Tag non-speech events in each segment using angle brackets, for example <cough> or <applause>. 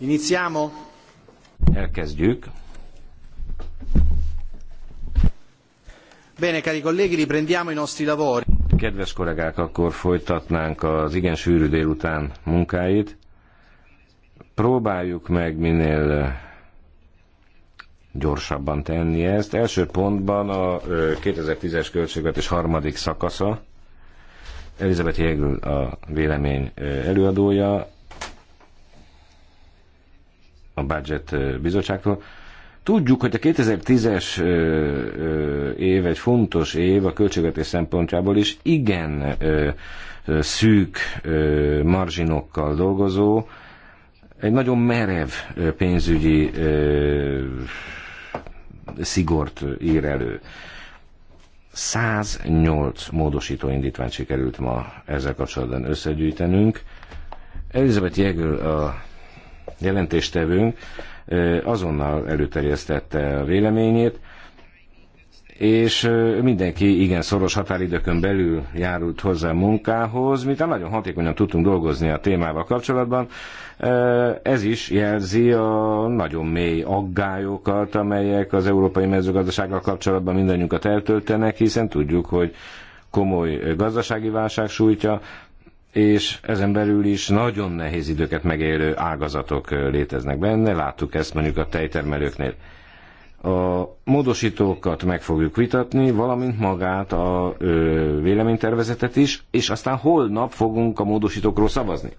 Iniziamo. Elkezdjük. Bene, cari colleghi, riprendiamo i nostri lavori. Kedves kollégák, akkor folytatnánk az igen sűrű délután munkáit. Próbáljuk meg minél gyorsabban tenni ezt. Első pontban a 2010-es költségvetés harmadik szakasza. Elizabeth Jégl a vélemény előadója, a budget bizottságtól. Tudjuk, hogy a 2010-es év egy fontos év a költségvetés szempontjából is igen szűk marzsinokkal dolgozó, egy nagyon merev pénzügyi szigort ír elő. 108 módosító indítványt sikerült ma ezzel kapcsolatban összegyűjtenünk. Elizabeth Jegel a jelentéstevőnk azonnal előterjesztette a véleményét, és mindenki igen szoros határidőkön belül járult hozzá munkához, munkához, miután nagyon hatékonyan tudtunk dolgozni a témával kapcsolatban. Ez is jelzi a nagyon mély aggályokat, amelyek az európai mezőgazdasággal kapcsolatban mindannyiunkat eltöltenek, hiszen tudjuk, hogy komoly gazdasági válság sújtja és ezen belül is nagyon nehéz időket megélő ágazatok léteznek benne, láttuk ezt mondjuk a tejtermelőknél. A módosítókat meg fogjuk vitatni, valamint magát a ö, véleménytervezetet is, és aztán holnap fogunk a módosítókról szavazni.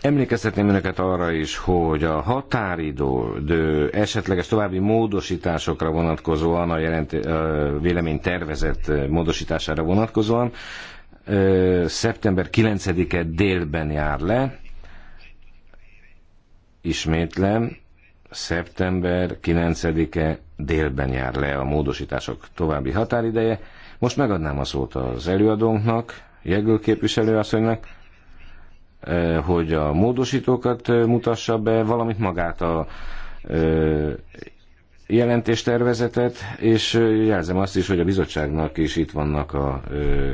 Emlékeztetném önöket arra is, hogy a határidő de esetleges további módosításokra vonatkozóan, a jelent, vélemény véleménytervezet módosítására vonatkozóan szeptember 9-e délben jár le. Ismétlem, szeptember 9-e délben jár le a módosítások további határideje. Most megadnám a szót az előadónknak, Jegül képviselőasszonynak, hogy a módosítókat mutassa be, valamint magát a jelentéstervezetet, és jelzem azt is, hogy a bizottságnak is itt vannak a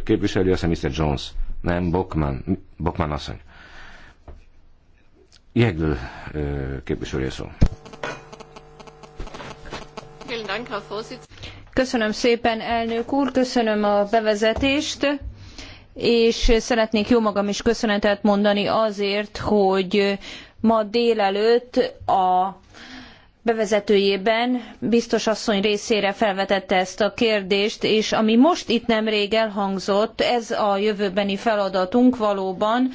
képviselői, azt hiszem Mr. Jones, nem, Bokman, Bokman asszony. Jegl képviselője szó. Köszönöm szépen, elnök úr, köszönöm a bevezetést és szeretnék jó magam is köszönetet mondani azért, hogy ma délelőtt a bevezetőjében biztos asszony részére felvetette ezt a kérdést, és ami most itt nemrég elhangzott, ez a jövőbeni feladatunk valóban,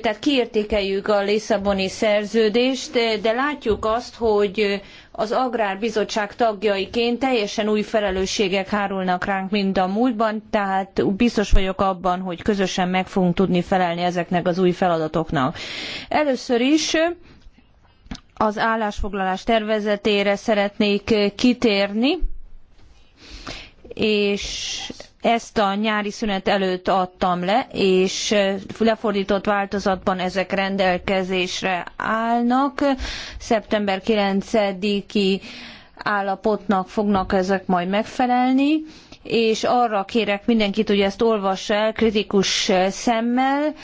tehát kiértékeljük a Lisszaboni szerződést, de látjuk azt, hogy az Agrárbizottság tagjaiként teljesen új felelősségek hárulnak ránk, mint a múltban, tehát biztos vagyok abban, hogy közösen meg fogunk tudni felelni ezeknek az új feladatoknak. Először is az állásfoglalás tervezetére szeretnék kitérni, és ezt a nyári szünet előtt adtam le, és lefordított változatban ezek rendelkezésre állnak. Szeptember 9-i állapotnak fognak ezek majd megfelelni, és arra kérek mindenkit, hogy ezt olvassa el kritikus szemmel,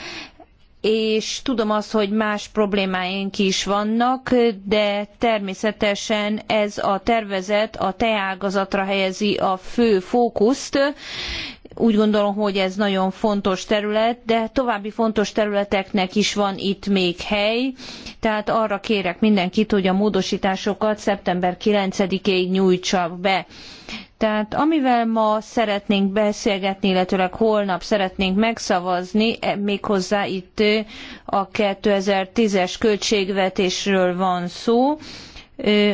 és tudom azt, hogy más problémáink is vannak, de természetesen ez a tervezet a teágazatra helyezi a fő fókuszt, úgy gondolom, hogy ez nagyon fontos terület, de további fontos területeknek is van itt még hely, tehát arra kérek mindenkit, hogy a módosításokat szeptember 9-ig nyújtsa be. Tehát amivel ma szeretnénk beszélgetni, illetőleg holnap szeretnénk megszavazni, e, méghozzá itt a 2010-es költségvetésről van szó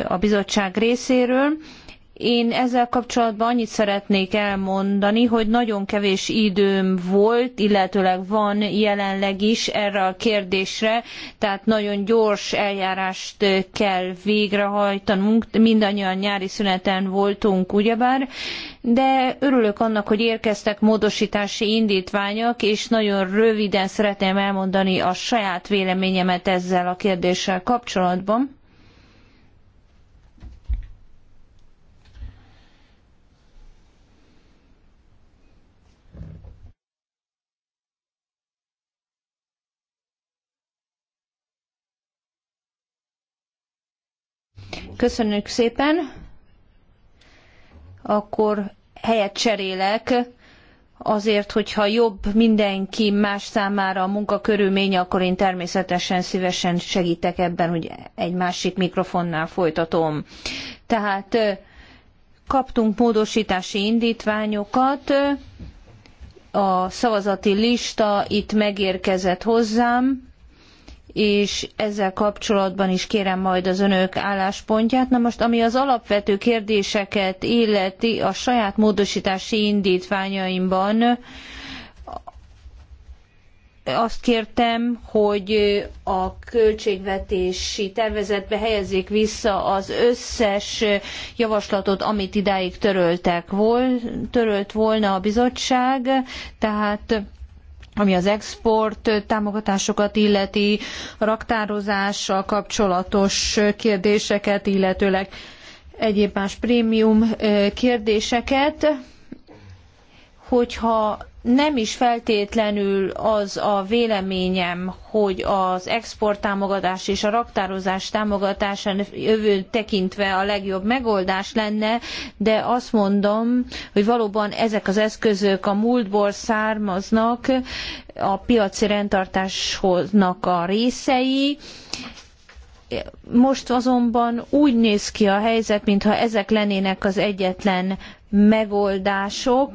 a bizottság részéről, én ezzel kapcsolatban annyit szeretnék elmondani, hogy nagyon kevés időm volt, illetőleg van jelenleg is erre a kérdésre, tehát nagyon gyors eljárást kell végrehajtanunk. Mindannyian nyári szüneten voltunk, ugyebár, de örülök annak, hogy érkeztek módosítási indítványok, és nagyon röviden szeretném elmondani a saját véleményemet ezzel a kérdéssel kapcsolatban. Köszönjük szépen. Akkor helyet cserélek azért, hogyha jobb mindenki más számára a munkakörülménye, akkor én természetesen szívesen segítek ebben, hogy egy másik mikrofonnál folytatom. Tehát kaptunk módosítási indítványokat, a szavazati lista itt megérkezett hozzám, és ezzel kapcsolatban is kérem majd az önök álláspontját. Na most, ami az alapvető kérdéseket illeti a saját módosítási indítványaimban, azt kértem, hogy a költségvetési tervezetbe helyezzék vissza az összes javaslatot, amit idáig töröltek volt törölt volna a bizottság, tehát ami az export támogatásokat illeti, raktározással kapcsolatos kérdéseket, illetőleg egyéb más prémium eh, kérdéseket, hogyha nem is feltétlenül az a véleményem, hogy az exporttámogatás és a raktározás támogatása jövő tekintve a legjobb megoldás lenne, de azt mondom, hogy valóban ezek az eszközök a múltból származnak, a piaci rendtartásnak a részei, most azonban úgy néz ki a helyzet, mintha ezek lennének az egyetlen megoldások,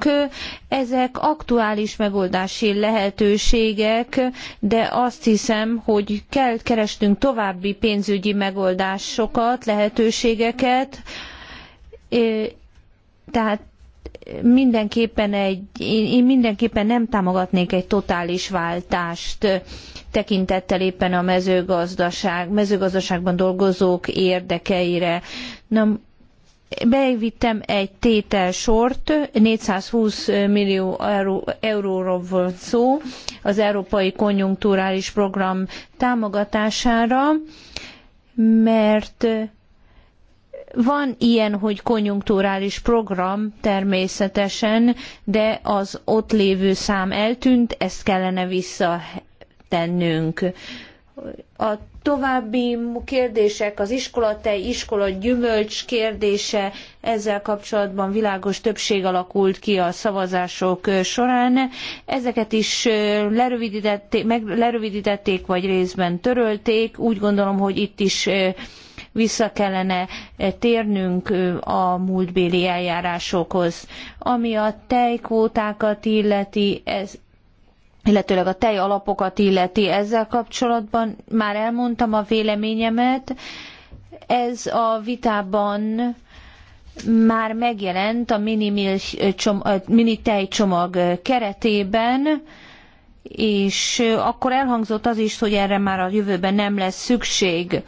ezek aktuális megoldási lehetőségek, de azt hiszem, hogy kell keresnünk további pénzügyi megoldásokat, lehetőségeket, tehát mindenképpen egy, én mindenképpen nem támogatnék egy totális váltást tekintettel éppen a mezőgazdaság, mezőgazdaságban dolgozók érdekeire. Nem Bevittem egy tételsort, 420 millió euró, euróról volt szó az Európai Konjunkturális Program támogatására, mert van ilyen, hogy konjunkturális program természetesen, de az ott lévő szám eltűnt, ezt kellene visszatennünk. A További kérdések, az iskolatej, iskola gyümölcs kérdése, ezzel kapcsolatban világos többség alakult ki a szavazások során. Ezeket is lerövidítették, meg, lerövidítették vagy részben törölték. Úgy gondolom, hogy itt is vissza kellene térnünk a múltbéli eljárásokhoz. Ami a tejkvótákat illeti, ez illetőleg a tej alapokat illeti ezzel kapcsolatban. Már elmondtam a véleményemet. Ez a vitában már megjelent a mini, mini tejcsomag keretében, és akkor elhangzott az is, hogy erre már a jövőben nem lesz szükség.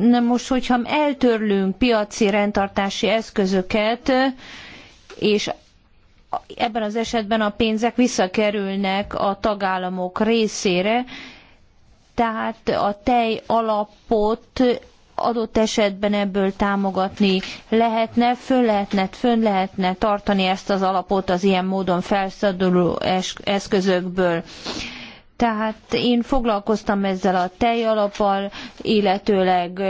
Na most, hogyha eltörlünk piaci rendtartási eszközöket, és ebben az esetben a pénzek visszakerülnek a tagállamok részére, tehát a tej alapot adott esetben ebből támogatni lehetne, fönn lehetne, lehetne tartani ezt az alapot az ilyen módon felszabaduló eszközökből. Tehát én foglalkoztam ezzel a tejalapal, illetőleg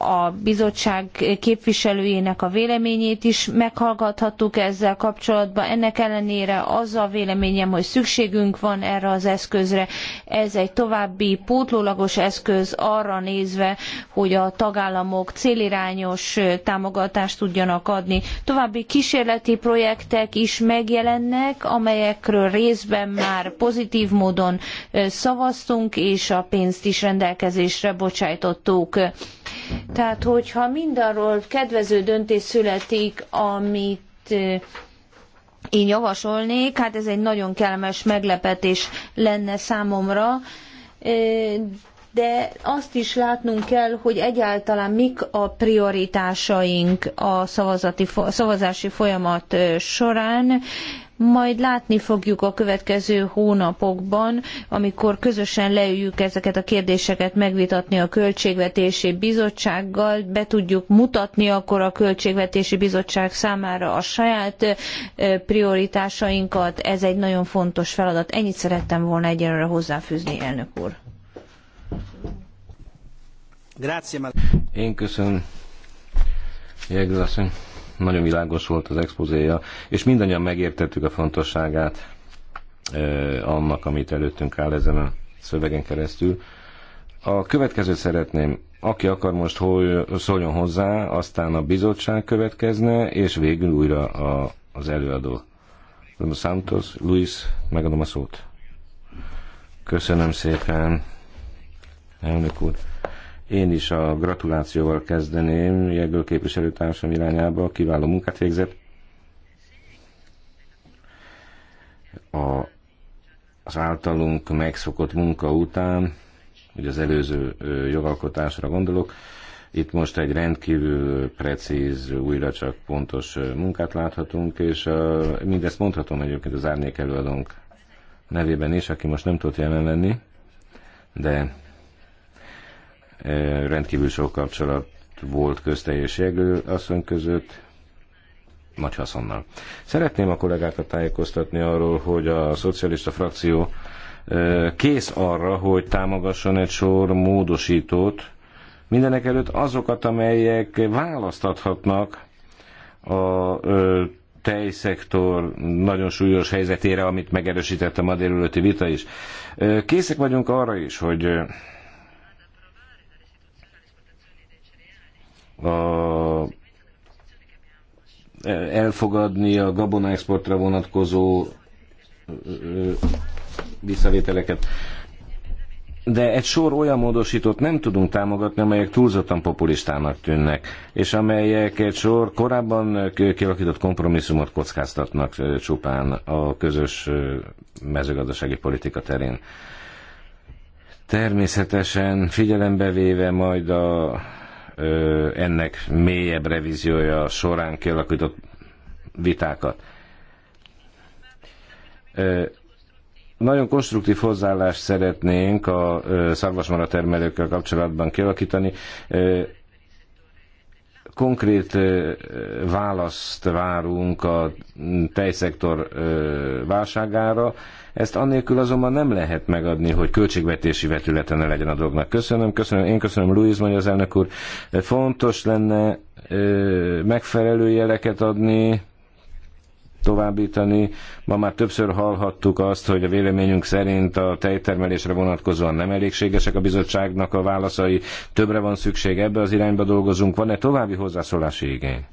a bizottság képviselőjének a véleményét is meghallgathattuk ezzel kapcsolatban. Ennek ellenére az a véleményem, hogy szükségünk van erre az eszközre. Ez egy további pótlólagos eszköz arra nézve, hogy a tagállamok célirányos támogatást tudjanak adni. További kísérleti projektek is megjelennek, amelyekről részben már pozitív módon szavaztunk, és a pénzt is rendelkezésre bocsájtottuk. Tehát, hogyha mindarról kedvező döntés születik, amit én javasolnék, hát ez egy nagyon kellemes meglepetés lenne számomra, de azt is látnunk kell, hogy egyáltalán mik a prioritásaink a szavazati, szavazási folyamat során majd látni fogjuk a következő hónapokban, amikor közösen leüljük ezeket a kérdéseket megvitatni a Költségvetési Bizottsággal, be tudjuk mutatni akkor a Költségvetési Bizottság számára a saját prioritásainkat. Ez egy nagyon fontos feladat. Ennyit szerettem volna egyelőre hozzáfűzni, elnök úr. Én köszönöm. Jeglasszony nagyon világos volt az expozéja, és mindannyian megértettük a fontosságát annak, amit előttünk áll ezen a szövegen keresztül. A következőt szeretném, aki akar most hol, szóljon hozzá, aztán a bizottság következne, és végül újra a, az előadó. Santos, Luis, megadom a szót. Köszönöm szépen, elnök úr. Én is a gratulációval kezdeném Jegő képviselőtársam irányába, kiváló munkát végzett. A, az általunk megszokott munka után, ugye az előző jogalkotásra gondolok, itt most egy rendkívül precíz, újra csak pontos munkát láthatunk, és a, mindezt mondhatom egyébként az árnyék előadónk nevében is, aki most nem tudott jelen lenni, de rendkívül sok kapcsolat volt közte és Jegő asszony között, nagy haszonnal. Szeretném a kollégákat tájékoztatni arról, hogy a szocialista frakció kész arra, hogy támogasson egy sor módosítót, mindenek előtt azokat, amelyek választathatnak a tejszektor nagyon súlyos helyzetére, amit megerősítettem a délülötti vita is. Készek vagyunk arra is, hogy a elfogadni a gabonaexportra vonatkozó visszavételeket. De egy sor olyan módosítót nem tudunk támogatni, amelyek túlzottan populistának tűnnek, és amelyek egy sor korábban kialakított kompromisszumot kockáztatnak csupán a közös mezőgazdasági politika terén. Természetesen figyelembe véve majd a ennek mélyebb revíziója során kialakított vitákat. Nagyon konstruktív hozzáállást szeretnénk a szarvasmaratermelőkkel termelőkkel kapcsolatban kialakítani konkrét választ várunk a tejszektor válságára. Ezt annélkül azonban nem lehet megadni, hogy költségvetési vetülete ne legyen a dolognak. Köszönöm, köszönöm, én köszönöm, Luis, mondja az elnök úr. Fontos lenne megfelelő jeleket adni, továbbítani. Ma már többször hallhattuk azt, hogy a véleményünk szerint a tejtermelésre vonatkozóan nem elégségesek a bizottságnak a válaszai, többre van szükség, ebbe az irányba dolgozunk. Van-e további hozzászólási igény?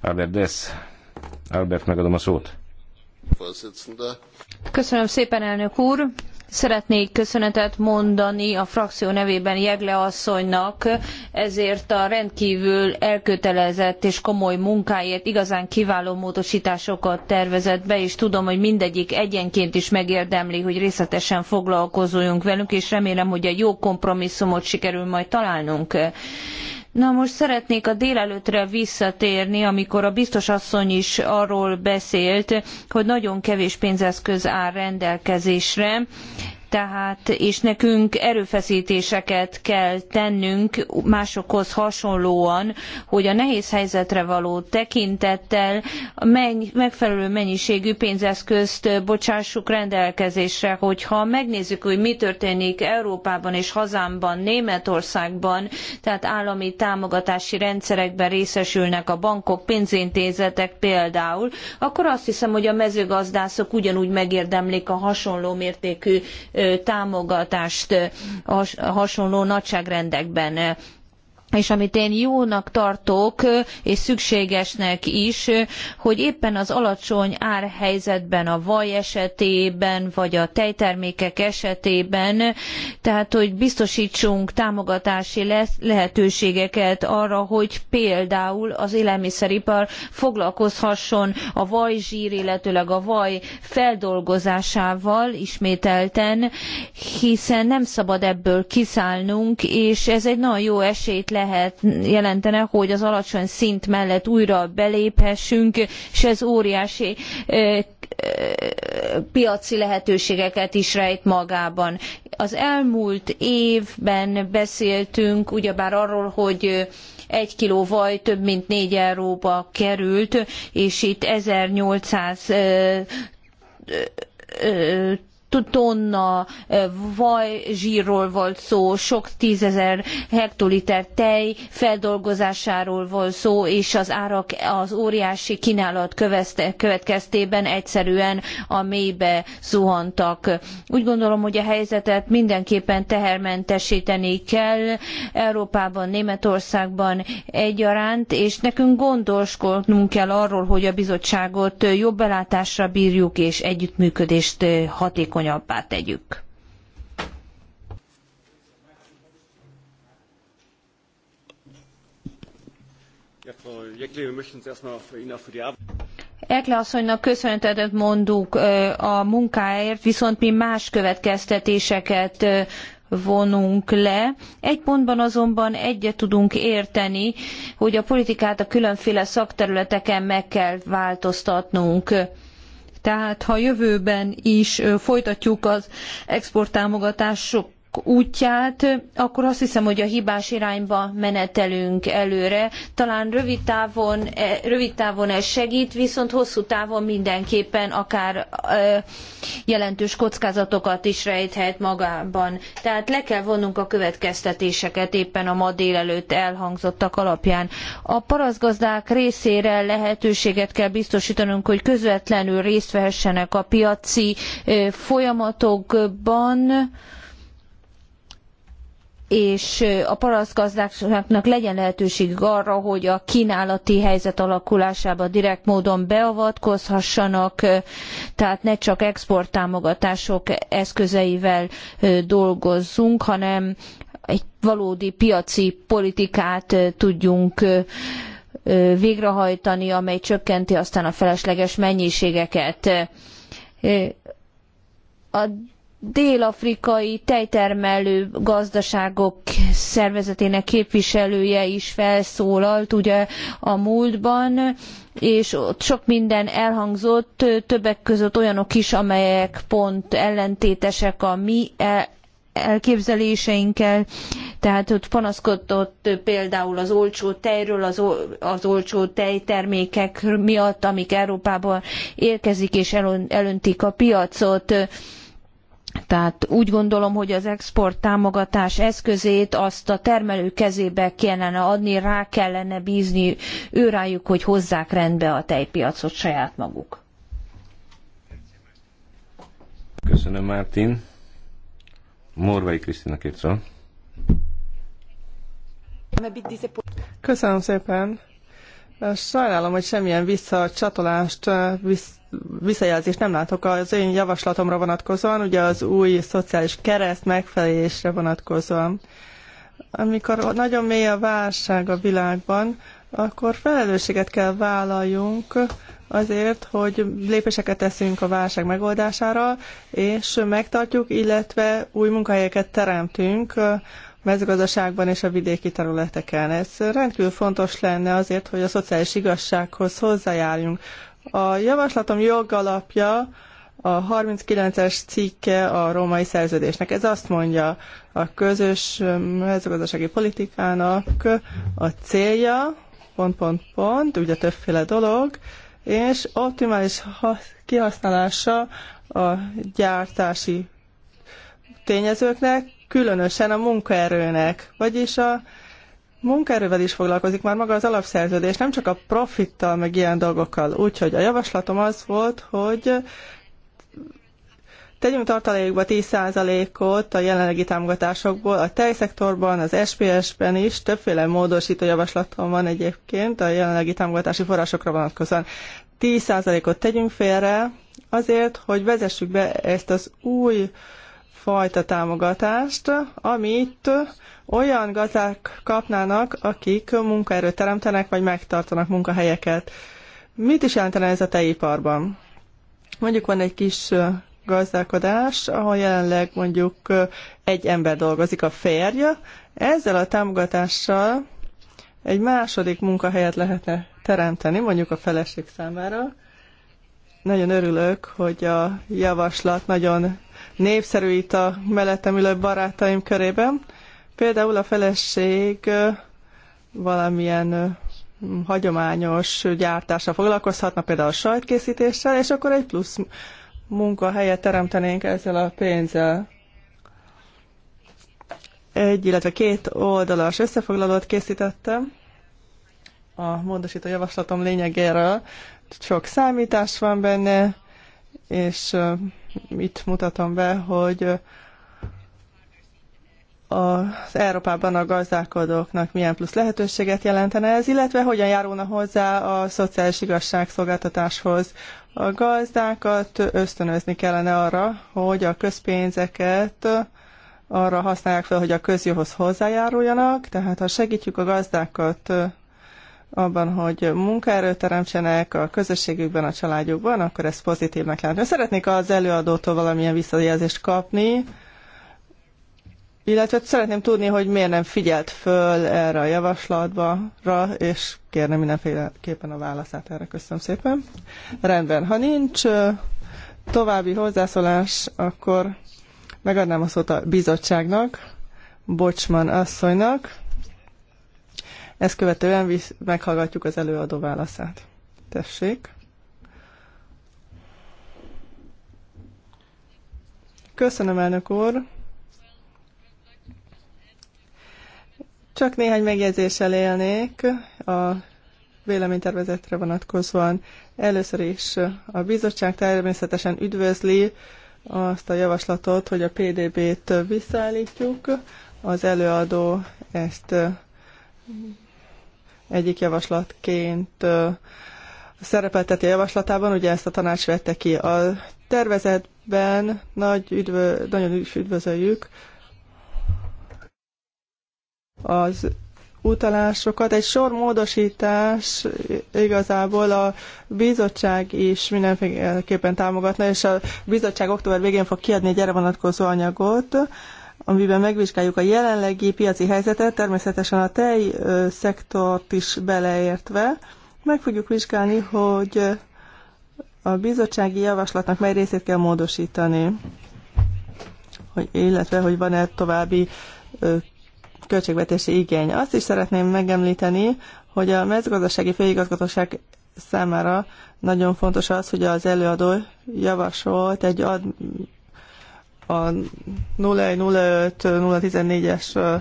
Albert Dess, Albert, megadom a szót. Köszönöm szépen, elnök úr! Szeretnék köszönetet mondani a frakció nevében Jegle asszonynak ezért a rendkívül elkötelezett és komoly munkáért igazán kiváló módostásokat tervezett be, és tudom, hogy mindegyik egyenként is megérdemli, hogy részletesen foglalkozzunk velük, és remélem, hogy egy jó kompromisszumot sikerül majd találnunk Na most szeretnék a délelőtre visszatérni, amikor a biztos asszony is arról beszélt, hogy nagyon kevés pénzeszköz áll rendelkezésre, tehát és nekünk erőfeszítéseket kell tennünk másokhoz hasonlóan, hogy a nehéz helyzetre való tekintettel megfelelő mennyiségű pénzeszközt bocsássuk rendelkezésre, hogyha megnézzük, hogy mi történik Európában és hazámban, Németországban, tehát állami támogatási rendszerekben részesülnek a bankok, pénzintézetek például, akkor azt hiszem, hogy a mezőgazdászok ugyanúgy megérdemlik a hasonló mértékű támogatást hasonló nagyságrendekben és amit én jónak tartok, és szükségesnek is, hogy éppen az alacsony árhelyzetben, a vaj esetében, vagy a tejtermékek esetében, tehát hogy biztosítsunk támogatási lehetőségeket arra, hogy például az élelmiszeripar foglalkozhasson a vajzsír, illetőleg a vaj feldolgozásával ismételten, hiszen nem szabad ebből kiszállnunk, és ez egy nagyon jó esélyt lehet lehet, jelentene, hogy az alacsony szint mellett újra beléphessünk, és ez óriási piaci lehetőségeket is rejt magában. Az elmúlt évben beszéltünk ugyebár arról, hogy egy kiló vaj több mint négy euróba került, és itt 1800 tonna vajzsírról volt szó, sok tízezer hektoliter tej feldolgozásáról volt szó, és az árak az óriási kínálat következtében egyszerűen a mélybe zuhantak. Úgy gondolom, hogy a helyzetet mindenképpen tehermentesíteni kell Európában, Németországban egyaránt, és nekünk gondoskodnunk kell arról, hogy a bizottságot jobb belátásra bírjuk, és együttműködést hatékony hatékonyabbá tegyük. Ekle asszonynak köszönetet mondunk a munkáért, viszont mi más következtetéseket vonunk le. Egy pontban azonban egyet tudunk érteni, hogy a politikát a különféle szakterületeken meg kell változtatnunk tehát ha jövőben is folytatjuk az exporttámogatások útját, akkor azt hiszem, hogy a hibás irányba menetelünk előre. Talán rövid távon, e, rövid távon ez segít, viszont hosszú távon mindenképpen akár e, jelentős kockázatokat is rejthet magában. Tehát le kell vonnunk a következtetéseket éppen a ma délelőtt elhangzottak alapján. A paraszgazdák részére lehetőséget kell biztosítanunk, hogy közvetlenül részt vehessenek a piaci e, folyamatokban, és a parasztgazdáknak legyen lehetőség arra, hogy a kínálati helyzet alakulásába direkt módon beavatkozhassanak, tehát ne csak exporttámogatások eszközeivel dolgozzunk, hanem egy valódi piaci politikát tudjunk végrehajtani, amely csökkenti aztán a felesleges mennyiségeket. A dél-afrikai tejtermelő gazdaságok szervezetének képviselője is felszólalt ugye a múltban, és ott sok minden elhangzott, többek között olyanok is, amelyek pont ellentétesek a mi e- elképzeléseinkkel, tehát ott panaszkodott például az olcsó tejről, az, az olcsó tejtermékek miatt, amik Európában érkezik és elöntik a piacot. Tehát úgy gondolom, hogy az export támogatás eszközét azt a termelő kezébe kellene adni, rá kellene bízni őrájuk, hogy hozzák rendbe a tejpiacot saját maguk. Köszönöm, Mártin. Morvai Krisztina Köszönöm szépen. Sajnálom, hogy semmilyen visszacsatolást, vissz, visszajelzést nem látok az én javaslatomra vonatkozóan, ugye az új szociális kereszt megfelelésre vonatkozóan. Amikor nagyon mély a válság a világban, akkor felelősséget kell vállaljunk azért, hogy lépéseket teszünk a válság megoldására, és megtartjuk, illetve új munkahelyeket teremtünk mezőgazdaságban és a vidéki területeken. Ez rendkívül fontos lenne azért, hogy a szociális igazsághoz hozzájárjunk. A javaslatom jogalapja a 39-es cikke a római szerződésnek. Ez azt mondja, a közös mezőgazdasági politikának a célja, pont, pont, pont, ugye többféle dolog, és optimális kihasználása a gyártási tényezőknek, különösen a munkaerőnek, vagyis a munkaerővel is foglalkozik már maga az alapszerződés, nem csak a profittal, meg ilyen dolgokkal. Úgyhogy a javaslatom az volt, hogy tegyünk tartalékba 10%-ot a jelenlegi támogatásokból, a tejszektorban, az SPS-ben is, többféle módosító javaslatom van egyébként a jelenlegi támogatási forrásokra vonatkozóan. 10%-ot tegyünk félre azért, hogy vezessük be ezt az új uh, fajta támogatást, amit olyan gazdák kapnának, akik munkaerőt teremtenek, vagy megtartanak munkahelyeket. Mit is jelentene ez a tejiparban? Mondjuk van egy kis gazdálkodás, ahol jelenleg mondjuk egy ember dolgozik, a férje. Ezzel a támogatással egy második munkahelyet lehetne teremteni, mondjuk a feleség számára. Nagyon örülök, hogy a javaslat nagyon népszerű itt a mellettem ülő barátaim körében. Például a feleség valamilyen hagyományos gyártásra foglalkozhatna, például a sajtkészítéssel, és akkor egy plusz munkahelyet teremtenénk ezzel a pénzzel. Egy, illetve két oldalas összefoglalót készítettem a módosító javaslatom lényegéről. Sok számítás van benne, és itt mutatom be, hogy az Európában a gazdálkodóknak milyen plusz lehetőséget jelentene ez, illetve hogyan járulna hozzá a szociális igazságszolgáltatáshoz. A gazdákat ösztönözni kellene arra, hogy a közpénzeket arra használják fel, hogy a közjóhoz hozzájáruljanak, tehát ha segítjük a gazdákat abban, hogy munkáról teremtsenek a közösségükben, a családjukban, akkor ez pozitívnak látni. Szeretnék az előadótól valamilyen visszajelzést kapni, illetve szeretném tudni, hogy miért nem figyelt föl erre a javaslatba, és kérne mindenféleképpen a válaszát erre. Köszönöm szépen. Rendben, ha nincs további hozzászólás, akkor megadnám a szót a bizottságnak, Bocsman asszonynak ezt követően visz, meghallgatjuk az előadó válaszát. Tessék! Köszönöm, elnök úr! Csak néhány megjegyzéssel élnék a véleménytervezetre vonatkozóan. Először is a bizottság természetesen üdvözli azt a javaslatot, hogy a PDB-t visszaállítjuk. Az előadó ezt egyik javaslatként szerepelteti a javaslatában, ugye ezt a tanács vette ki. A tervezetben nagy üdvö, nagyon is üdvözöljük az utalásokat. Egy sor módosítás igazából a bizottság is mindenféleképpen támogatna, és a bizottság október végén fog kiadni egy erre vonatkozó anyagot amiben megvizsgáljuk a jelenlegi piaci helyzetet, természetesen a tej szektort is beleértve, meg fogjuk vizsgálni, hogy a bizottsági javaslatnak mely részét kell módosítani, hogy, illetve hogy van-e további költségvetési igény. Azt is szeretném megemlíteni, hogy a mezőgazdasági főigazgatóság számára nagyon fontos az, hogy az előadó javasolt egy ad, a 0105-014-es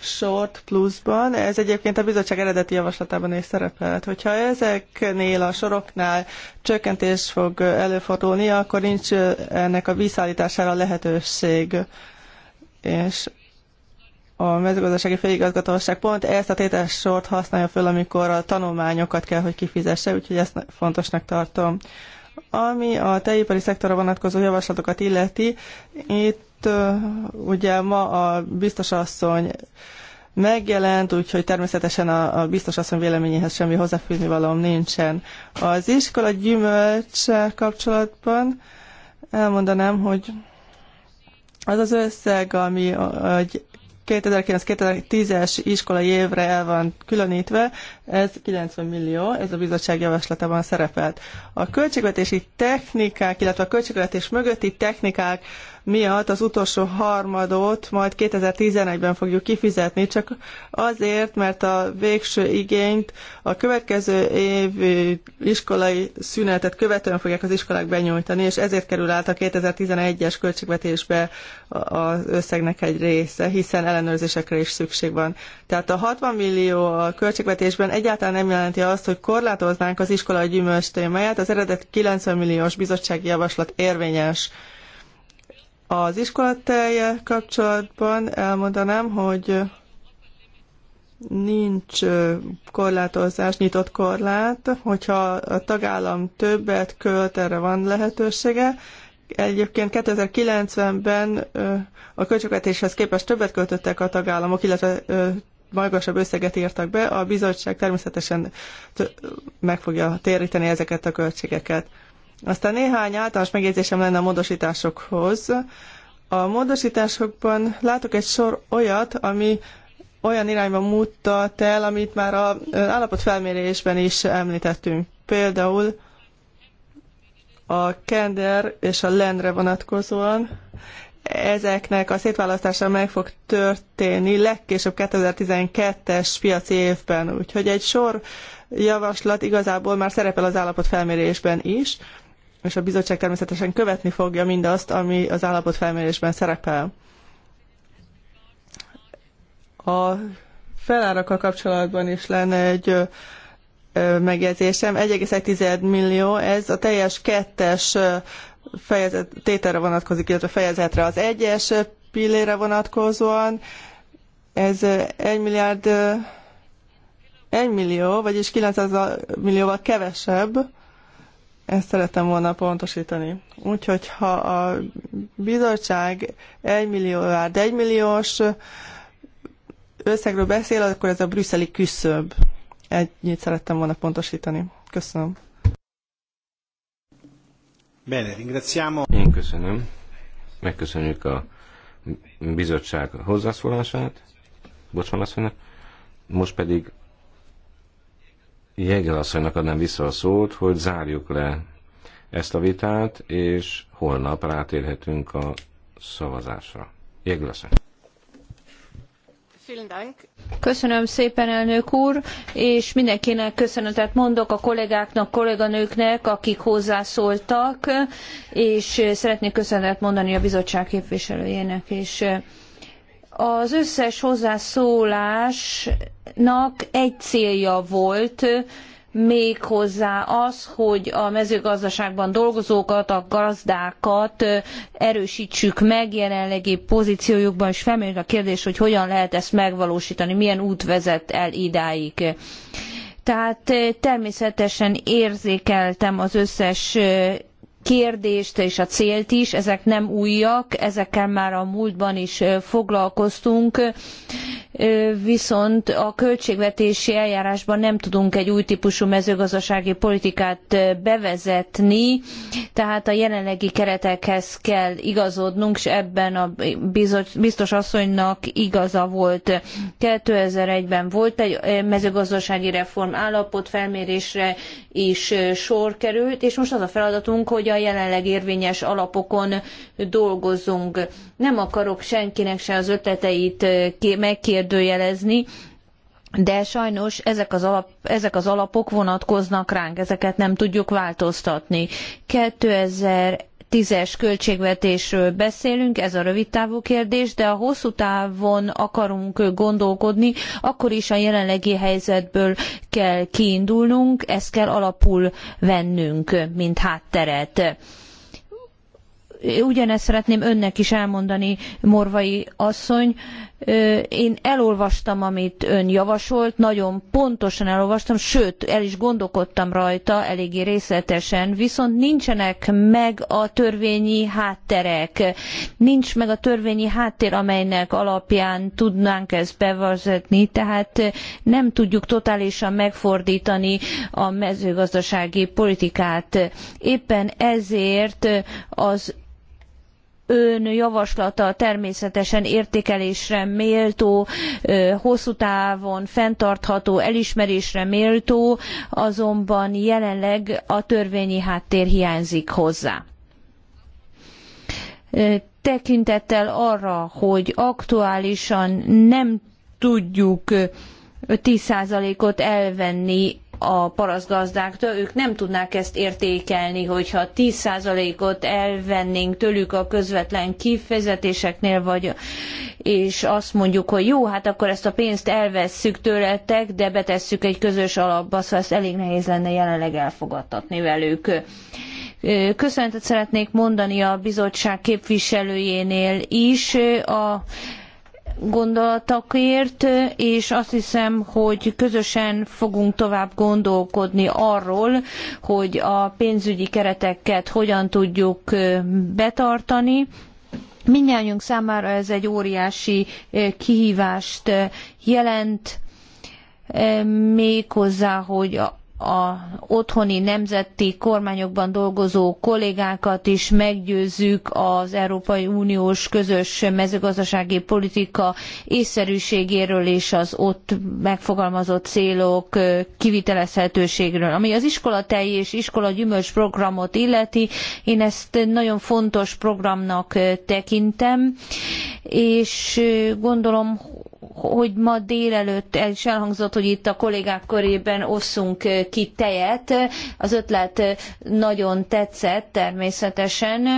sort pluszban. Ez egyébként a bizottság eredeti javaslatában is szerepelt. Hogyha ezeknél a soroknál csökkentés fog előfordulni, akkor nincs ennek a visszaállítására lehetőség. És a mezőgazdasági főigazgatóság pont ezt a tétes sort használja föl, amikor a tanulmányokat kell, hogy kifizesse, úgyhogy ezt fontosnak tartom. Ami a tejipari szektorra vonatkozó javaslatokat illeti, itt ugye ma a biztosasszony megjelent, úgyhogy természetesen a, a biztos asszony véleményéhez semmi hozzáfűzni valóm nincsen. Az iskola gyümölcs kapcsolatban elmondanám, hogy az az összeg, ami egy 2009-2010-es iskolai évre el van különítve, ez 90 millió, ez a bizottság javaslatában szerepelt. A költségvetési technikák, illetve a költségvetés mögötti technikák miatt az utolsó harmadot majd 2011-ben fogjuk kifizetni, csak azért, mert a végső igényt a következő év iskolai szünetet követően fogják az iskolák benyújtani, és ezért kerül át a 2011-es költségvetésbe az összegnek egy része, hiszen ellenőrzésekre is szükség van. Tehát a 60 millió a költségvetésben egyáltalán nem jelenti azt, hogy korlátoznánk az iskolai gyümölcs témáját. Az eredet 90 milliós bizottsági javaslat érvényes. Az telje kapcsolatban elmondanám, hogy nincs korlátozás, nyitott korlát, hogyha a tagállam többet költ, erre van lehetősége, Egyébként 2090-ben a költségvetéshez képest többet költöttek a tagállamok, illetve magasabb összeget írtak be, a bizottság természetesen meg fogja téríteni ezeket a költségeket. Aztán néhány általános megjegyzésem lenne a módosításokhoz. A módosításokban látok egy sor olyat, ami olyan irányba mutat el, amit már az állapotfelmérésben is említettünk. Például a Kender és a Lenre vonatkozóan ezeknek a szétválasztása meg fog történni legkésőbb 2012-es piaci évben. Úgyhogy egy sor javaslat igazából már szerepel az állapotfelmérésben is, és a bizottság természetesen követni fogja mindazt, ami az állapotfelmérésben szerepel. A felárakkal kapcsolatban is lenne egy megjegyzésem. 1,1 millió, ez a teljes kettes fejezet, tételre vonatkozik, illetve fejezetre az egyes pillére vonatkozóan. Ez 1 milliárd 1 millió, vagyis 900 millióval kevesebb, ezt szerettem volna pontosítani. Úgyhogy ha a bizottság 1 milliárd 1 milliós összegről beszél, akkor ez a brüsszeli küszöb. Ennyit szerettem volna pontosítani. Köszönöm. Bene, ringraziamo. Én köszönöm. Megköszönjük a bizottság hozzászólását. Bocsánat, asszonynak. Most pedig Jegel asszonynak adnám vissza a szót, hogy zárjuk le ezt a vitát, és holnap rátérhetünk a szavazásra. Jegel asszony. Köszönöm szépen, elnök úr, és mindenkinek köszönetet mondok a kollégáknak, kolléganőknek, akik hozzászóltak, és szeretnék köszönetet mondani a bizottság képviselőjének is. Az összes hozzászólásnak egy célja volt, méghozzá az, hogy a mezőgazdaságban dolgozókat, a gazdákat erősítsük meg jelenlegi pozíciójukban, és felmerül a kérdés, hogy hogyan lehet ezt megvalósítani, milyen út vezet el idáig. Tehát természetesen érzékeltem az összes kérdést és a célt is, ezek nem újak, ezekkel már a múltban is foglalkoztunk, viszont a költségvetési eljárásban nem tudunk egy új típusú mezőgazdasági politikát bevezetni, tehát a jelenlegi keretekhez kell igazodnunk, és ebben a biztos asszonynak igaza volt. 2001-ben volt egy mezőgazdasági reform állapotfelmérésre is sor került, és most az a feladatunk, hogy a jelenleg érvényes alapokon dolgozzunk. Nem akarok senkinek se az ötleteit megkérdőjelezni, de sajnos ezek az, alap, ezek az alapok vonatkoznak ránk, ezeket nem tudjuk változtatni. 2000 2010-es költségvetésről beszélünk, ez a rövid távú kérdés, de a hosszú távon akarunk gondolkodni, akkor is a jelenlegi helyzetből kell kiindulnunk, ezt kell alapul vennünk, mint hátteret ugyanezt szeretném önnek is elmondani, Morvai asszony, én elolvastam, amit ön javasolt, nagyon pontosan elolvastam, sőt, el is gondolkodtam rajta eléggé részletesen, viszont nincsenek meg a törvényi hátterek, nincs meg a törvényi háttér, amelynek alapján tudnánk ezt bevezetni, tehát nem tudjuk totálisan megfordítani a mezőgazdasági politikát. Éppen ezért az ön javaslata természetesen értékelésre méltó, hosszú távon fenntartható, elismerésre méltó, azonban jelenleg a törvényi háttér hiányzik hozzá tekintettel arra, hogy aktuálisan nem tudjuk 10%-ot elvenni a parasztgazdáktól, ők nem tudnák ezt értékelni, hogyha 10%-ot elvennénk tőlük a közvetlen kifizetéseknél, vagy, és azt mondjuk, hogy jó, hát akkor ezt a pénzt elvesszük tőletek, de betesszük egy közös alapba, szóval ezt elég nehéz lenne jelenleg elfogadtatni velük. Köszönetet szeretnék mondani a bizottság képviselőjénél is. A gondolatokért, és azt hiszem, hogy közösen fogunk tovább gondolkodni arról, hogy a pénzügyi kereteket hogyan tudjuk betartani, Mindjárt számára ez egy óriási kihívást jelent, méghozzá, hogy a otthoni nemzeti kormányokban dolgozó kollégákat is meggyőzzük az Európai Uniós közös mezőgazdasági politika észszerűségéről és az ott megfogalmazott célok kivitelezhetőségről. Ami az iskolatei és iskola gyümölcs programot illeti, én ezt nagyon fontos programnak tekintem, és gondolom, hogy ma délelőtt el is elhangzott, hogy itt a kollégák körében osszunk ki tejet. Az ötlet nagyon tetszett természetesen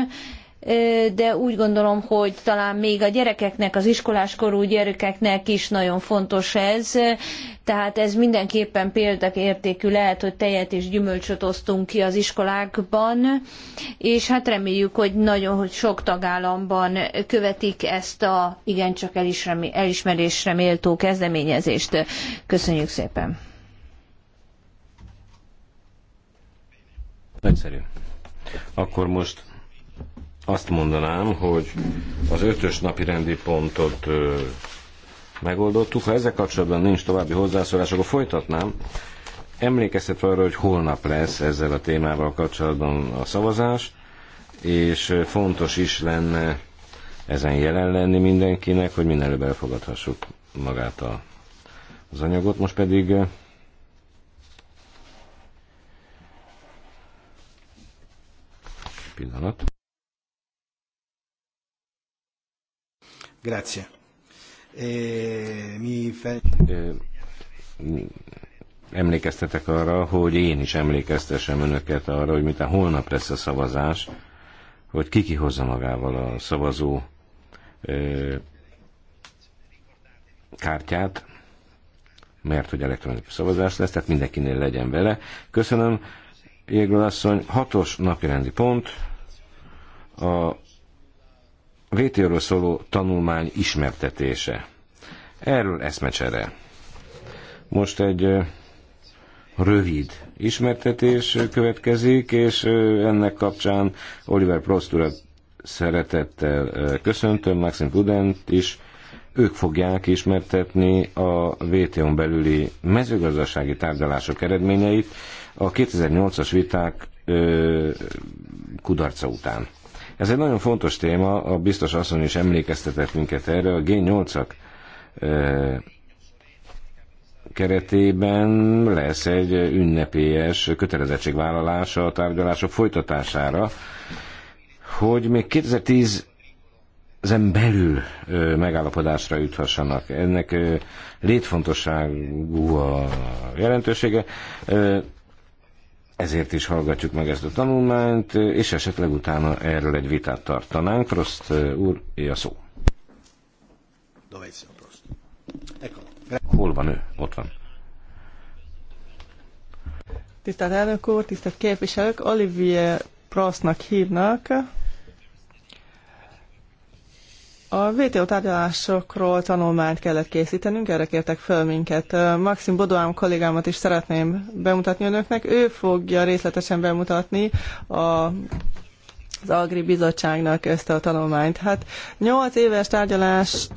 de úgy gondolom, hogy talán még a gyerekeknek, az iskoláskorú gyerekeknek is nagyon fontos ez, tehát ez mindenképpen példaértékű lehet, hogy tejet és gyümölcsöt osztunk ki az iskolákban, és hát reméljük, hogy nagyon sok tagállamban követik ezt a igencsak elismerésre méltó kezdeményezést. Köszönjük szépen! Nagyszerű. Akkor most azt mondanám, hogy az ötös napi rendi pontot megoldottuk. Ha ezzel kapcsolatban nincs további hozzászólás, akkor folytatnám. Emlékeztet arra, hogy holnap lesz ezzel a témával kapcsolatban a szavazás, és fontos is lenne ezen jelen lenni mindenkinek, hogy minél előbb elfogadhassuk magát a, az anyagot. Most pedig eh, pillanat. Grazie. Eh, mi Emlékeztetek arra, hogy én is emlékeztessem önöket arra, hogy miután holnap lesz a szavazás, hogy ki kihozza magával a szavazó kártyát, mert hogy elektronikus szavazás lesz, tehát mindenkinél legyen vele. Köszönöm, Jégről asszony. Hatos napirendi pont, a VTO-ról szóló tanulmány ismertetése. Erről eszmecsere. Most egy rövid ismertetés következik, és ennek kapcsán Oliver Prost urat szeretettel köszöntöm, Maxim Prudent is. Ők fogják ismertetni a VTO-n belüli mezőgazdasági tárgyalások eredményeit a 2008-as viták kudarca után. Ez egy nagyon fontos téma, a biztos asszony is emlékeztetett minket erre, a G8-ak keretében lesz egy ünnepélyes kötelezettségvállalása a tárgyalások folytatására, hogy még 2010 ezen belül ö, megállapodásra juthassanak. Ennek ö, létfontosságú a jelentősége. Ö, ezért is hallgatjuk meg ezt a tanulmányt, és esetleg utána erről egy vitát tartanánk. Prost eh, úr, éj a szó. Hol van ő? Ott van. Tisztelt elnök úr, tisztelt képviselők, Olivier Prostnak hívnak, a VTO tárgyalásokról tanulmányt kellett készítenünk, erre kértek föl minket. Maxim Bodoám kollégámat is szeretném bemutatni önöknek. Ő fogja részletesen bemutatni a az Agri Bizottságnak ezt a tanulmányt. Hát nyolc éves tárgyalást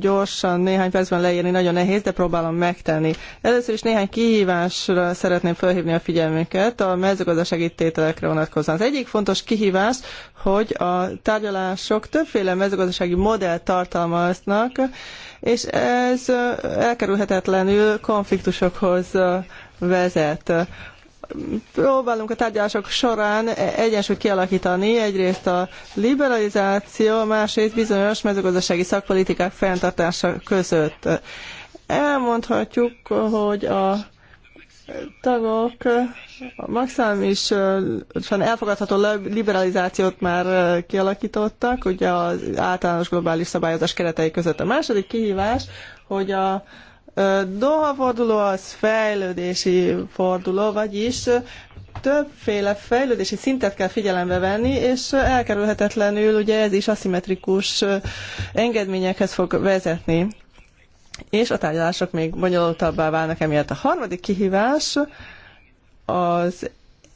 gyorsan néhány percben leírni nagyon nehéz, de próbálom megtenni. Először is néhány kihívásra szeretném felhívni a figyelmüket a mezőgazdasági tételekre vonatkozóan. Az egyik fontos kihívás, hogy a tárgyalások többféle mezőgazdasági modellt tartalmaznak, és ez elkerülhetetlenül konfliktusokhoz vezet próbálunk a tárgyalások során egyensúlyt kialakítani, egyrészt a liberalizáció, másrészt bizonyos mezőgazdasági szakpolitikák fenntartása között. Elmondhatjuk, hogy a tagok a maximálisan elfogadható liberalizációt már kialakítottak, ugye az általános globális szabályozás keretei között. A második kihívás, hogy a Doha forduló az fejlődési forduló, vagyis többféle fejlődési szintet kell figyelembe venni, és elkerülhetetlenül ugye ez is aszimmetrikus engedményekhez fog vezetni. És a tárgyalások még bonyolultabbá válnak emiatt. A harmadik kihívás az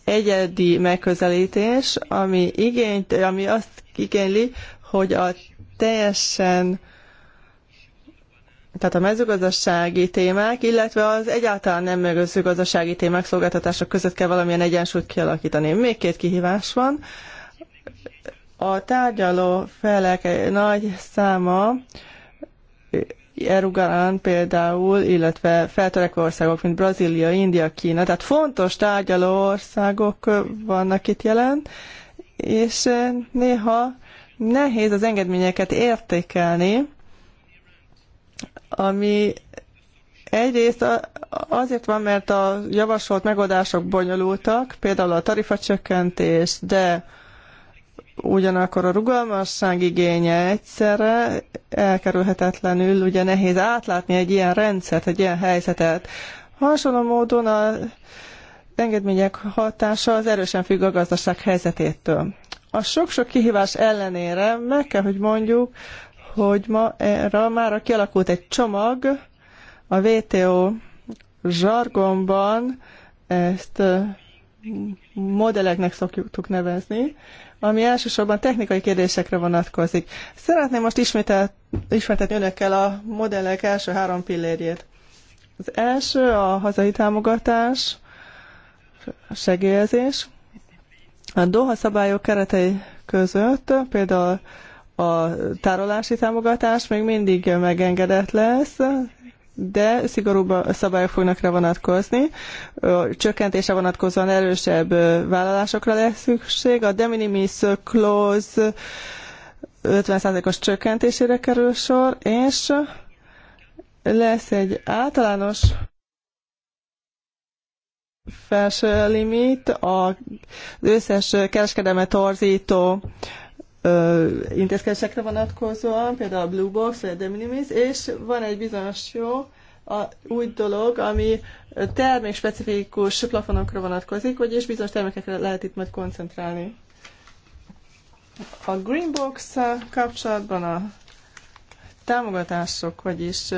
egyedi megközelítés, ami, igényt, ami azt igényli, hogy a teljesen tehát a mezőgazdasági témák, illetve az egyáltalán nem mezőgazdasági témák szolgáltatása között kell valamilyen egyensúlyt kialakítani. Még két kihívás van. A tárgyaló felek nagy száma Erugalán például, illetve feltörekvő országok, mint Brazília, India, Kína, tehát fontos tárgyaló országok vannak itt jelen, és néha nehéz az engedményeket értékelni, ami egyrészt azért van, mert a javasolt megoldások bonyolultak, például a tarifacsökkentés, de ugyanakkor a rugalmasság igénye egyszerre elkerülhetetlenül, ugye nehéz átlátni egy ilyen rendszert, egy ilyen helyzetet. Hasonló módon a engedmények hatása az erősen függ a gazdaság helyzetétől. A sok-sok kihívás ellenére meg kell, hogy mondjuk, hogy ma erre már kialakult egy csomag, a WTO zsargonban ezt modelleknek szoktuk nevezni, ami elsősorban technikai kérdésekre vonatkozik. Szeretném most ismételt, ismertetni önökkel a modellek első három pillérjét. Az első a hazai támogatás, segélyezés. A Doha szabályok keretei között például a tárolási támogatás még mindig megengedett lesz, de szigorúbb szabályok fognak rá vonatkozni. Csökkentése vonatkozóan erősebb vállalásokra lesz szükség. A de minimis clause 50%-os csökkentésére kerül sor, és lesz egy általános felső limit az összes kereskedelme torzító ö, intézkedésekre vonatkozóan, például a Blue Box, vagy a De Minimis, és van egy bizonyos jó, a, új dolog, ami termékspecifikus plafonokra vonatkozik, vagyis bizonyos termékekre lehet itt majd koncentrálni. A Green box kapcsolatban a támogatások, vagyis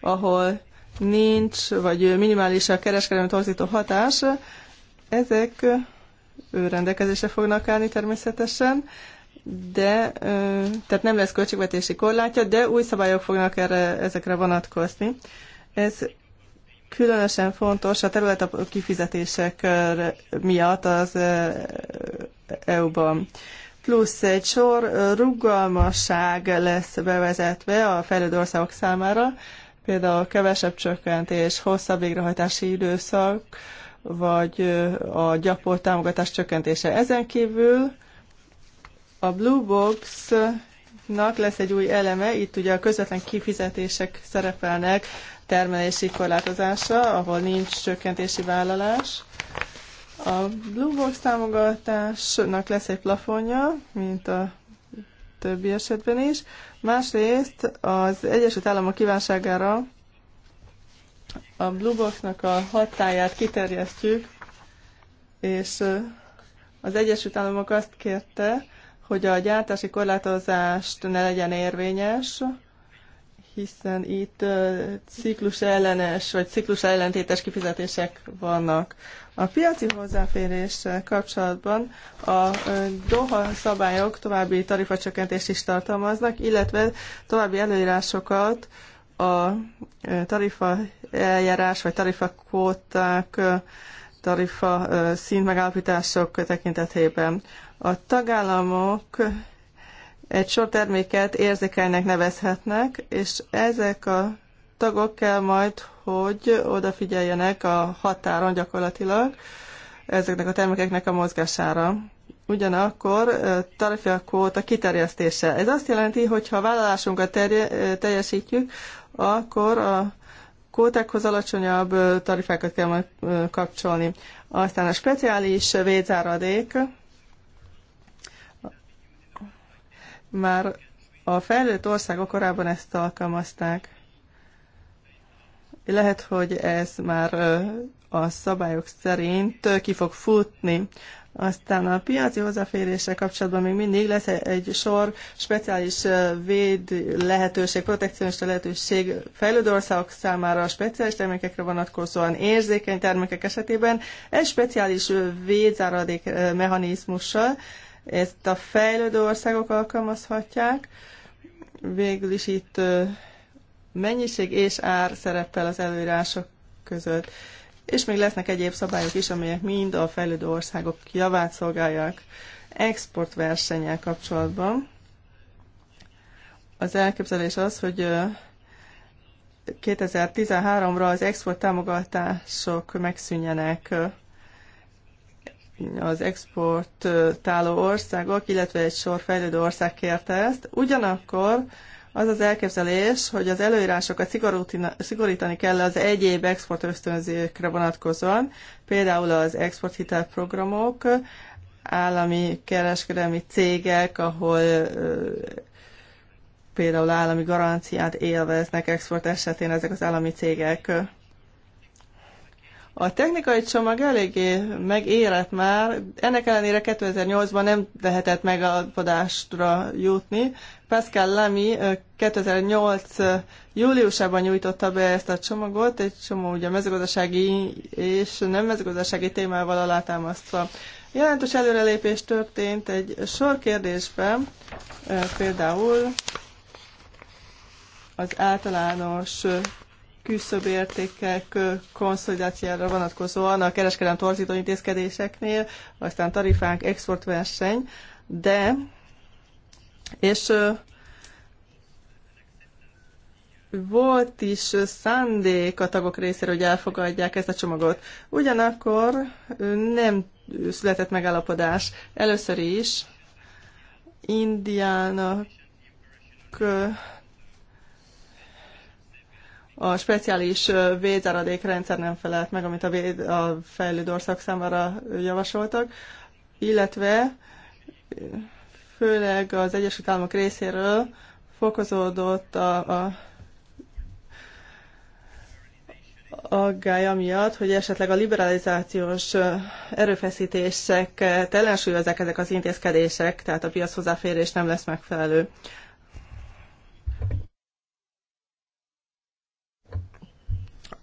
ahol nincs, vagy minimális a kereskedelmi torzító hatás, ezek rendelkezésre fognak állni természetesen, de tehát nem lesz költségvetési korlátja, de új szabályok fognak erre, ezekre vonatkozni. Ez különösen fontos a terület kifizetések miatt az EU-ban. Plusz egy sor rugalmasság lesz bevezetve a fejlődő országok számára, például kevesebb csökkentés, hosszabb végrehajtási időszak, vagy a gyapor támogatás csökkentése. Ezen kívül a Blue Box nak lesz egy új eleme, itt ugye a közvetlen kifizetések szerepelnek termelési korlátozása, ahol nincs csökkentési vállalás. A Blue Box támogatásnak lesz egy plafonja, mint a többi esetben is. Másrészt az Egyesült Államok kívánságára a bluboknak a hatáját kiterjesztjük, és az Egyesült Államok azt kérte, hogy a gyártási korlátozást ne legyen érvényes, hiszen itt ciklus ellenes vagy ciklus ellentétes kifizetések vannak. A piaci hozzáférés kapcsolatban a Doha szabályok további tarifacsökkentést is tartalmaznak, illetve további előírásokat a e, tarifa eljárás, vagy tarifakvóták, tarifa e, e, szint megállapítások tekintetében. A tagállamok egy sor terméket érzékelnek nevezhetnek, és ezek a tagok kell majd, hogy odafigyeljenek a határon gyakorlatilag ezeknek a termékeknek a mozgására. Ugyanakkor tarifa kvóta kiterjesztése. Ez azt jelenti, hogy ha a vállalásunkat terje, teljesítjük, akkor a kótákhoz alacsonyabb tarifákat kell majd kapcsolni. Aztán a speciális vétáradék már a fejlődött országok korábban ezt alkalmazták. Lehet, hogy ez már a szabályok szerint ki fog futni. Aztán a piaci hozzáférése kapcsolatban még mindig lesz egy sor speciális véd lehetőség, protekcionista lehetőség fejlődő országok számára a speciális termékekre vonatkozóan érzékeny termékek esetében egy speciális védzáradék mechanizmussal. Ezt a fejlődő országok alkalmazhatják. Végül is itt mennyiség és ár szerepel az előírások között és még lesznek egyéb szabályok is, amelyek mind a fejlődő országok javát szolgálják exportversennyel kapcsolatban. Az elképzelés az, hogy 2013-ra az export támogatások megszűnjenek az exportáló országok, illetve egy sor fejlődő ország kérte ezt. Ugyanakkor az az elképzelés, hogy az előírásokat szigorítani kell az egyéb export ösztönzőkre vonatkozóan, például az exporthitelprogramok, állami kereskedelmi cégek, ahol például állami garanciát élveznek export esetén ezek az állami cégek. A technikai csomag eléggé megérett már, ennek ellenére 2008-ban nem lehetett megalapodásra jutni. Pascal Lamy 2008 júliusában nyújtotta be ezt a csomagot, egy csomó ugye mezőgazdasági és nem mezőgazdasági témával alátámasztva. Jelentős előrelépés történt egy sor kérdésben, például az általános küszöbértékek konszolidációjára vonatkozóan a kereskedelmi torzító intézkedéseknél, aztán tarifánk, exportverseny, de és volt is szándék a tagok részéről, hogy elfogadják ezt a csomagot. Ugyanakkor nem született megállapodás. Először is Indiának a speciális rendszer nem felelt meg, amit a, véd, a fejlődő ország számára javasoltak, illetve főleg az Egyesült Államok részéről fokozódott a, a aggája miatt, hogy esetleg a liberalizációs erőfeszítések ellensúlyozzák ezek az intézkedések, tehát a piac hozzáférés nem lesz megfelelő.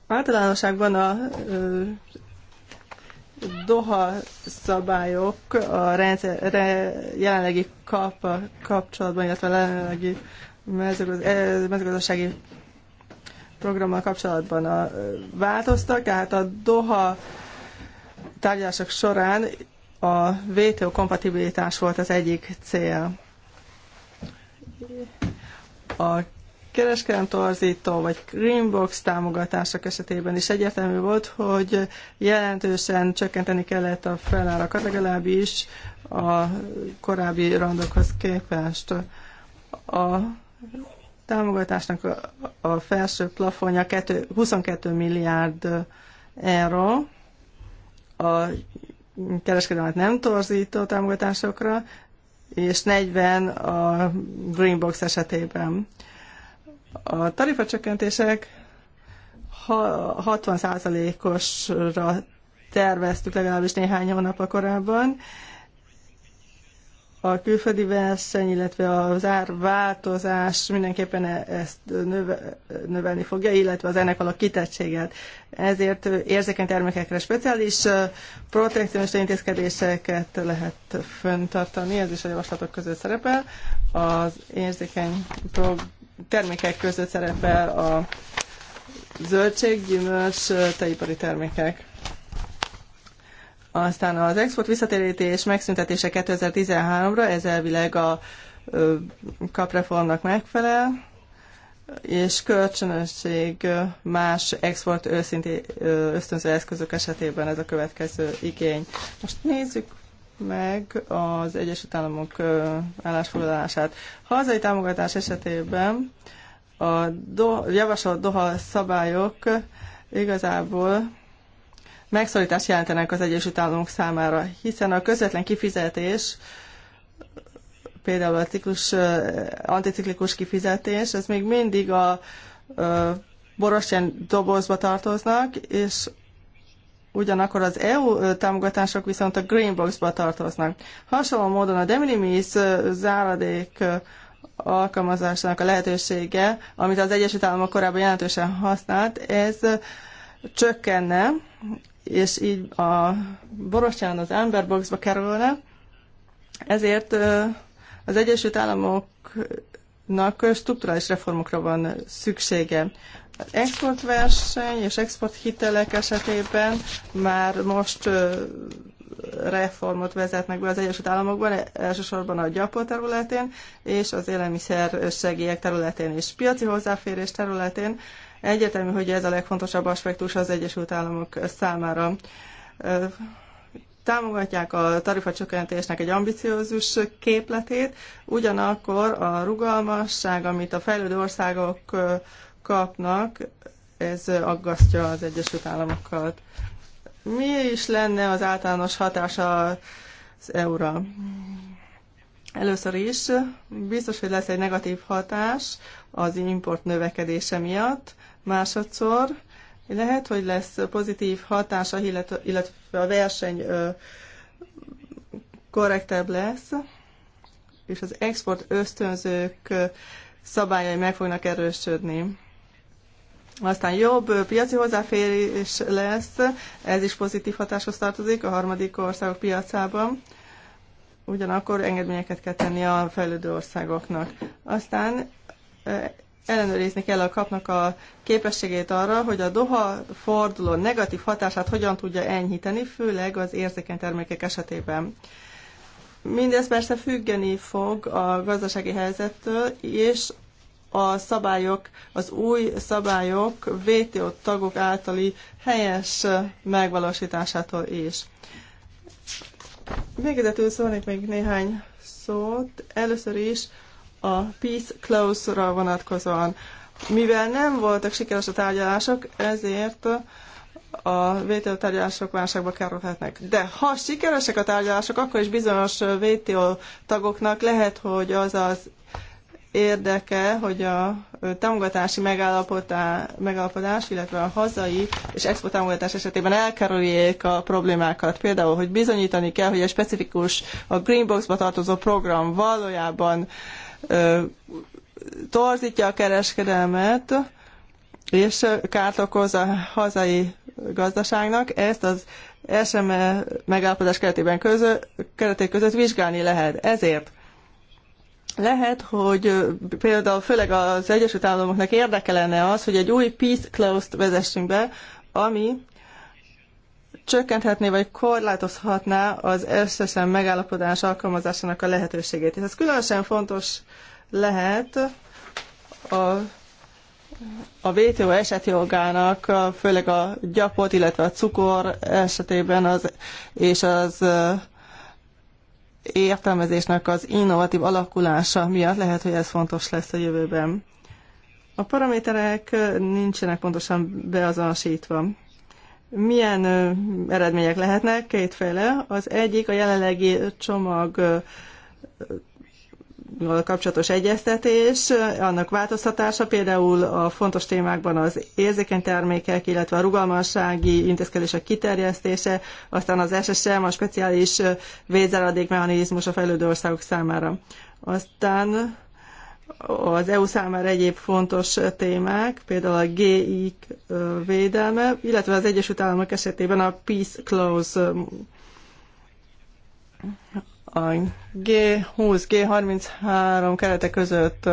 Általánosságban a Doha szabályok a rendszer, re, jelenlegi kap, kapcsolatban, illetve a jelenlegi e, mezőgazdasági programmal kapcsolatban a, változtak, tehát a Doha tárgyalások során a VTO kompatibilitás volt az egyik cél. A kereskedelem torzító vagy greenbox támogatások esetében is egyértelmű volt, hogy jelentősen csökkenteni kellett a felárakat, legalábbis a korábbi randokhoz képest. A támogatásnak a, a felső plafonja 22 milliárd euró, a kereskedelmet nem torzító támogatásokra, és 40 a Greenbox esetében. A tarifacsökkentések 60%-osra terveztük legalábbis néhány a korábban. A külföldi verseny, illetve az árváltozás mindenképpen ezt növelni fogja, illetve az ennek való kitettséget. Ezért érzékeny termékekre speciális protekcionista intézkedéseket lehet fenntartani, ez is a javaslatok között szerepel. Az érzékeny termékek között szerepel a zöldség, gyümölcs, teipari termékek. Aztán az export visszatérítés megszüntetése 2013-ra, ez elvileg a kapreformnak megfelel, és kölcsönösség más export őszinti ösztönző eszközök esetében ez a következő igény. Most nézzük meg az Egyesült Államok állásfoglalását. Hazai támogatás esetében a do, javasolt Doha szabályok igazából megszorítást jelentenek az Egyesült Államok számára, hiszen a közvetlen kifizetés, például a ciklus, anticiklikus kifizetés, ez még mindig a, a borosján dobozba tartoznak, és Ugyanakkor az EU támogatások viszont a Greenbox-ba tartoznak. Hasonló módon a de záradék alkalmazásának a lehetősége, amit az Egyesült Államok korábban jelentősen használt, ez csökkenne, és így a borostyán az Amberboxba kerülne. Ezért az Egyesült Államoknak strukturális reformokra van szüksége. Az exportverseny és exporthitelek esetében már most reformot vezetnek be az Egyesült Államokban, e, elsősorban a gyapó területén és az élelmiszer segélyek területén és piaci hozzáférés területén. Egyetemű, hogy ez a legfontosabb aspektus az Egyesült Államok számára. Támogatják a tarifacsökkentésnek egy ambiciózus képletét, ugyanakkor a rugalmasság, amit a fejlődő országok kapnak, ez aggasztja az Egyesült Államokat. Mi is lenne az általános hatása az euróra? Először is biztos, hogy lesz egy negatív hatás az import növekedése miatt. Másodszor lehet, hogy lesz pozitív hatása, illetve a verseny korrektebb lesz, és az export ösztönzők szabályai meg fognak erősödni. Aztán jobb piaci hozzáférés lesz, ez is pozitív hatáshoz tartozik a harmadik országok piacában. Ugyanakkor engedményeket kell tenni a fejlődő országoknak. Aztán ellenőrizni kell a kapnak a képességét arra, hogy a Doha forduló negatív hatását hogyan tudja enyhíteni, főleg az érzékeny termékek esetében. Mindez persze függeni fog a gazdasági helyzettől, és a szabályok, az új szabályok WTO tagok általi helyes megvalósításától is. Végezetül szólnék még néhány szót. Először is a Peace Close-ra vonatkozóan. Mivel nem voltak sikeres a tárgyalások, ezért a VTO tárgyalások válságba kerülhetnek. De ha sikeresek a tárgyalások, akkor is bizonyos VTO tagoknak lehet, hogy az az érdeke, hogy a támogatási megállapodás, illetve a hazai és támogatás esetében elkerüljék a problémákat. Például, hogy bizonyítani kell, hogy egy specifikus a Greenbox-ba tartozó program valójában ö, torzítja a kereskedelmet, és kárt okoz a hazai gazdaságnak. Ezt az SME megállapodás keretében közö, keretében között vizsgálni lehet. Ezért lehet, hogy például főleg az Egyesült Államoknak érdeke lenne az, hogy egy új peace clause-t vezessünk be, ami csökkenthetné vagy korlátozhatná az SSM megállapodás alkalmazásának a lehetőségét. És ez különösen fontos lehet a, a WTO esetjogának, főleg a gyapot, illetve a cukor esetében az, és az értelmezésnek az innovatív alakulása miatt lehet, hogy ez fontos lesz a jövőben. A paraméterek nincsenek pontosan beazonosítva. Milyen eredmények lehetnek? Kétféle. Az egyik a jelenlegi csomag kapcsolatos egyeztetés, annak változtatása például a fontos témákban az érzékeny termékek, illetve a rugalmassági intézkedések kiterjesztése, aztán az SSM, a speciális védzeladékmechanizmus a fejlődő országok számára. Aztán az EU számára egyéb fontos témák, például a GI védelme, illetve az Egyesült Államok esetében a Peace Clause a G20, G33 keretek között,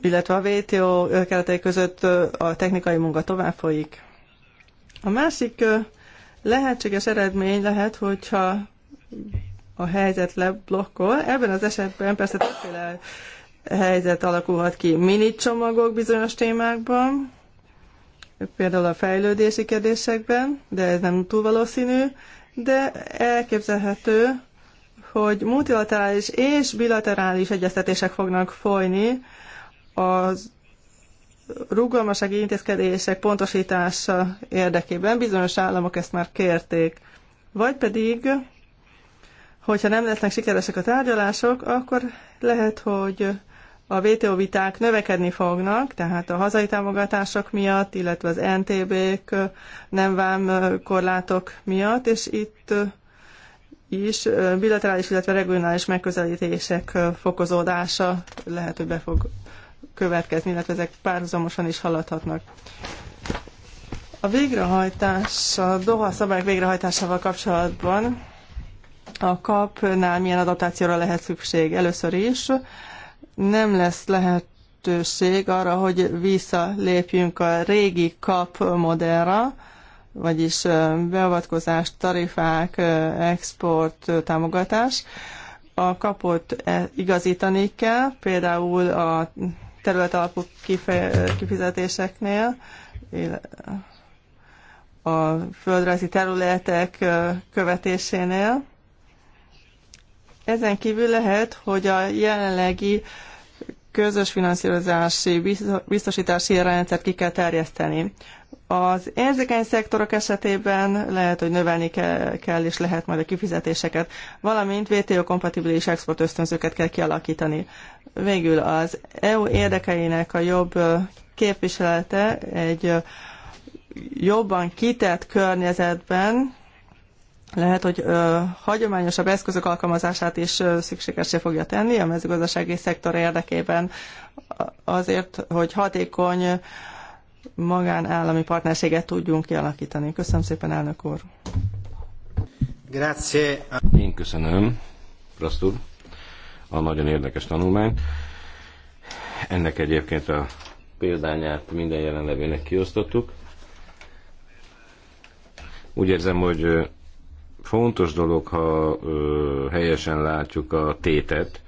illetve a WTO keretei között a technikai munka tovább folyik. A másik lehetséges eredmény lehet, hogyha a helyzet leblokkol. Ebben az esetben persze többféle helyzet alakulhat ki. Mini csomagok bizonyos témákban, például a fejlődési kérdésekben, de ez nem túl valószínű, de elképzelhető, hogy multilaterális és bilaterális egyeztetések fognak folyni az rugalmasági intézkedések pontosítása érdekében. Bizonyos államok ezt már kérték. Vagy pedig, hogyha nem lesznek sikeresek a tárgyalások, akkor lehet, hogy a WTO viták növekedni fognak, tehát a hazai támogatások miatt, illetve az NTB-k, nem vám korlátok miatt, és itt is bilaterális, illetve regionális megközelítések fokozódása lehet, hogy be fog következni, illetve ezek párhuzamosan is haladhatnak. A végrehajtás, a Doha szabályok végrehajtásával kapcsolatban a kapnál milyen adaptációra lehet szükség? Először is nem lesz lehetőség arra, hogy visszalépjünk a régi kap modellra, vagyis beavatkozás, tarifák, export, támogatás. A kapot e, igazítani kell, például a terület alapú kifizetéseknél, a földrajzi területek követésénél. Ezen kívül lehet, hogy a jelenlegi közös finanszírozási biztosítási rendszert ki kell terjeszteni. Az érzékeny szektorok esetében lehet, hogy növelni kell, és lehet majd a kifizetéseket, valamint WTO-kompatibilis export ösztönzőket kell kialakítani. Végül az EU érdekeinek a jobb képviselete egy jobban kitett környezetben lehet, hogy ö, hagyományosabb eszközök alkalmazását is ö, szükségesé fogja tenni a mezőgazdasági szektor érdekében azért, hogy hatékony magánállami partnerséget tudjunk kialakítani. Köszönöm szépen, elnök úr! Grazie. Én köszönöm, Prasztur, a nagyon érdekes tanulmányt. Ennek egyébként a példányát minden jelenlevőnek kiosztottuk. Úgy érzem, hogy fontos dolog, ha helyesen látjuk a tétet,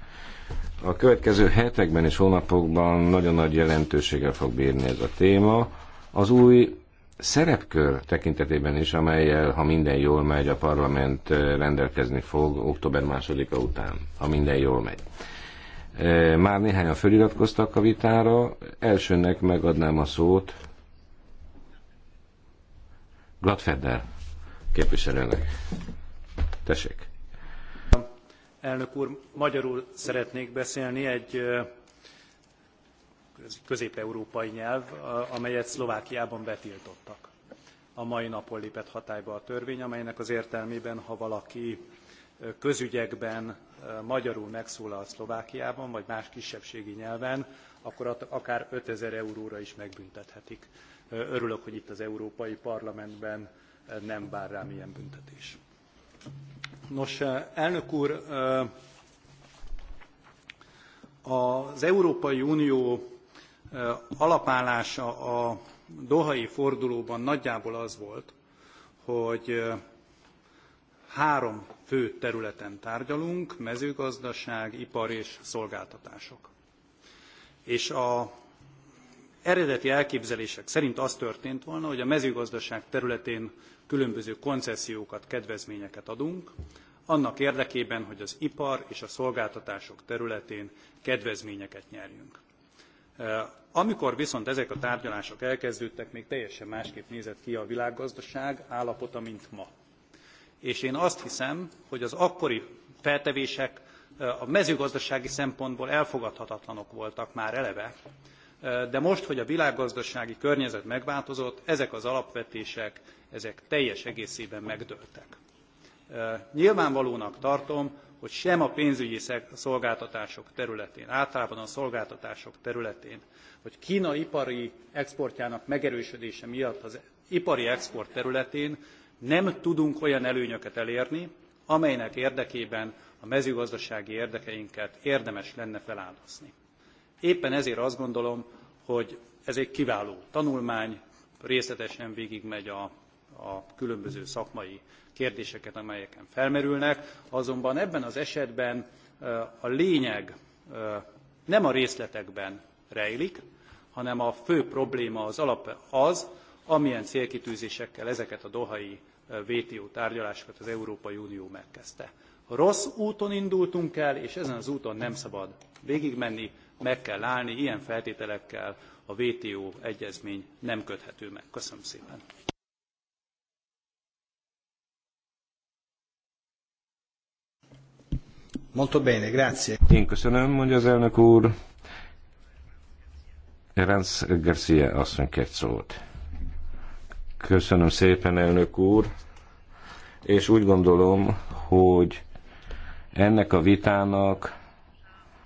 a következő hetekben és hónapokban nagyon nagy jelentőséggel fog bírni ez a téma. Az új szerepkör tekintetében is, amelyel, ha minden jól megy, a parlament eh, rendelkezni fog október másodika után, ha minden jól megy. Eh, már néhányan feliratkoztak a vitára, elsőnek megadnám a szót Gladfeder képviselőnek. Tessék. Elnök úr, magyarul szeretnék beszélni egy közép-európai nyelv, amelyet Szlovákiában betiltottak. A mai napon lépett hatályba a törvény, amelynek az értelmében, ha valaki közügyekben magyarul megszólal Szlovákiában, vagy más kisebbségi nyelven, akkor akár 5000 euróra is megbüntethetik. Örülök, hogy itt az Európai Parlamentben nem vár rám ilyen büntetés. Nos, eh, elnök úr, eh, az Európai Unió eh, alapállása a dohai fordulóban nagyjából az volt, hogy három fő területen tárgyalunk, mezőgazdaság, ipar és szolgáltatások. És a eredeti elképzelések szerint az történt volna, hogy a mezőgazdaság területén különböző koncesziókat, kedvezményeket adunk, annak érdekében, hogy az ipar és a szolgáltatások területén kedvezményeket nyerjünk. Amikor viszont ezek a tárgyalások elkezdődtek, még teljesen másképp nézett ki a világgazdaság állapota, mint ma. És én azt hiszem, hogy az akkori feltevések a mezőgazdasági szempontból elfogadhatatlanok voltak már eleve, de most, hogy a világgazdasági környezet megváltozott, ezek az alapvetések, ezek teljes egészében megdőltek. Nyilvánvalónak tartom, hogy sem a pénzügyi szolgáltatások területén, általában a szolgáltatások területén, hogy Kína ipari exportjának megerősödése miatt az ipari export területén nem tudunk olyan előnyöket elérni, amelynek érdekében a mezőgazdasági érdekeinket érdemes lenne feláldozni éppen ezért azt gondolom hogy ez egy kiváló tanulmány részletesen végigmegy a, a különböző szakmai kérdéseket amelyek felmerülnek azonban ebben az esetben a lényeg nem a részletekben rejlik hanem a fő probléma az alap az amilyen célkitűzésekkel ezeket a dohai wto tárgyalásokat az európai unió megkezdte. rossz úton indultunk el és ezen az úton nem szabad végigmenni meg kell állni, ilyen feltételekkel a WTO egyezmény nem köthető meg. Köszönöm szépen! Molto bene, grazie. Én köszönöm, mondja az elnök úr. Erenc Garcia asszony kért szót. Köszönöm szépen, elnök úr. És úgy gondolom, hogy ennek a vitának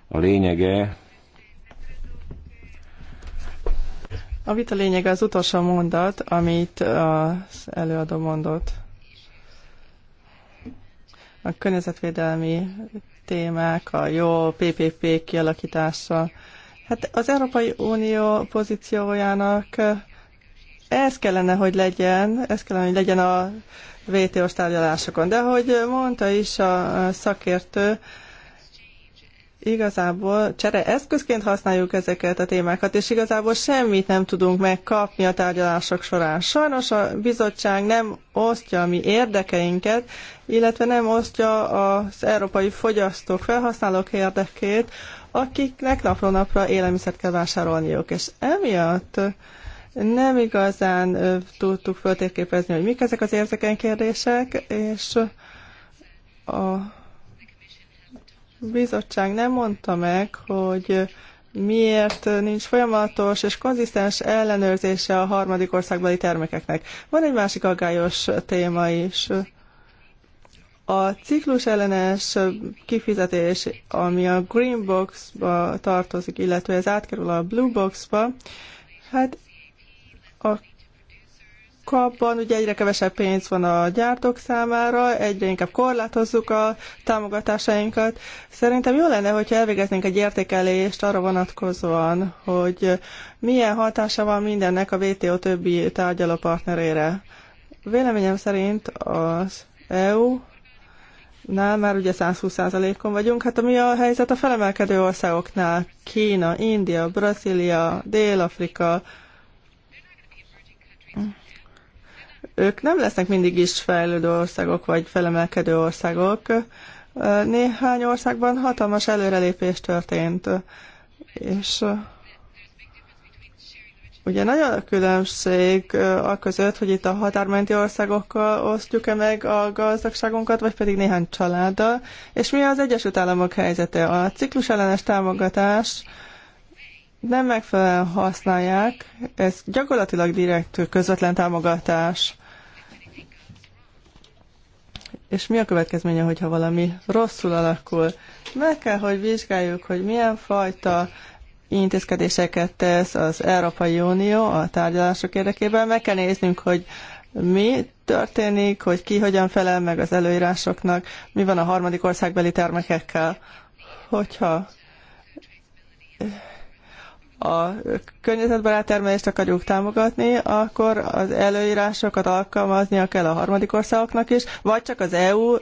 a lényege A vita az utolsó mondat, amit az előadó mondott. A környezetvédelmi témák, a jó PPP kialakítása. Hát az Európai Unió pozíciójának ez kellene, hogy legyen, ez kellene, hogy legyen a WTO-s tárgyalásokon. De ahogy mondta is a szakértő, igazából csere eszközként használjuk ezeket a témákat, és igazából semmit nem tudunk megkapni a tárgyalások során. Sajnos a bizottság nem osztja a mi érdekeinket, illetve nem osztja az európai fogyasztók, felhasználók érdekét, akiknek napról napra élelmiszert kell vásárolniuk. És emiatt nem igazán tudtuk föltérképezni, hogy mik ezek az érzékeny kérdések, és a bizottság nem mondta meg, hogy miért nincs folyamatos és konzisztens ellenőrzése a harmadik országbeli termékeknek. Van egy másik aggályos téma is. A ciklus ellenes kifizetés, ami a Green Box-ba tartozik, illetve ez átkerül a Blue Box-ba, hát kapban ugye egyre kevesebb pénz van a gyártók számára, egyre inkább korlátozzuk a támogatásainkat. Szerintem jó lenne, hogyha elvégeznénk egy értékelést arra vonatkozóan, hogy milyen hatása van mindennek a WTO többi tárgyaló partnerére. Véleményem szerint az EU nál már ugye 120%-on vagyunk. Hát ami a helyzet a felemelkedő országoknál? Kína, India, Brazília, Dél-Afrika, Ők nem lesznek mindig is fejlődő országok, vagy felemelkedő országok. Néhány országban hatalmas előrelépés történt, és Ugye nagy a különbség a között, hogy itt a határmenti országokkal osztjuk-e meg a gazdagságunkat, vagy pedig néhány családdal, és mi az Egyesült Államok helyzete? A ciklus ellenes támogatás nem megfelelően használják, ez gyakorlatilag direkt közvetlen támogatás. És mi a következménye, hogyha valami rosszul alakul? Meg kell, hogy vizsgáljuk, hogy milyen fajta intézkedéseket tesz az Európai Unió a tárgyalások érdekében. Meg kell néznünk, hogy mi történik, hogy ki hogyan felel meg az előírásoknak, mi van a harmadik országbeli termékekkel, hogyha a környezetbarát termelést akarjuk támogatni, akkor az előírásokat alkalmaznia kell a harmadik országoknak is, vagy csak az EU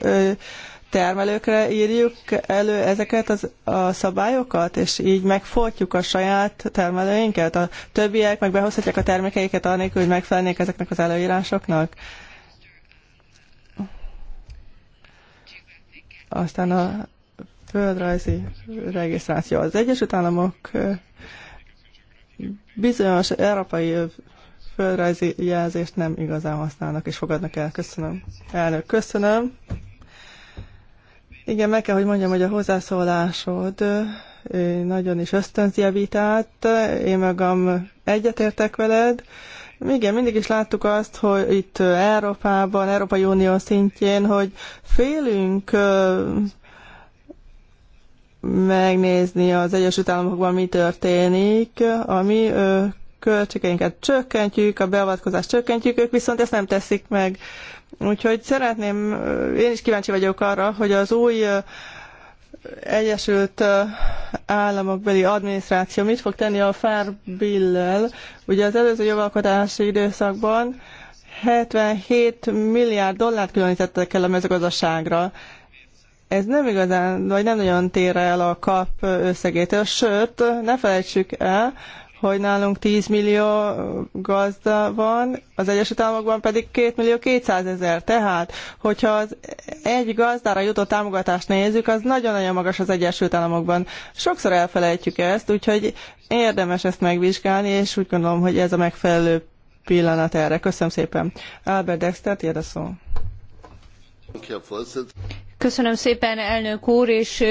termelőkre írjuk elő ezeket az, a szabályokat, és így megfoltjuk a saját termelőinket. A többiek meg behozhatják a termékeiket anélkül, hogy megfelelnék ezeknek az előírásoknak. Aztán a földrajzi regisztráció az Egyesült Államok bizonyos európai földrajzi jelzést nem igazán használnak és fogadnak el. Köszönöm. Elnök, köszönöm. Igen, meg kell, hogy mondjam, hogy a hozzászólásod nagyon is ösztönzi a vitát. Én magam egyetértek veled. Igen, mindig is láttuk azt, hogy itt Európában, Európai Unió szintjén, hogy félünk megnézni az Egyesült Államokban mi történik, ami költségeinket csökkentjük, a beavatkozást csökkentjük, ők viszont ezt nem teszik meg. Úgyhogy szeretném, én is kíváncsi vagyok arra, hogy az új Egyesült Államokbeli adminisztráció mit fog tenni a FAR bill Ugye az előző jogalkotási időszakban 77 milliárd dollárt különítettek el a mezőgazdaságra ez nem igazán, vagy nem nagyon tér el a kap összegétől, sőt, ne felejtsük el, hogy nálunk 10 millió gazda van, az Egyesült Államokban pedig 2 millió 200 ezer. Tehát, hogyha az egy gazdára jutó támogatást nézzük, az nagyon-nagyon magas az Egyesült Államokban. Sokszor elfelejtjük ezt, úgyhogy érdemes ezt megvizsgálni, és úgy gondolom, hogy ez a megfelelő pillanat erre. Köszönöm szépen. Albert Dexter, tiéd a szó. Köszönöm szépen, elnök úr, és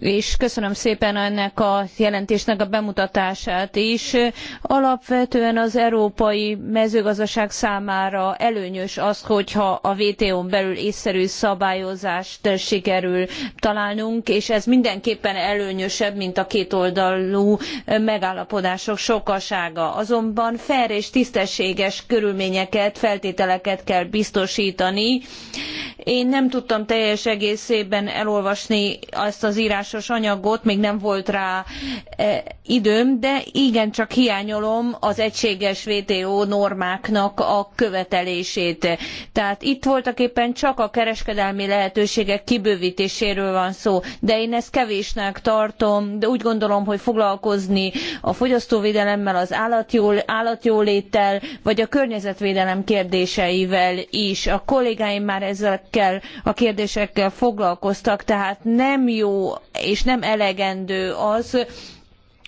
és köszönöm szépen ennek a jelentésnek a bemutatását is. Alapvetően az európai mezőgazdaság számára előnyös az, hogyha a WTO-n belül észszerű szabályozást sikerül találnunk, és ez mindenképpen előnyösebb, mint a kétoldalú megállapodások sokasága. Azonban fair és tisztességes körülményeket, feltételeket kell biztosítani. Én nem tudtam teljes egészében elolvasni azt az írás írásos anyagot, még nem volt rá e, időm, de igencsak hiányolom az egységes WTO normáknak a követelését. Tehát itt voltak éppen csak a kereskedelmi lehetőségek kibővítéséről van szó, de én ezt kevésnek tartom, de úgy gondolom, hogy foglalkozni a fogyasztóvédelemmel, az állatjól, állatjóléttel, vagy a környezetvédelem kérdéseivel is. A kollégáim már ezekkel a kérdésekkel foglalkoztak, tehát nem jó és nem elegendő az,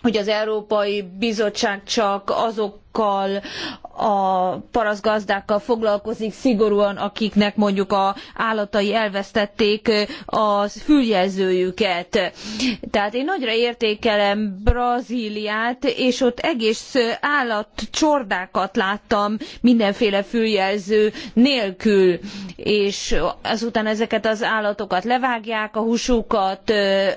hogy az Európai Bizottság csak azok gazdákkal, a paraszgazdákkal foglalkozik szigorúan, akiknek mondjuk a állatai elvesztették a füljelzőjüket. Tehát én nagyra értékelem Brazíliát, és ott egész állatcsordákat láttam mindenféle füljelző nélkül, és azután ezeket az állatokat levágják, a húsukat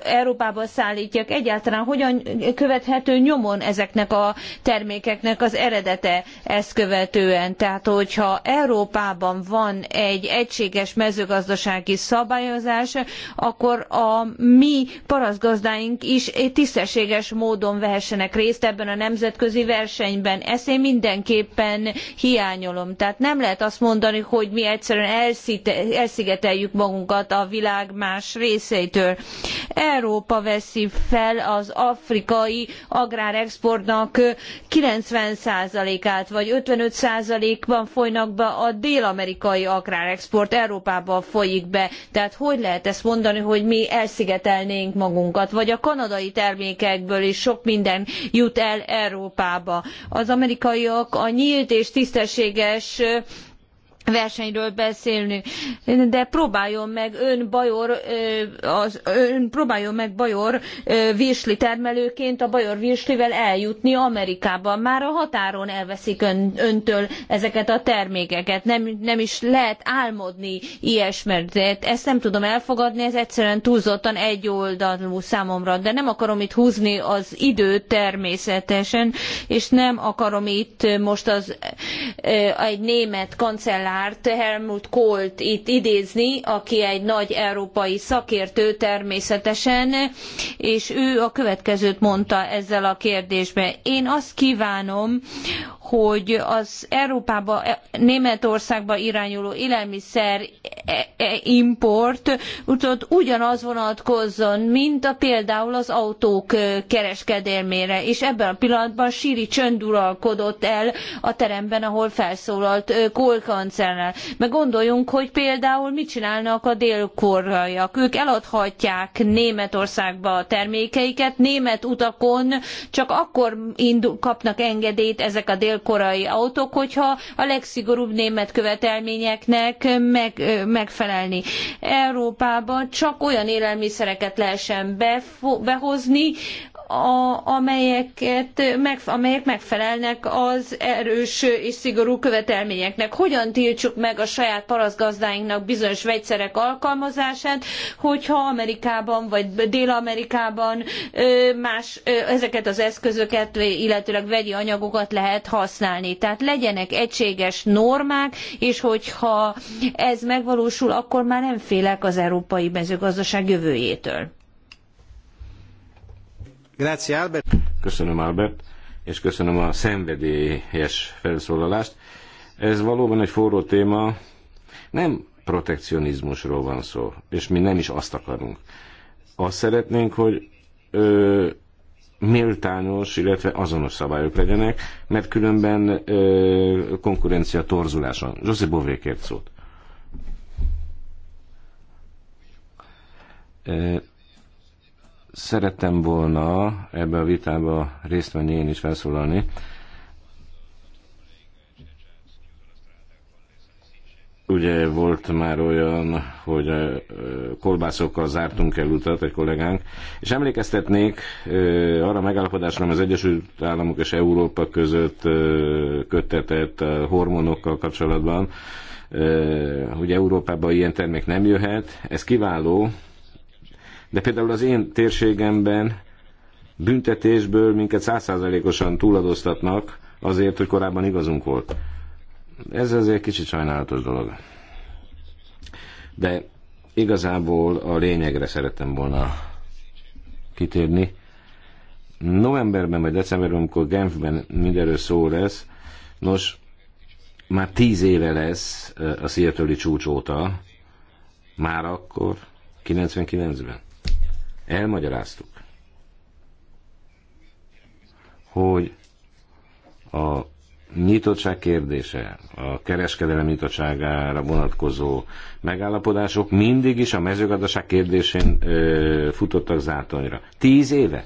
Európába szállítják. Egyáltalán hogyan követhető nyomon ezeknek a termékeknek az erő eredete ezt követően. Tehát, hogyha Európában van egy egységes mezőgazdasági szabályozás, akkor a mi parasztgazdáink is tisztességes módon vehessenek részt ebben a nemzetközi versenyben. Ezt én mindenképpen hiányolom. Tehát nem lehet azt mondani, hogy mi egyszerűen elszigeteljük magunkat a világ más részeitől. Európa veszi fel az afrikai agrárexportnak 90 50%-át vagy 55%-ban folynak be a dél-amerikai agrárexport, Európába folyik be. Tehát hogy lehet ezt mondani, hogy mi elszigetelnénk magunkat? Vagy a kanadai termékekből is sok minden jut el Európába. Az amerikaiak a nyílt és tisztességes versenyről beszélni, de próbáljon meg ön Bajor, az, ön próbáljon meg Bajor virsli termelőként a Bajor virslivel eljutni Amerikába. Már a határon elveszik ön, öntől ezeket a termékeket. Nem, nem is lehet álmodni ilyesmert. Ezt nem tudom elfogadni, ez egyszerűen túlzottan egyoldalú számomra, de nem akarom itt húzni az időt természetesen, és nem akarom itt most az, egy német kancellár Reinhardt Helmut Kohlt itt idézni, aki egy nagy európai szakértő természetesen, és ő a következőt mondta ezzel a kérdésben. Én azt kívánom, hogy az Európába, Németországba irányuló élelmiszer e, e, import ugyanaz vonatkozzon, mint a például az autók kereskedelmére, és ebben a pillanatban síri csönd uralkodott el a teremben, ahol felszólalt Kohl rendszerrel. Meg gondoljunk, hogy például mit csinálnak a dél-koreaiak. Ők eladhatják Németországba a termékeiket, német utakon csak akkor indul, kapnak engedélyt ezek a dél-koreai autók, hogyha a legszigorúbb német követelményeknek meg, megfelelni. Európában csak olyan élelmiszereket lehessen behozni, a, amelyeket, meg, amelyek megfelelnek az erős és szigorú követelményeknek. Hogyan tiltsuk meg a saját parasztgazdáinknak bizonyos vegyszerek alkalmazását, hogyha Amerikában vagy Dél-Amerikában más ezeket az eszközöket, illetőleg vegyi anyagokat lehet használni. Tehát legyenek egységes normák, és hogyha ez megvalósul, akkor már nem félek az európai mezőgazdaság jövőjétől. Grazie, Albert. Köszönöm, Albert, és köszönöm a szenvedélyes felszólalást. Ez valóban egy forró téma. Nem protekcionizmusról van szó, és mi nem is azt akarunk. Azt szeretnénk, hogy ö, méltányos, illetve azonos szabályok legyenek, mert különben ö, konkurencia torzulása. José Bové kért szót. Szerettem volna ebbe a vitába részt venni én is felszólalni. Ugye volt már olyan, hogy kolbászokkal zártunk el utat egy kollégánk, és emlékeztetnék arra megállapodásra, az Egyesült Államok és Európa között kötetett hormonokkal kapcsolatban, hogy Európában ilyen termék nem jöhet. Ez kiváló, de például az én térségemben büntetésből minket százszázalékosan túladoztatnak azért, hogy korábban igazunk volt. Ez azért kicsit sajnálatos dolog. De igazából a lényegre szerettem volna kitérni. Novemberben vagy decemberben, amikor Genfben mindenről szó lesz, nos, már tíz éve lesz a Seattle-i csúcs óta, már akkor, 99-ben. Elmagyaráztuk, hogy a nyitottság kérdése, a kereskedelem nyitottságára vonatkozó megállapodások mindig is a mezőgazdaság kérdésén ö, futottak zátonyra. Tíz éve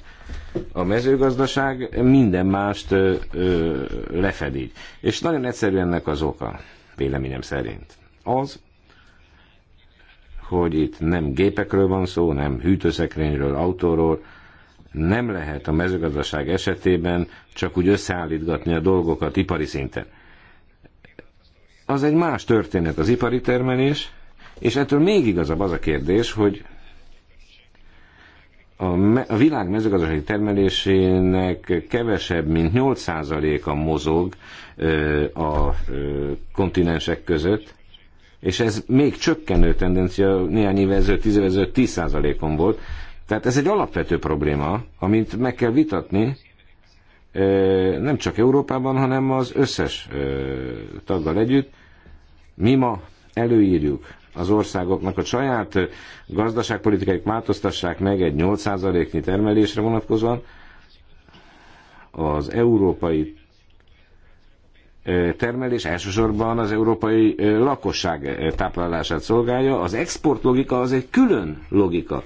a mezőgazdaság minden mást ö, ö, lefedi. És nagyon egyszerű ennek az oka, véleményem szerint. Az, hogy itt nem gépekről van szó, nem hűtőszekrényről, autóról, nem lehet a mezőgazdaság esetében csak úgy összeállítgatni a dolgokat ipari szinten. Az egy más történet az ipari termelés, és ettől még igazabb az a kérdés, hogy a, me- a világ mezőgazdasági termelésének kevesebb, mint 8%-a mozog ö, a ö, kontinensek között, és ez még csökkenő tendencia néhány évvel ezelőtt, tíz évvel ezelőtt tíz százalékon volt. Tehát ez egy alapvető probléma, amit meg kell vitatni, nem csak Európában, hanem az összes taggal együtt. Mi ma előírjuk az országoknak a saját gazdaságpolitikáik változtassák meg egy 8%-nyi termelésre vonatkozóan, az európai termelés elsősorban az európai lakosság táplálását szolgálja, az export logika az egy külön logika.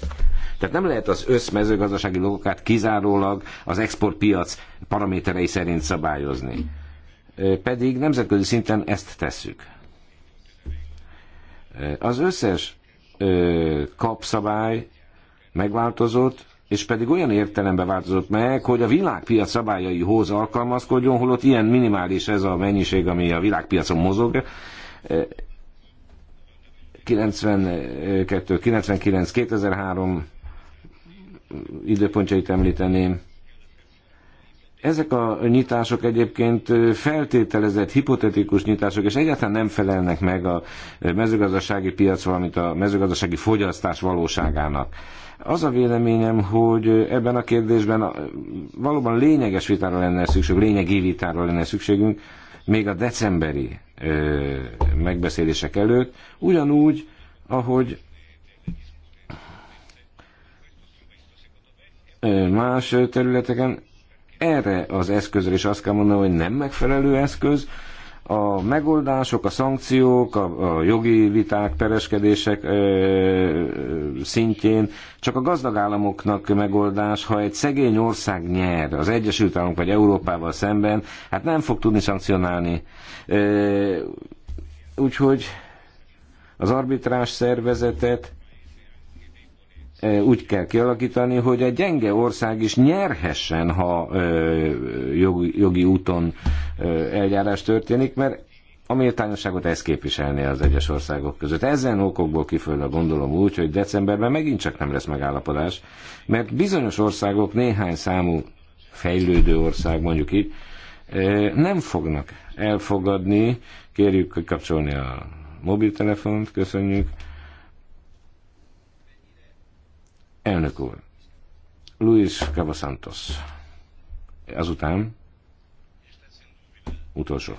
Tehát nem lehet az összmezőgazdasági logikát kizárólag az exportpiac paraméterei szerint szabályozni. Pedig nemzetközi szinten ezt tesszük. Az összes kapszabály megváltozott, és pedig olyan értelemben változott meg, hogy a világpiac szabályaihoz alkalmazkodjon, holott ilyen minimális ez a mennyiség, ami a világpiacon mozog. 92, 99, 2003 időpontjait említeném, ezek a nyitások egyébként feltételezett, hipotetikus nyitások, és egyáltalán nem felelnek meg a mezőgazdasági piac, valamint a mezőgazdasági fogyasztás valóságának. Az a véleményem, hogy ebben a kérdésben valóban lényeges vitára lenne szükség, lényegi vitára lenne szükségünk, még a decemberi megbeszélések előtt, ugyanúgy, ahogy más területeken erre az eszközre is azt kell mondani, hogy nem megfelelő eszköz, a megoldások, a szankciók, a, a jogi viták, pereskedések ö, ö, szintjén csak a gazdag államoknak megoldás, ha egy szegény ország nyer az Egyesült Államok vagy Európával szemben, hát nem fog tudni szankcionálni. Ö, úgyhogy az arbitrás szervezetet úgy kell kialakítani, hogy a gyenge ország is nyerhessen, ha jogi, jogi úton eljárás történik, mert a méltányosságot ezt képviselni az egyes országok között. Ezen okokból kifolyólag gondolom úgy, hogy decemberben megint csak nem lesz megállapodás, mert bizonyos országok néhány számú fejlődő ország, mondjuk így, nem fognak elfogadni, kérjük, kapcsolni a mobiltelefont, köszönjük, Elnök úr, Luis Cavasantos. Azután utolsó.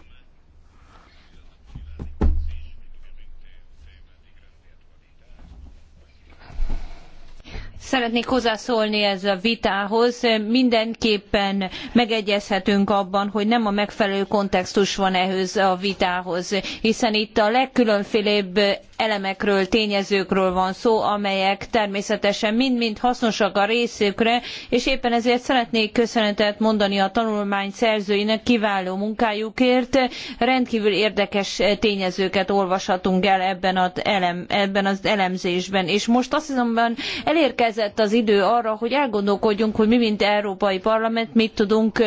Szeretnék hozzászólni ez a vitához. Mindenképpen megegyezhetünk abban, hogy nem a megfelelő kontextus van ehhez a vitához, hiszen itt a legkülönfélebb elemekről, tényezőkről van szó, amelyek természetesen mind-mind hasznosak a részükre, és éppen ezért szeretnék köszönetet mondani a tanulmány szerzőinek kiváló munkájukért. Rendkívül érdekes tényezőket olvashatunk el ebben, az, elem, ebben az elemzésben. És most azt hiszem, elérkezett az idő arra, hogy elgondolkodjunk, hogy mi, mint Európai Parlament, mit tudunk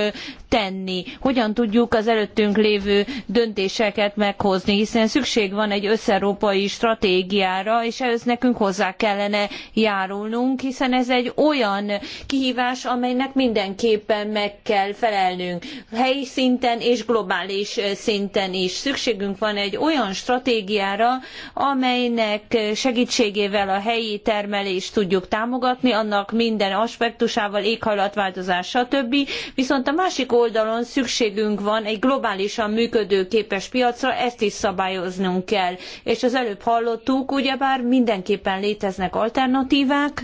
tenni. Hogyan tudjuk az előttünk lévő döntéseket meghozni, hiszen szükség van egy összeurópai stratégiára, és ehhez nekünk hozzá kellene járulnunk, hiszen ez egy olyan kihívás, amelynek mindenképpen meg kell felelnünk. Helyi szinten és globális szinten is szükségünk van egy olyan stratégiára, amelynek segítségével a helyi termelést tudjuk támogatni, annak minden aspektusával, éghajlatváltozás, stb. Viszont a másik oldalon szükségünk van egy globálisan működőképes piacra, ezt is szabályoznunk kell. És az előbb hallottuk, ugyebár mindenképpen léteznek alternatívák,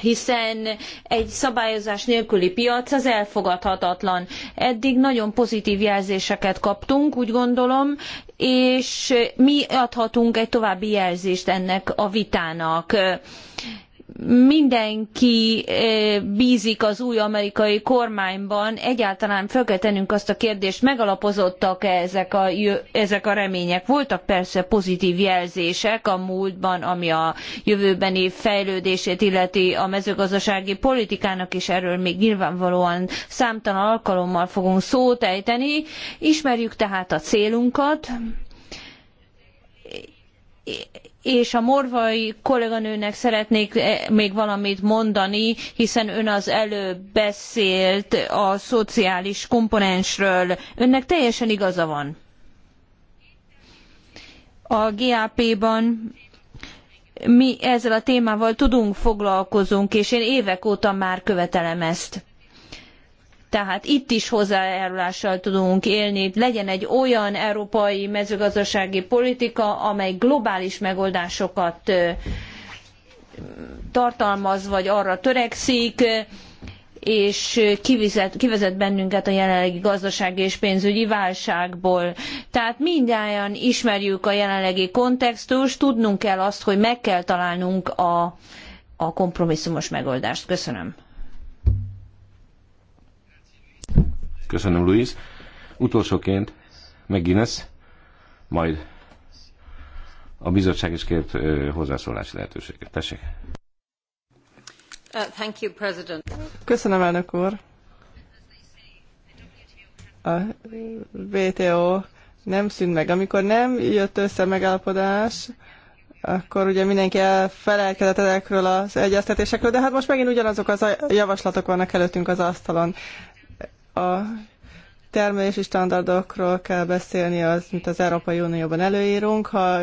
hiszen egy szabályozás nélküli piac az elfogadhatatlan. Eddig nagyon pozitív jelzéseket kaptunk, úgy gondolom, és mi adhatunk egy további jelzést ennek a vitának mindenki eh, bízik az új amerikai kormányban, egyáltalán fel kell tennünk azt a kérdést, megalapozottak-e ezek a, ezek a remények? Voltak persze pozitív jelzések a múltban, ami a jövőbeni fejlődését illeti a mezőgazdasági politikának, és erről még nyilvánvalóan számtalan alkalommal fogunk szót ejteni. Ismerjük tehát a célunkat és a morvai kolléganőnek szeretnék eh, még valamit mondani, hiszen ön az előbb beszélt a szociális komponensről. Önnek teljesen igaza van. A GAP-ban mi ezzel a témával tudunk, foglalkozunk, és én évek óta már követelem ezt tehát itt is hozzájárulással tudunk élni. Legyen egy olyan európai mezőgazdasági politika, amely globális megoldásokat tartalmaz, vagy arra törekszik, és kivezet, kivezet bennünket a jelenlegi gazdasági és pénzügyi válságból. Tehát mindjárt ismerjük a jelenlegi kontextust, tudnunk kell azt, hogy meg kell találnunk a, a kompromisszumos megoldást. Köszönöm. Köszönöm, Luis. Utolsóként McGuinness, majd a bizottság is kért hozzászólási lehetőséget. Tessék. Uh, thank you, President. Köszönöm, elnök úr. A WTO nem szűnt meg. Amikor nem jött össze megállapodás, akkor ugye mindenki elfelelkedett ezekről az egyeztetésekről, de hát most megint ugyanazok az javaslatok vannak előttünk az asztalon a termelési standardokról kell beszélni, az, mint az Európai Unióban előírunk, ha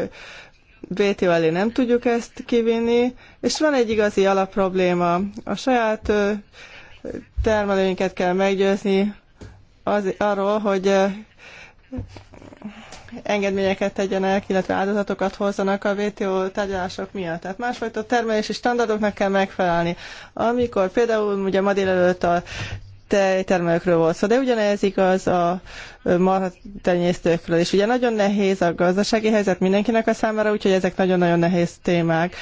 WTO elé nem tudjuk ezt kivinni, és van egy igazi alapprobléma. A saját termelőinket kell meggyőzni az, arról, hogy engedményeket tegyenek, illetve áldozatokat hozzanak a WTO tárgyalások miatt. Tehát másfajta termelési standardoknak kell megfelelni. Amikor például ugye ma délelőtt a tejtermelőkről volt szó, de ugyanez igaz a marhatenyésztőkről is. Ugye nagyon nehéz a gazdasági helyzet mindenkinek a számára, úgyhogy ezek nagyon-nagyon nehéz témák.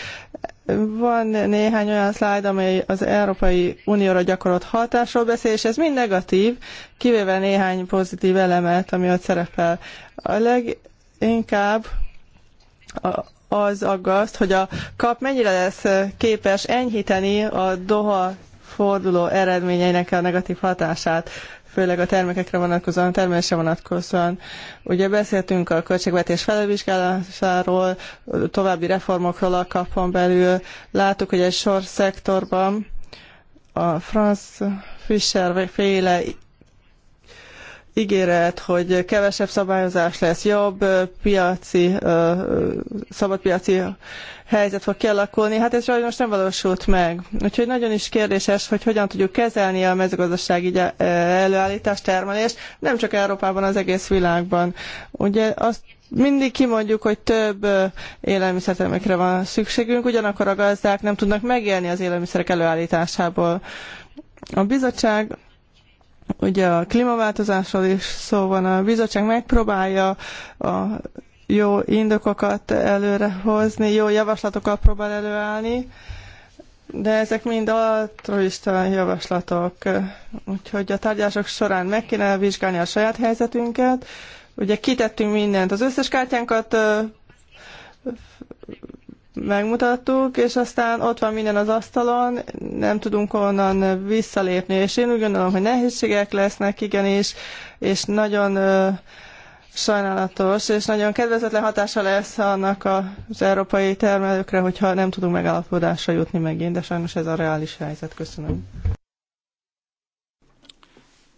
Van néhány olyan szlájd, amely az Európai Unióra gyakorolt hatásról beszél, és ez mind negatív, kivéve néhány pozitív elemet, ami ott szerepel. A leginkább a az aggaszt, hogy a kap mennyire lesz képes enyhíteni a Doha forduló eredményeinek a negatív hatását, főleg a termékekre vonatkozóan, a termelésre vonatkozóan. Ugye beszéltünk a költségvetés felülvizsgálásáról, további reformokról a kapon belül. Láttuk, hogy egy sor szektorban a Franz Fischer féle ígéret, hogy kevesebb szabályozás lesz, jobb piaci, szabadpiaci helyzet fog kialakulni. Hát ez sajnos nem valósult meg. Úgyhogy nagyon is kérdéses, hogy hogyan tudjuk kezelni a mezőgazdasági e, előállítást, termelést, nem csak Európában, az egész világban. Ugye azt mindig kimondjuk, hogy több élelmiszertermékre van szükségünk, ugyanakkor a gazdák nem tudnak megélni az élelmiszerek előállításából. A bizottság ugye a klímaváltozásról is szó van, a bizottság megpróbálja a jó indokokat előrehozni, jó javaslatokat próbál előállni, de ezek mind altruista javaslatok. Úgyhogy a tárgyások során meg kéne vizsgálni a saját helyzetünket. Ugye kitettünk mindent, az összes kártyánkat megmutattuk, és aztán ott van minden az asztalon, nem tudunk onnan visszalépni, és én úgy gondolom, hogy nehézségek lesznek, igenis, és nagyon sajnálatos, és nagyon kedvezetlen hatása lesz annak az európai termelőkre, hogyha nem tudunk megállapodásra jutni megint, de sajnos ez a reális helyzet. Köszönöm.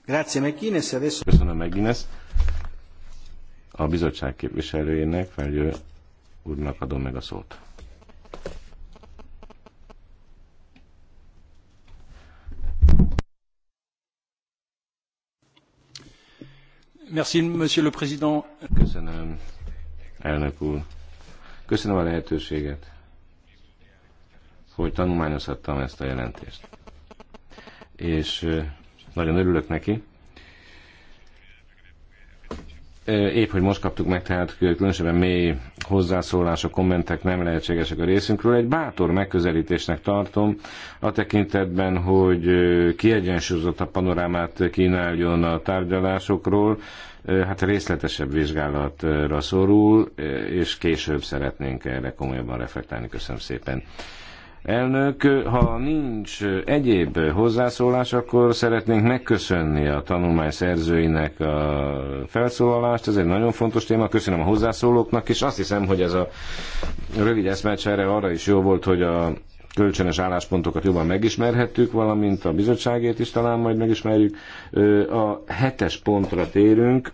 Grazie, McInnes. Adesso... Köszönöm, McInnes. A bizottság képviselőjének, Felgyő úrnak adom meg a szót. Köszönöm, elnök úr. Köszönöm a lehetőséget, hogy tanulmányozhattam ezt a jelentést. És nagyon örülök neki, Épp, hogy most kaptuk meg, tehát különösebben mély hozzászólások, kommentek nem lehetségesek a részünkről. Egy bátor megközelítésnek tartom a tekintetben, hogy kiegyensúlyozott a panorámát kínáljon a tárgyalásokról, hát részletesebb vizsgálatra szorul, és később szeretnénk erre komolyabban reflektálni. Köszönöm szépen. Elnök, ha nincs egyéb hozzászólás, akkor szeretnénk megköszönni a tanulmány szerzőinek a felszólalást. Ez egy nagyon fontos téma. Köszönöm a hozzászólóknak, és azt hiszem, hogy ez a rövid eszmecsere arra is jó volt, hogy a kölcsönös álláspontokat jobban megismerhettük, valamint a bizottságét is talán majd megismerjük. A hetes pontra térünk.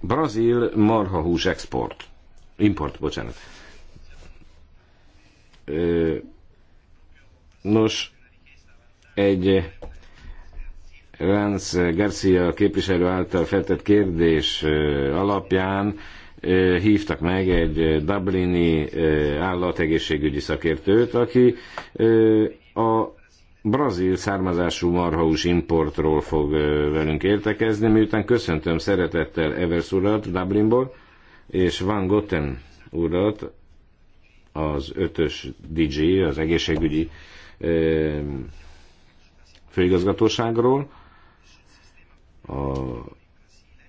Brazil marhahús export. Import, bocsánat. Nos, egy Ránc Garcia képviselő által feltett kérdés alapján hívtak meg egy dublini állategészségügyi szakértőt, aki a brazil származású marhaús importról fog velünk értekezni, miután köszöntöm szeretettel Evers urat Dublinból, és Van Gotten urat, az ötös DJ az egészségügyi főigazgatóságról, a,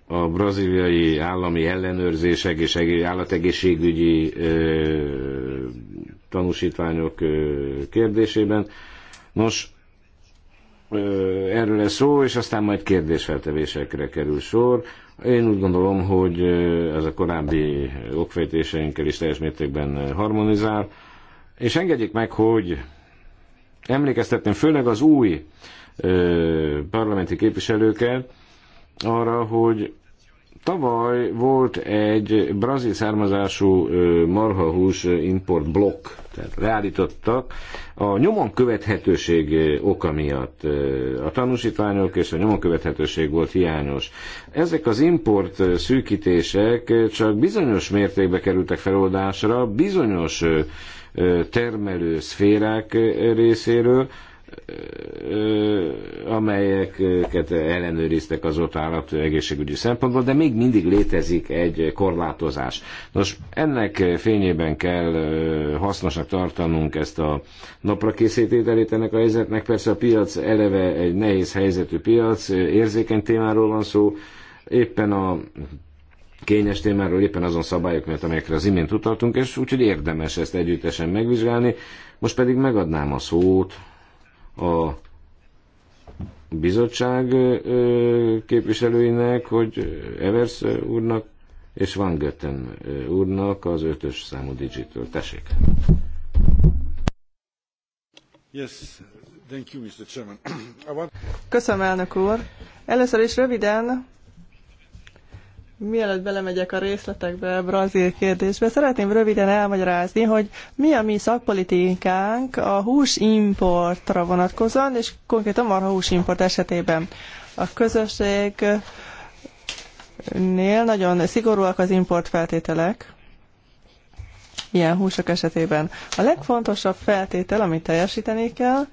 a braziliai állami ellenőrzések és állategészségügyi ö, tanúsítványok ö, kérdésében. Nos, ö, erről lesz szó, és aztán majd kérdésfeltevésekre kerül sor. Én úgy gondolom, hogy ez a korábbi okfejtéseinkkel is teljes mértékben harmonizál, és engedjék meg, hogy emlékeztetném főleg az új ö, parlamenti képviselőket arra, hogy tavaly volt egy brazil származású marhahús import blokk leállítottak. a nyomon követhetőség oka miatt. A tanúsítványok és a nyomon követhetőség volt hiányos. Ezek az import szűkítések csak bizonyos mértékbe kerültek feloldásra, bizonyos termelő szférák részéről, amelyeket ellenőriztek az ott állat egészségügyi szempontból, de még mindig létezik egy korlátozás. Nos, ennek fényében kell hasznosnak tartanunk ezt a napra készítételét ennek a helyzetnek. Persze a piac eleve egy nehéz helyzetű piac, érzékeny témáról van szó, éppen a kényes témáról, éppen azon szabályok miatt, amelyekre az imént utaltunk, és úgyhogy érdemes ezt együttesen megvizsgálni. Most pedig megadnám a szót a bizottság képviselőinek, hogy Evers úrnak és Van Götten úrnak az ötös számú digitől. Tessék! Yes, thank you, Mr. Chairman. <coughs> Köszönöm, elnök úr! Először is röviden Mielőtt belemegyek a részletekbe a brazil kérdésbe, szeretném röviden elmagyarázni, hogy mi a mi szakpolitikánk a importra vonatkozóan, és konkrétan a import esetében. A közösségnél nagyon szigorúak az import feltételek, ilyen húsok esetében. A legfontosabb feltétel, amit teljesíteni kell,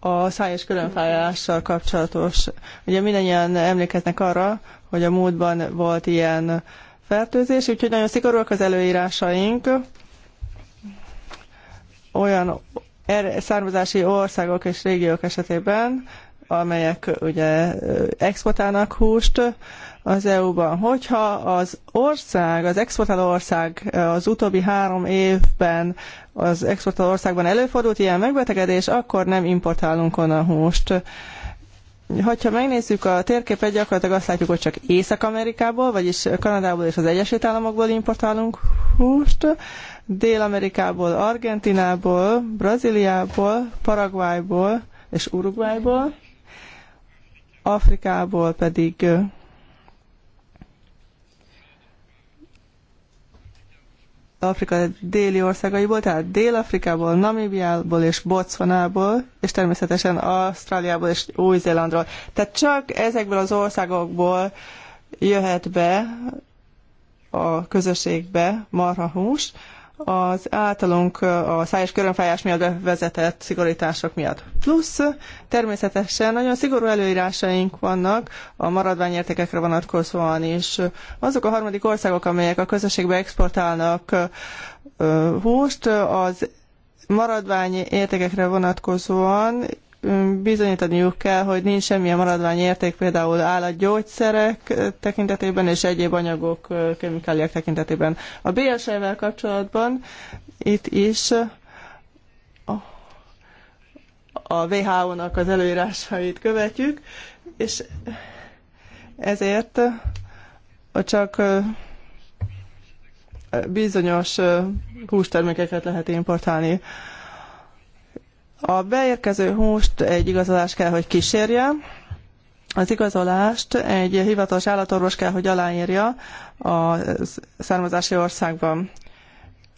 a szájos különfájással kapcsolatos. Ugye mindannyian emlékeznek arra, hogy a múltban volt ilyen fertőzés, úgyhogy nagyon szigorúak az előírásaink. Olyan er, származási országok és régiók esetében, amelyek ugye exportálnak húst, az EU-ban. Hogyha az ország, az exportáló ország eh, az utóbbi három évben az exportáló országban előfordult ilyen megbetegedés, akkor nem importálunk onnan húst. Hogyha megnézzük a térképet, gyakorlatilag azt látjuk, hogy csak Észak-Amerikából, vagyis Kanadából és az Egyesült Államokból importálunk húst, Dél-Amerikából, Argentinából, Brazíliából, Paraguayból és Uruguayból, Afrikából pedig eh, Afrika déli országaiból, tehát Dél-Afrikából, Namibiából és Botswanából, és természetesen Ausztráliából és Új-Zélandról. Tehát csak ezekből az országokból jöhet be a közösségbe marhahús, az általunk a és körönfájás miatt bevezetett szigorítások miatt. Plusz természetesen nagyon szigorú előírásaink vannak a maradványértékekre vonatkozóan is. Azok a harmadik országok, amelyek a közösségbe exportálnak húst, az maradványértékekre vonatkozóan bizonyítaniuk kell, hogy nincs semmilyen érték, például állatgyógyszerek tekintetében és egyéb anyagok, kemikáliák tekintetében. A BSE-vel kapcsolatban itt is a WHO-nak az előírásait követjük, és ezért csak bizonyos hústermékeket lehet importálni. A beérkező húst egy igazolás kell, hogy kísérje. Az igazolást egy hivatalos állatorvos kell, hogy aláírja a származási országban.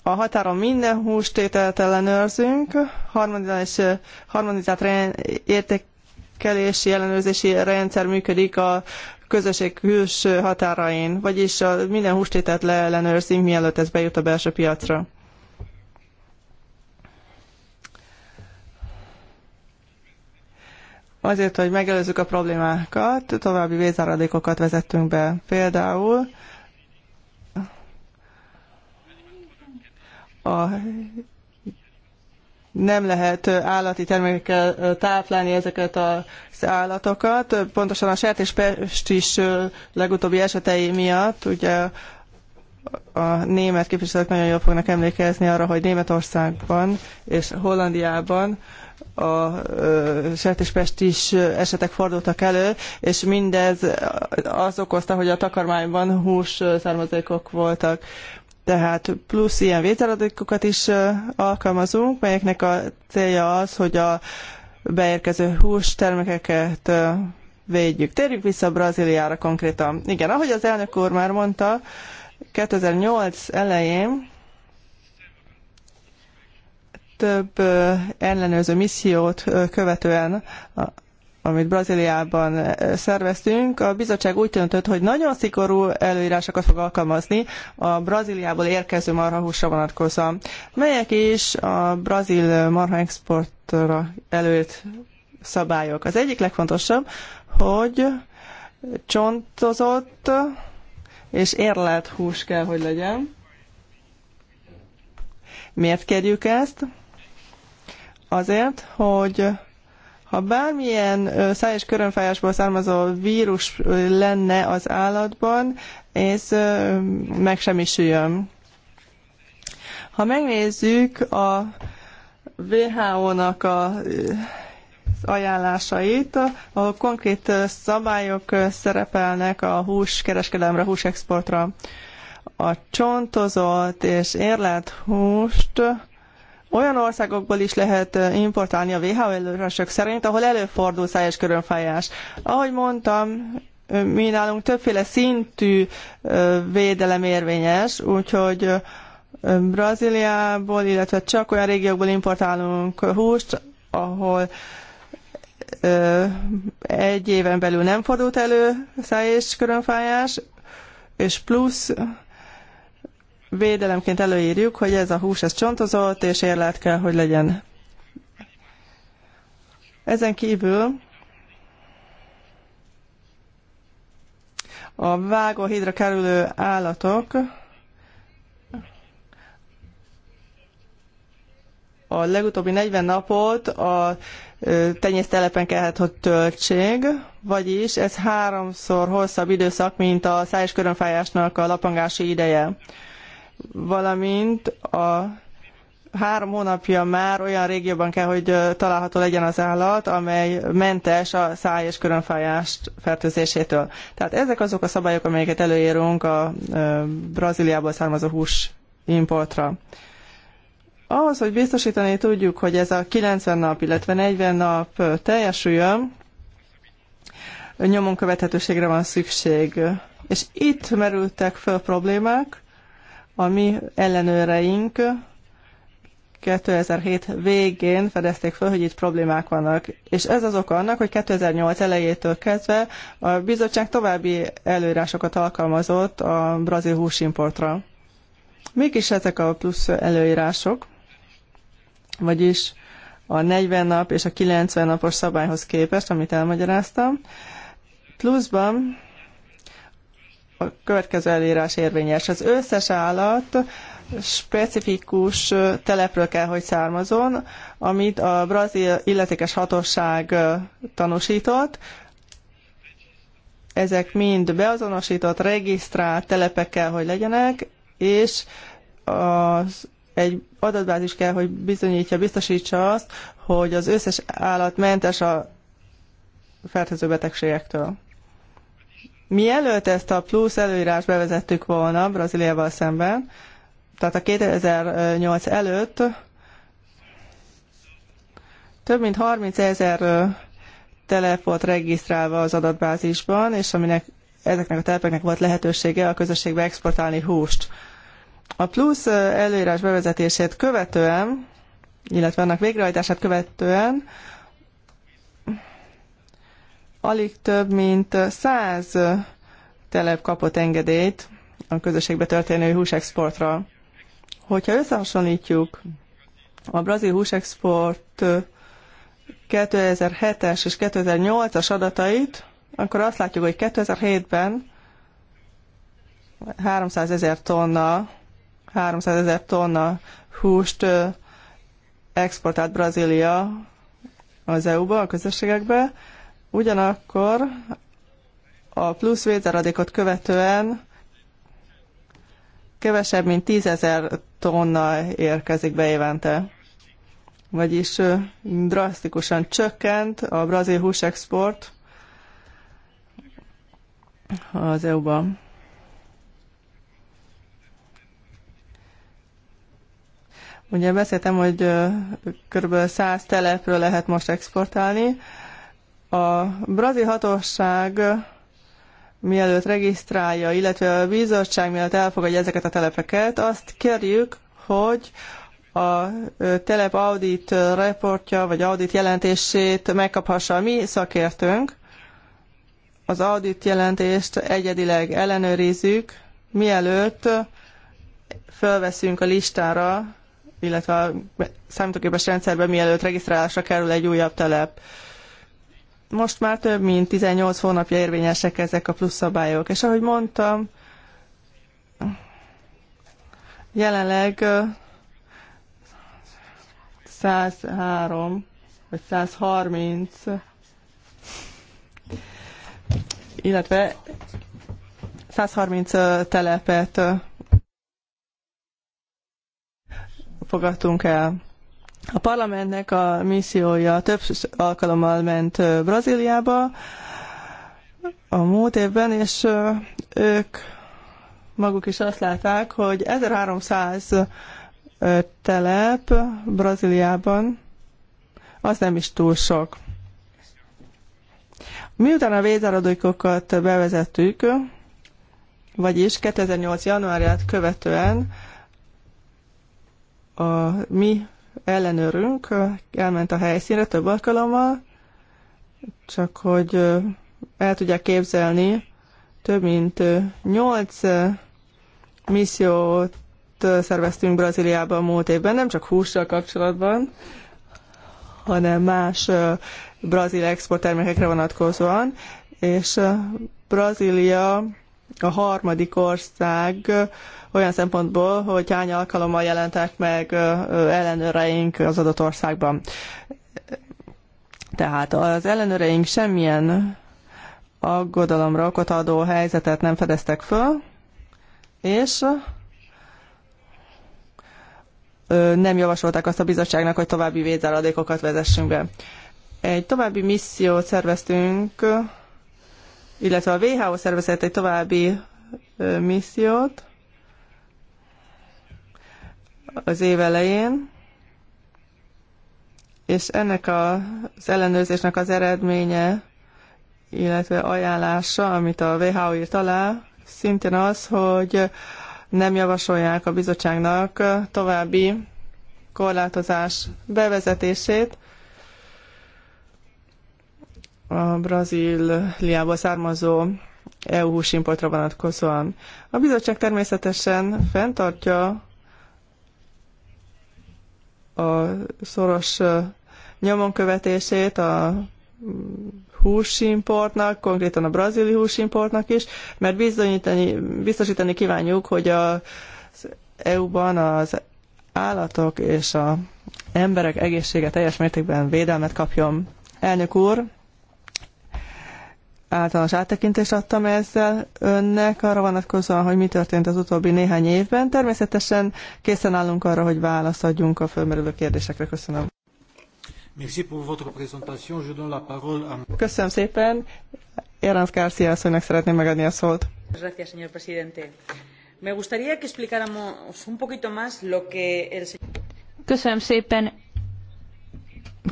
A határon minden hústételt ellenőrzünk, harmonizált, harmonizált értékelési ellenőrzési rendszer működik a közösség külső határain, vagyis a minden hústételt leellenőrzünk, mielőtt ez bejut a belső piacra. Azért, hogy megelőzzük a problémákat, további vészáradékokat vezettünk be. Például a nem lehet állati termékekkel táplálni ezeket az állatokat. Pontosan a sertéspest is legutóbbi esetei miatt, ugye a német képviselők nagyon jól fognak emlékezni arra, hogy Németországban és Hollandiában a sertéspest is esetek fordultak elő, és mindez az okozta, hogy a takarmányban hús származékok voltak. Tehát plusz ilyen vételadékokat is alkalmazunk, melyeknek a célja az, hogy a beérkező hústermékeket védjük. Térjük vissza Brazíliára konkrétan. Igen, ahogy az elnök úr már mondta, 2008 elején több ellenőrző missziót követően amit Brazíliában szerveztünk, a bizottság úgy döntött, hogy nagyon szigorú előírásokat fog alkalmazni a Brazíliából érkező marhahúsra vonatkozóan, melyek is a brazil marhaexportra előírt szabályok. Az egyik legfontosabb, hogy csontozott és érlelt hús kell, hogy legyen. Miért kérjük ezt? Azért, hogy ha bármilyen száj és körönfájásból származó vírus lenne az állatban, ez megsemmisüljön. Ha megnézzük a WHO-nak a ajánlásait, ahol konkrét szabályok szerepelnek a húskereskedelemre, húsexportra. A csontozott és érlelt húst olyan országokból is lehet importálni a WHO előírások szerint, ahol előfordul szájas körönfájás. Ahogy mondtam, mi nálunk többféle szintű védelem érvényes, úgyhogy Brazíliából, illetve csak olyan régiókból importálunk húst, ahol egy éven belül nem fordult elő száj és körönfájás, és plusz védelemként előírjuk, hogy ez a hús ez csontozott, és érlelt kell, hogy legyen. Ezen kívül a vágóhídra kerülő állatok a legutóbbi 40 napot a tenyésztelepen kellett, hogy töltség, vagyis ez háromszor hosszabb időszak, mint a szájs körönfájásnak a lapangási ideje valamint a három hónapja már olyan régióban kell, hogy található legyen az állat, amely mentes a száj és körönfájást fertőzésétől. Tehát ezek azok a szabályok, amelyeket előírunk a Brazíliából származó hús importra. Ahhoz, hogy biztosítani tudjuk, hogy ez a 90 nap, illetve 40 nap teljesüljön, nyomon követhetőségre van szükség. És itt merültek föl problémák, a mi ellenőreink 2007 végén fedezték föl, hogy itt problémák vannak. És ez az oka annak, hogy 2008 elejétől kezdve a bizottság további előírásokat alkalmazott a brazil húsimportra. Mik is ezek a plusz előírások? Vagyis a 40 nap és a 90 napos szabályhoz képest, amit elmagyaráztam. Pluszban a következő előírás érvényes. Az összes állat specifikus telepről kell, hogy származon, amit a brazil illetékes hatóság tanúsított. Ezek mind beazonosított, regisztrált telepek kell, hogy legyenek, és az egy adatbázis kell, hogy bizonyítja, biztosítsa azt, hogy az összes állat mentes a fertőző betegségektől. Mielőtt ezt a plusz előírás bevezettük volna Brazíliával szemben, tehát a 2008 előtt több mint 30 ezer telep volt regisztrálva az adatbázisban, és aminek ezeknek a telepeknek volt lehetősége a közösségbe exportálni húst. A plusz előírás bevezetését követően, illetve annak végrehajtását követően Alig több mint száz telep kapott engedélyt a közösségbe történő húsexportra. Hogyha összehasonlítjuk a brazil húsexport 2007-es és 2008-as adatait, akkor azt látjuk, hogy 2007-ben 300 ezer tonna, 300 ezer tonna húst exportált Brazília az EU-ba, a közösségekbe, Ugyanakkor a plusz vételadékot követően kevesebb, mint tízezer tonna érkezik be évente. Vagyis drasztikusan csökkent a brazil húsexport az EU-ban. Ugye beszéltem, hogy kb. 100 telepről lehet most exportálni, a brazil hatóság mielőtt regisztrálja, illetve a bizottság mielőtt elfogadja ezeket a telepeket, azt kérjük, hogy a telep audit reportja, vagy audit jelentését megkaphassa a mi szakértőnk. Az audit jelentést egyedileg ellenőrizzük, mielőtt fölveszünk a listára, illetve a számítógépes rendszerbe, mielőtt regisztrálásra kerül egy újabb telep most már több mint 18 hónapja érvényesek ezek a plusz szabályok. És ahogy mondtam, jelenleg 103 vagy 130 illetve 130 telepet fogadtunk el. A parlamentnek a missziója több alkalommal ment Brazíliába a múlt évben, és ők maguk is azt látták, hogy 1300 telep Brazíliában az nem is túl sok. Miután a védzáradékokat bevezettük, vagyis 2008. januárját követően a mi ellenőrünk elment a helyszínre több alkalommal, csak hogy el tudják képzelni, több mint 8 missziót szerveztünk Brazíliában a múlt évben, nem csak hússal kapcsolatban, hanem más brazil exporttermékekre vonatkozóan, és Brazília a harmadik ország olyan szempontból, hogy hány alkalommal jelentek meg ellenőreink az adott országban. Tehát az ellenőreink semmilyen aggodalomra okot adó helyzetet nem fedeztek föl, és nem javasolták azt a bizottságnak, hogy további védeladékokat vezessünk be. Egy további missziót szerveztünk illetve a WHO szervezett egy további missziót az év elején, és ennek a, az ellenőrzésnek az eredménye, illetve ajánlása, amit a WHO írt alá, szintén az, hogy nem javasolják a bizottságnak további korlátozás bevezetését, a Brazíliából származó EU húsimportra vonatkozóan. A bizottság természetesen fenntartja a szoros nyomon követését a húsimportnak, konkrétan a brazili húsimportnak is, mert bizonyítani, biztosítani kívánjuk, hogy az EU-ban az állatok és az emberek egészsége teljes mértékben védelmet kapjon. Elnök úr, általános áttekintést adtam ezzel önnek arra vonatkozóan, hogy mi történt az utóbbi néhány évben. Természetesen készen állunk arra, hogy választ adjunk a fölmerülő kérdésekre. Köszönöm. Köszönöm szépen. Jelenc Garcia asszonynak szeretném megadni a szót. Köszönöm szépen.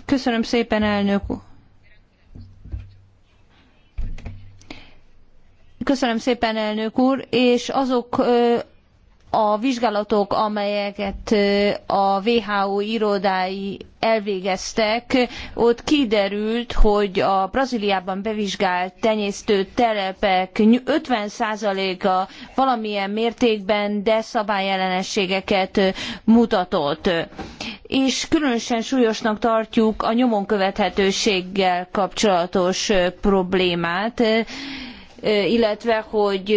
Köszönöm szépen, elnök úr Köszönöm szépen, elnök úr, és azok a vizsgálatok, amelyeket a WHO irodái elvégeztek, ott kiderült, hogy a Brazíliában bevizsgált tenyésztő telepek 50%-a valamilyen mértékben deszabályellenességeket mutatott. És különösen súlyosnak tartjuk a nyomon követhetőséggel kapcsolatos problémát illetve hogy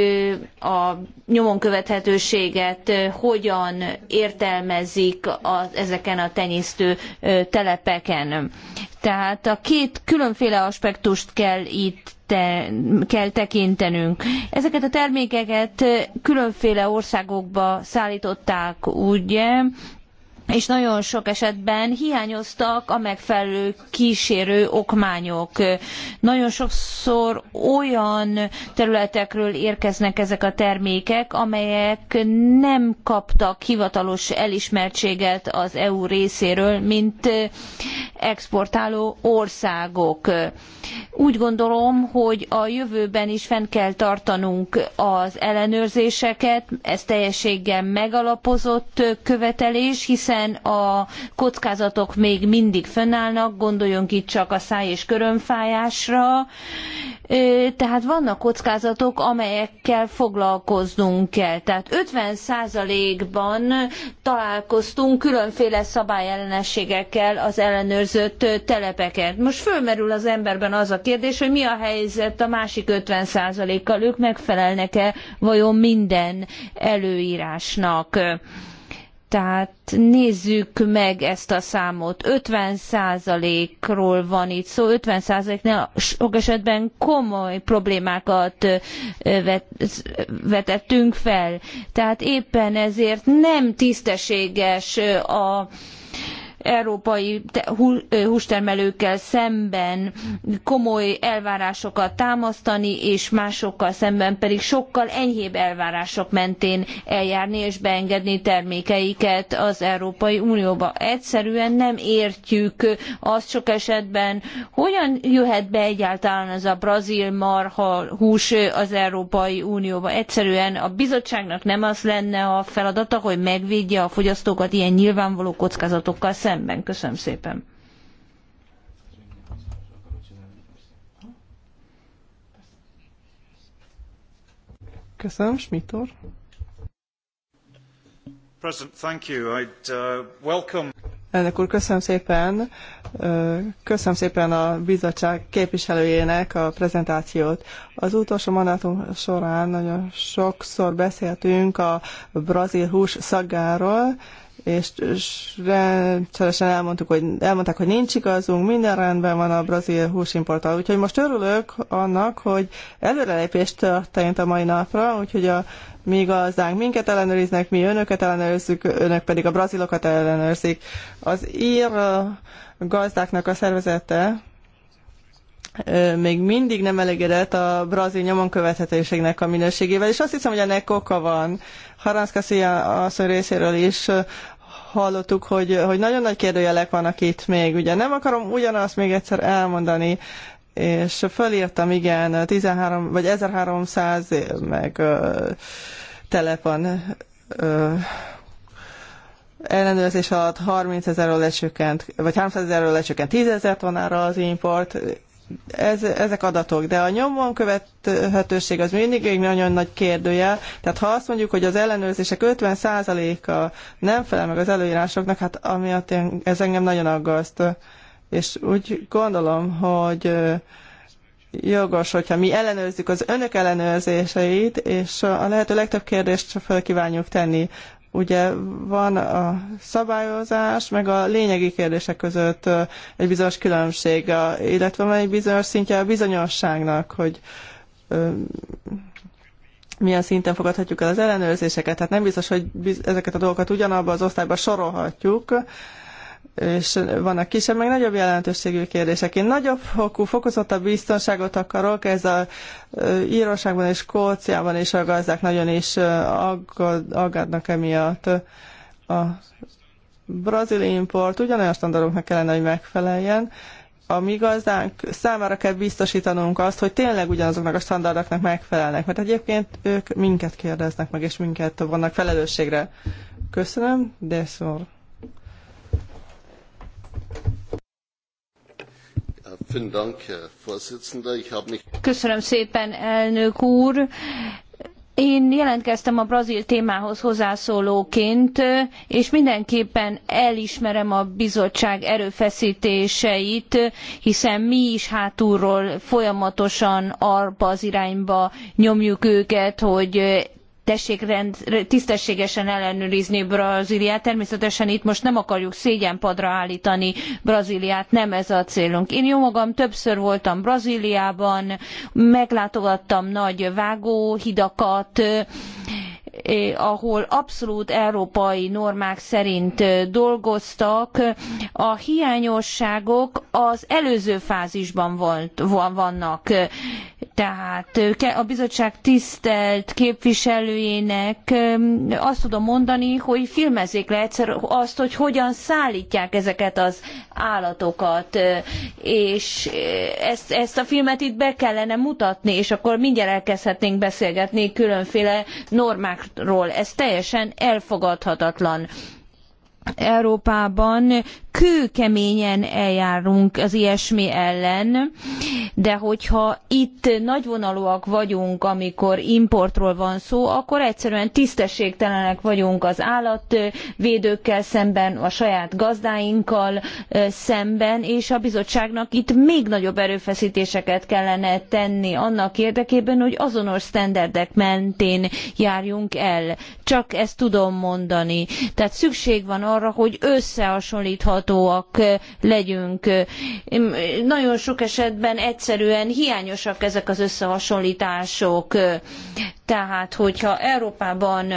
a nyomon követhetőséget hogyan értelmezik ezeken a tenyésztő telepeken. Tehát a két különféle aspektust kell itt te, kell tekintenünk. Ezeket a termékeket különféle országokba szállították, ugye? és nagyon sok esetben hiányoztak a megfelelő kísérő okmányok. Nagyon sokszor olyan területekről érkeznek ezek a termékek, amelyek nem kaptak hivatalos elismertséget az EU részéről, mint exportáló országok. Úgy gondolom, hogy a jövőben is fenn kell tartanunk az ellenőrzéseket, ez teljességgel megalapozott követelés, hiszen hiszen a kockázatok még mindig fönnállnak, gondoljunk itt csak a száj és körömfájásra, tehát vannak kockázatok, amelyekkel foglalkoznunk kell. Tehát 50%-ban találkoztunk különféle szabályellenességekkel az ellenőrzött telepeket. Most fölmerül az emberben az a kérdés, hogy mi a helyzet a másik 50%-kal, ők megfelelnek-e vajon minden előírásnak. Tehát nézzük meg ezt a számot. 50%-ról van itt szó, 50%-nál sok esetben komoly problémákat vetettünk fel. Tehát éppen ezért nem tisztességes a európai hústermelőkkel szemben komoly elvárásokat támasztani, és másokkal szemben pedig sokkal enyhébb elvárások mentén eljárni és beengedni termékeiket az Európai Unióba. Egyszerűen nem értjük azt sok esetben, hogyan jöhet be egyáltalán az a brazil marha hús az Európai Unióba. Egyszerűen a bizottságnak nem az lenne a feladata, hogy megvédje a fogyasztókat ilyen nyilvánvaló kockázatokkal szemben szemben. Köszönöm szépen. Köszönöm, Smitor. President, thank you. I'd uh, welcome Elnök úr, köszönöm szépen. Köszönöm szépen a bizottság képviselőjének a prezentációt. Az utolsó mandátum során nagyon sokszor beszéltünk a brazil hús szagáról, és rendszeresen elmondtuk, hogy elmondták, hogy nincs igazunk, minden rendben van a brazil húsimporttal. Úgyhogy most örülök annak, hogy előrelépést történt a mai napra, úgyhogy a mi igazánk minket ellenőriznek, mi önöket ellenőrizzük, önök pedig a brazilokat ellenőrzik. Az ír gazdáknak a szervezete még mindig nem elégedett a brazil nyomon követhetőségnek a minőségével, és azt hiszem, hogy ennek oka van. Haranszka Szia asszony részéről is hallottuk, hogy, hogy nagyon nagy kérdőjelek vannak itt még. Ugye nem akarom ugyanazt még egyszer elmondani, és fölírtam, igen, 13 vagy 1300 meg tele van ellenőrzés alatt 30 ezerről lecsökkent, vagy 300 ezerről lecsökkent 10 ezer tonára az import, ez, ezek adatok, de a nyomon követhetőség az mindig egy nagyon nagy kérdője. Tehát ha azt mondjuk, hogy az ellenőrzések 50%-a nem felel meg az előírásoknak, hát amiatt én, ez engem nagyon aggaszt. És úgy gondolom, hogy jogos, hogyha mi ellenőrzzük az önök ellenőrzéseit, és a lehető legtöbb kérdést fel kívánjuk tenni. Ugye van a szabályozás, meg a lényegi kérdések között egy bizonyos különbség, illetve van egy bizonyos szintje a bizonyosságnak, hogy milyen szinten fogadhatjuk el az ellenőrzéseket. Tehát nem biztos, hogy ezeket a dolgokat ugyanabba az osztályba sorolhatjuk, és vannak kisebb, meg nagyobb jelentőségű kérdések. Én nagyobb fokú, fokozottabb biztonságot akarok, ez a Írországban és Skóciában is a gazdák nagyon is aggad, aggadnak emiatt. A brazil import ugyanolyan standardoknak kellene, hogy megfeleljen, a mi gazdánk számára kell biztosítanunk azt, hogy tényleg ugyanazoknak a standardoknak megfelelnek, mert egyébként ők minket kérdeznek meg, és minket vannak felelősségre. Köszönöm, de szor. Köszönöm szépen, elnök úr. Én jelentkeztem a brazil témához hozzászólóként, és mindenképpen elismerem a bizottság erőfeszítéseit, hiszen mi is hátulról folyamatosan arba az irányba nyomjuk őket, hogy tessék rend, tisztességesen ellenőrizni Brazíliát. Természetesen itt most nem akarjuk szégyenpadra állítani Brazíliát, nem ez a célunk. Én jó magam többször voltam Brazíliában, meglátogattam nagy vágóhidakat, Eh, ahol abszolút európai normák szerint eh, dolgoztak, a hiányosságok az előző fázisban vannak. Tehát eh, a bizottság tisztelt képviselőjének azt tudom mondani, hogy filmezzék le egyszer azt, hogy hogyan szállítják ezeket az állatokat, és ezt, ezt a filmet itt be kellene mutatni, és akkor mindjárt elkezdhetnénk beszélgetni különféle normák országról. Ez teljesen elfogadhatatlan. Európában kőkeményen eljárunk az ilyesmi ellen, de hogyha itt nagyvonalúak vagyunk, amikor importról van szó, akkor egyszerűen tisztességtelenek vagyunk az állatvédőkkel szemben, a saját gazdáinkkal szemben, és a bizottságnak itt még nagyobb erőfeszítéseket kellene tenni annak érdekében, hogy azonos sztenderdek mentén járjunk el. Csak ezt tudom mondani. Tehát szükség van arra, hogy összehasonlíthatóak legyünk. Nagyon sok esetben egyszerűen hiányosak ezek az összehasonlítások. Tehát, hogyha Európában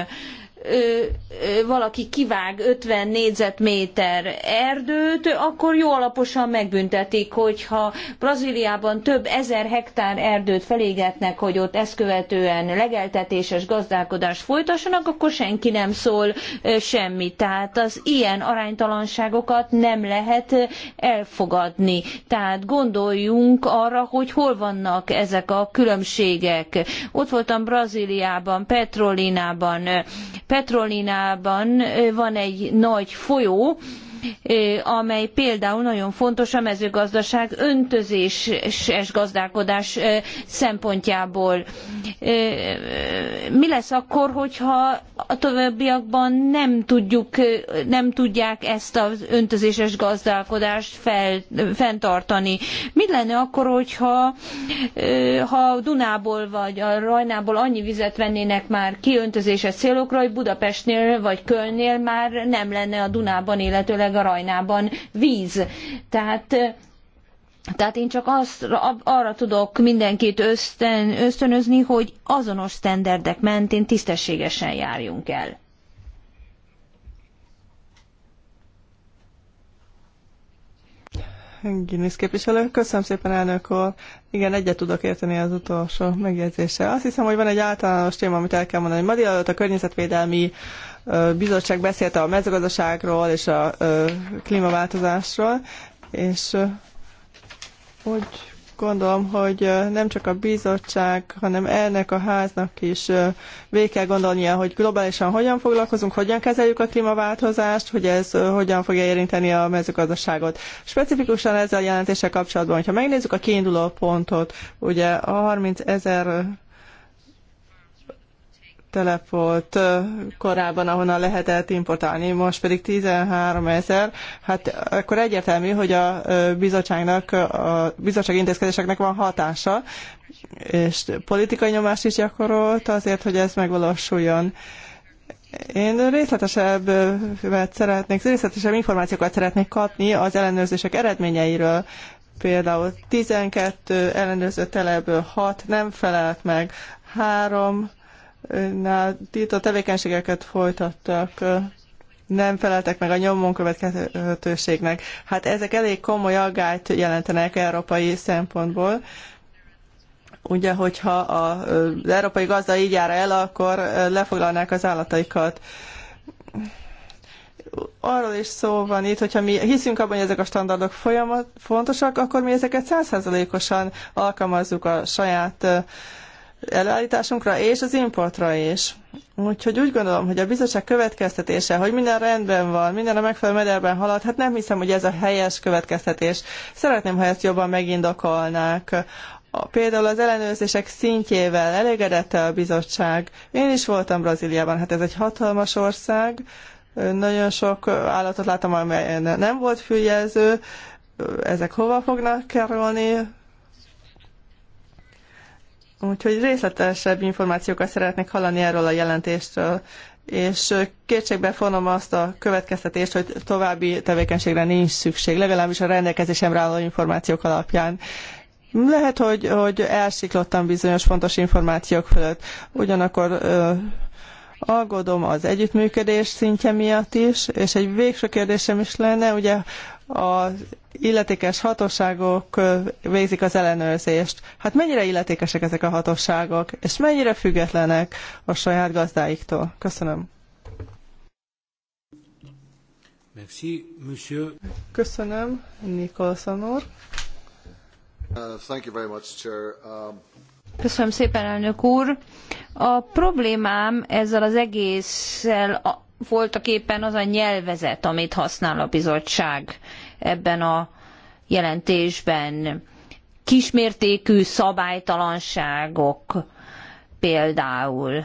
valaki kivág 50 négyzetméter erdőt, akkor jó alaposan megbüntetik, hogyha Brazíliában több ezer hektár erdőt felégetnek, hogy ott ezt követően legeltetéses gazdálkodást folytassanak, akkor senki nem szól semmit. Tehát az ilyen aránytalanságokat nem lehet elfogadni. Tehát gondoljunk arra, hogy hol vannak ezek a különbségek. Ott voltam Brazíliában, Petrolinában, Petrolinában van egy nagy folyó, amely például nagyon fontos a mezőgazdaság öntözéses gazdálkodás szempontjából. Mi lesz akkor, hogyha a továbbiakban nem, tudjuk, nem tudják ezt az öntözéses gazdálkodást fel, fenntartani? Mi lenne akkor, hogyha ha Dunából vagy a Rajnából annyi vizet vennének már ki öntözéses célokra, hogy Budapestnél vagy Kölnnél már nem lenne a Dunában, illetőleg esetleg a rajnában víz. Tehát tehát én csak azt, arra tudok mindenkit ösztön, ösztönözni, hogy azonos sztenderdek mentén tisztességesen járjunk el. Guinness képviselő. Köszönöm szépen, elnök úr. Igen, egyet tudok érteni az utolsó megjegyzéssel. Azt hiszem, hogy van egy általános téma, amit el kell mondani. Ma délelőtt a környezetvédelmi bizottság beszélt a mezőgazdaságról és a klímaváltozásról, és úgy gondolom, hogy nem csak a bizottság, hanem ennek a háznak is végig kell gondolnia, hogy globálisan hogyan foglalkozunk, hogyan kezeljük a klímaváltozást, hogy ez hogyan fogja érinteni a mezőgazdaságot. Specifikusan ezzel a jelentéssel kapcsolatban, hogyha megnézzük a kiinduló pontot, ugye a 30 ezer telep volt korábban, ahonnan lehetett importálni, most pedig 13 ezer, hát akkor egyértelmű, hogy a bizottságnak, a bizottság intézkedéseknek van hatása, és politikai nyomást is gyakorolt azért, hogy ez megvalósuljon. Én részletesebb szeretnék, részletesebb információkat szeretnék kapni az ellenőrzések eredményeiről. Például 12 ellenőrző teleből 6 nem felelt meg, 3 nál tiltott tevékenységeket folytattak, nem feleltek meg a nyomon következőségnek. Hát ezek elég komoly aggályt jelentenek európai szempontból. Ugye, hogyha a, az európai gazda így jár el, akkor lefoglalnák az állataikat arról is szó van itt, hogyha mi hiszünk abban, hogy ezek a standardok folyamat, fontosak, akkor mi ezeket százszerzalékosan alkalmazzuk a saját előállításunkra és az importra is. Úgyhogy úgy gondolom, hogy a bizottság következtetése, hogy minden rendben van, minden a megfelelő mederben halad, hát nem hiszem, hogy ez a helyes következtetés. Szeretném, ha ezt jobban megindokolnák. például az ellenőrzések szintjével elégedette a bizottság. Én is voltam Brazíliában, hát ez egy hatalmas ország. Nagyon sok állatot láttam, amelyen nem volt fűjelző. Ezek hova fognak kerülni? Úgyhogy részletesebb információkat szeretnék hallani erről a jelentésről és kétségbe fonom azt a következtetést, hogy további tevékenységre nincs szükség, legalábbis a rendelkezésemre álló információk alapján. Lehet, hogy, hogy elsiklottam bizonyos fontos információk fölött, ugyanakkor ö, aggódom az együttműködés szintje miatt is, és egy végső kérdésem is lenne, ugye az illetékes hatóságok végzik az ellenőrzést. Hát mennyire illetékesek ezek a hatóságok, és mennyire függetlenek a saját gazdáiktól? Köszönöm. Merci, monsieur. Köszönöm, Nicholson úr. Uh, um, Köszönöm szépen, elnök úr. A problémám ezzel az egésszel voltak éppen az a nyelvezet, amit használ a bizottság ebben a jelentésben. Kismértékű szabálytalanságok például.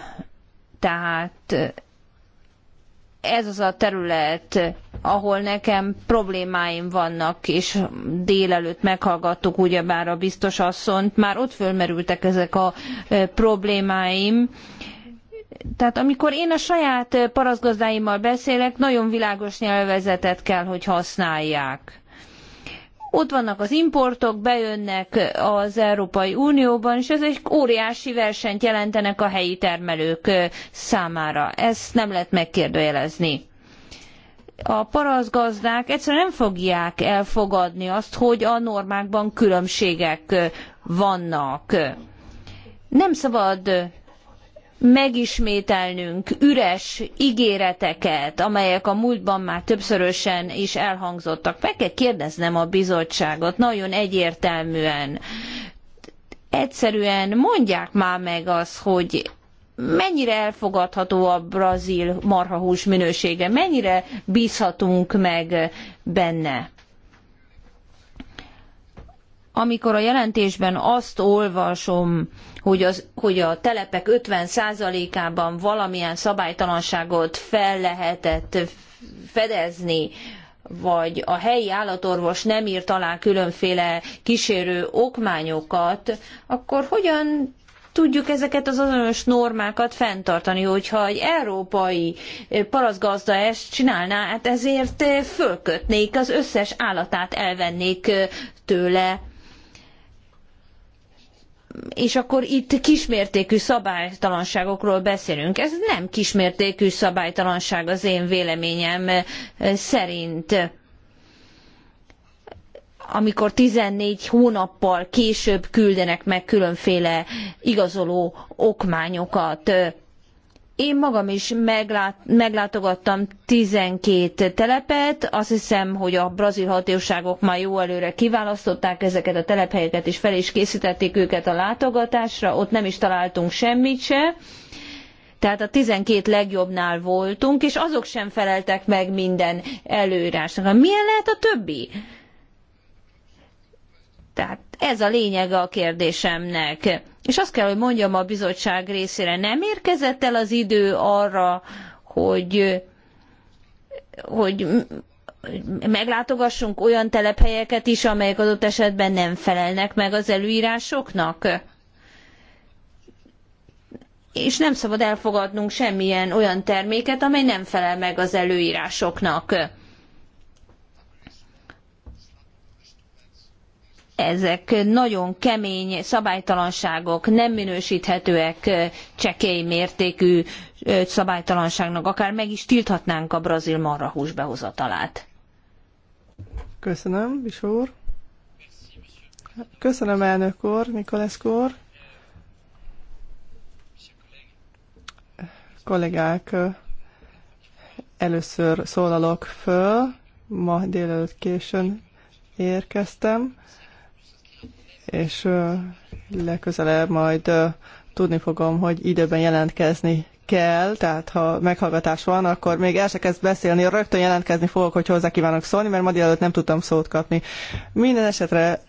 Tehát ez az a terület, ahol nekem problémáim vannak, és délelőtt meghallgattuk ugyebár a biztos asszonyt, már ott fölmerültek ezek a e, problémáim, tehát amikor én a saját paraszgazdáimmal beszélek, nagyon világos nyelvezetet kell, hogy használják. Ott vannak az importok, bejönnek az Európai Unióban, és ez egy óriási versenyt jelentenek a helyi termelők számára. Ezt nem lehet megkérdőjelezni a paraszgazdák egyszerűen nem fogják elfogadni azt, hogy a normákban különbségek vannak. Nem szabad megismételnünk üres géreteket amelyek a múltban már többszörösen is elhangzottak. Meg kell kérdeznem a bizottságot nagyon egyértelműen. Egyszerűen mondják már meg azt, hogy mennyire elfogadható a brazil marhahús minősége, mennyire bízhatunk meg benne. Amikor a jelentésben azt olvasom, hogy, az, hogy a telepek 50%-ában valamilyen szabálytalanságot fel lehetett fedezni, vagy a helyi állatorvos nem írt alá különféle kísérő okmányokat, akkor hogyan tudjuk ezeket az azonos normákat fenntartani, hogyha egy európai paraszgazda ezt csinálná, hát ezért fölkötnék az összes állatát, elvennék tőle és akkor itt kismértékű szabálytalanságokról beszélünk. Ez nem kismértékű szabálytalanság az én véleményem eh, szerint amikor 14 hónappal később küldenek meg különféle igazoló okmányokat eh, én magam is meglát, meglátogattam 12 telepet, azt hiszem, hogy a brazil hatóságok már jó előre kiválasztották ezeket a telephelyeket, és fel is készítették őket a látogatásra, ott nem is találtunk semmit se. Tehát a 12 legjobbnál voltunk, és azok sem feleltek meg minden előírásnak. Milyen lehet a többi? Tehát ez a lényege a kérdésemnek. És azt kell, hogy mondjam a bizottság részére, nem érkezett el az idő arra, hogy, hogy meglátogassunk olyan telephelyeket is, amelyek adott esetben nem felelnek meg az előírásoknak? és nem szabad elfogadnunk semmilyen olyan terméket, amely nem felel meg az előírásoknak. ezek nagyon kemény szabálytalanságok, nem minősíthetőek csekély mértékű szabálytalanságnak, akár meg is tilthatnánk a brazil marhahús behozatalát. Köszönöm, Bisór. Köszönöm, elnök úr, Nikolesz úr. Kollégák, először szólalok föl, ma délelőtt későn érkeztem és legközelebb majd tudni fogom, hogy időben jelentkezni kell, tehát ha meghallgatás van, akkor még el se kezd beszélni, rögtön jelentkezni fogok, hogy hozzá kívánok szólni, mert ma előtt nem tudtam szót kapni. Minden esetre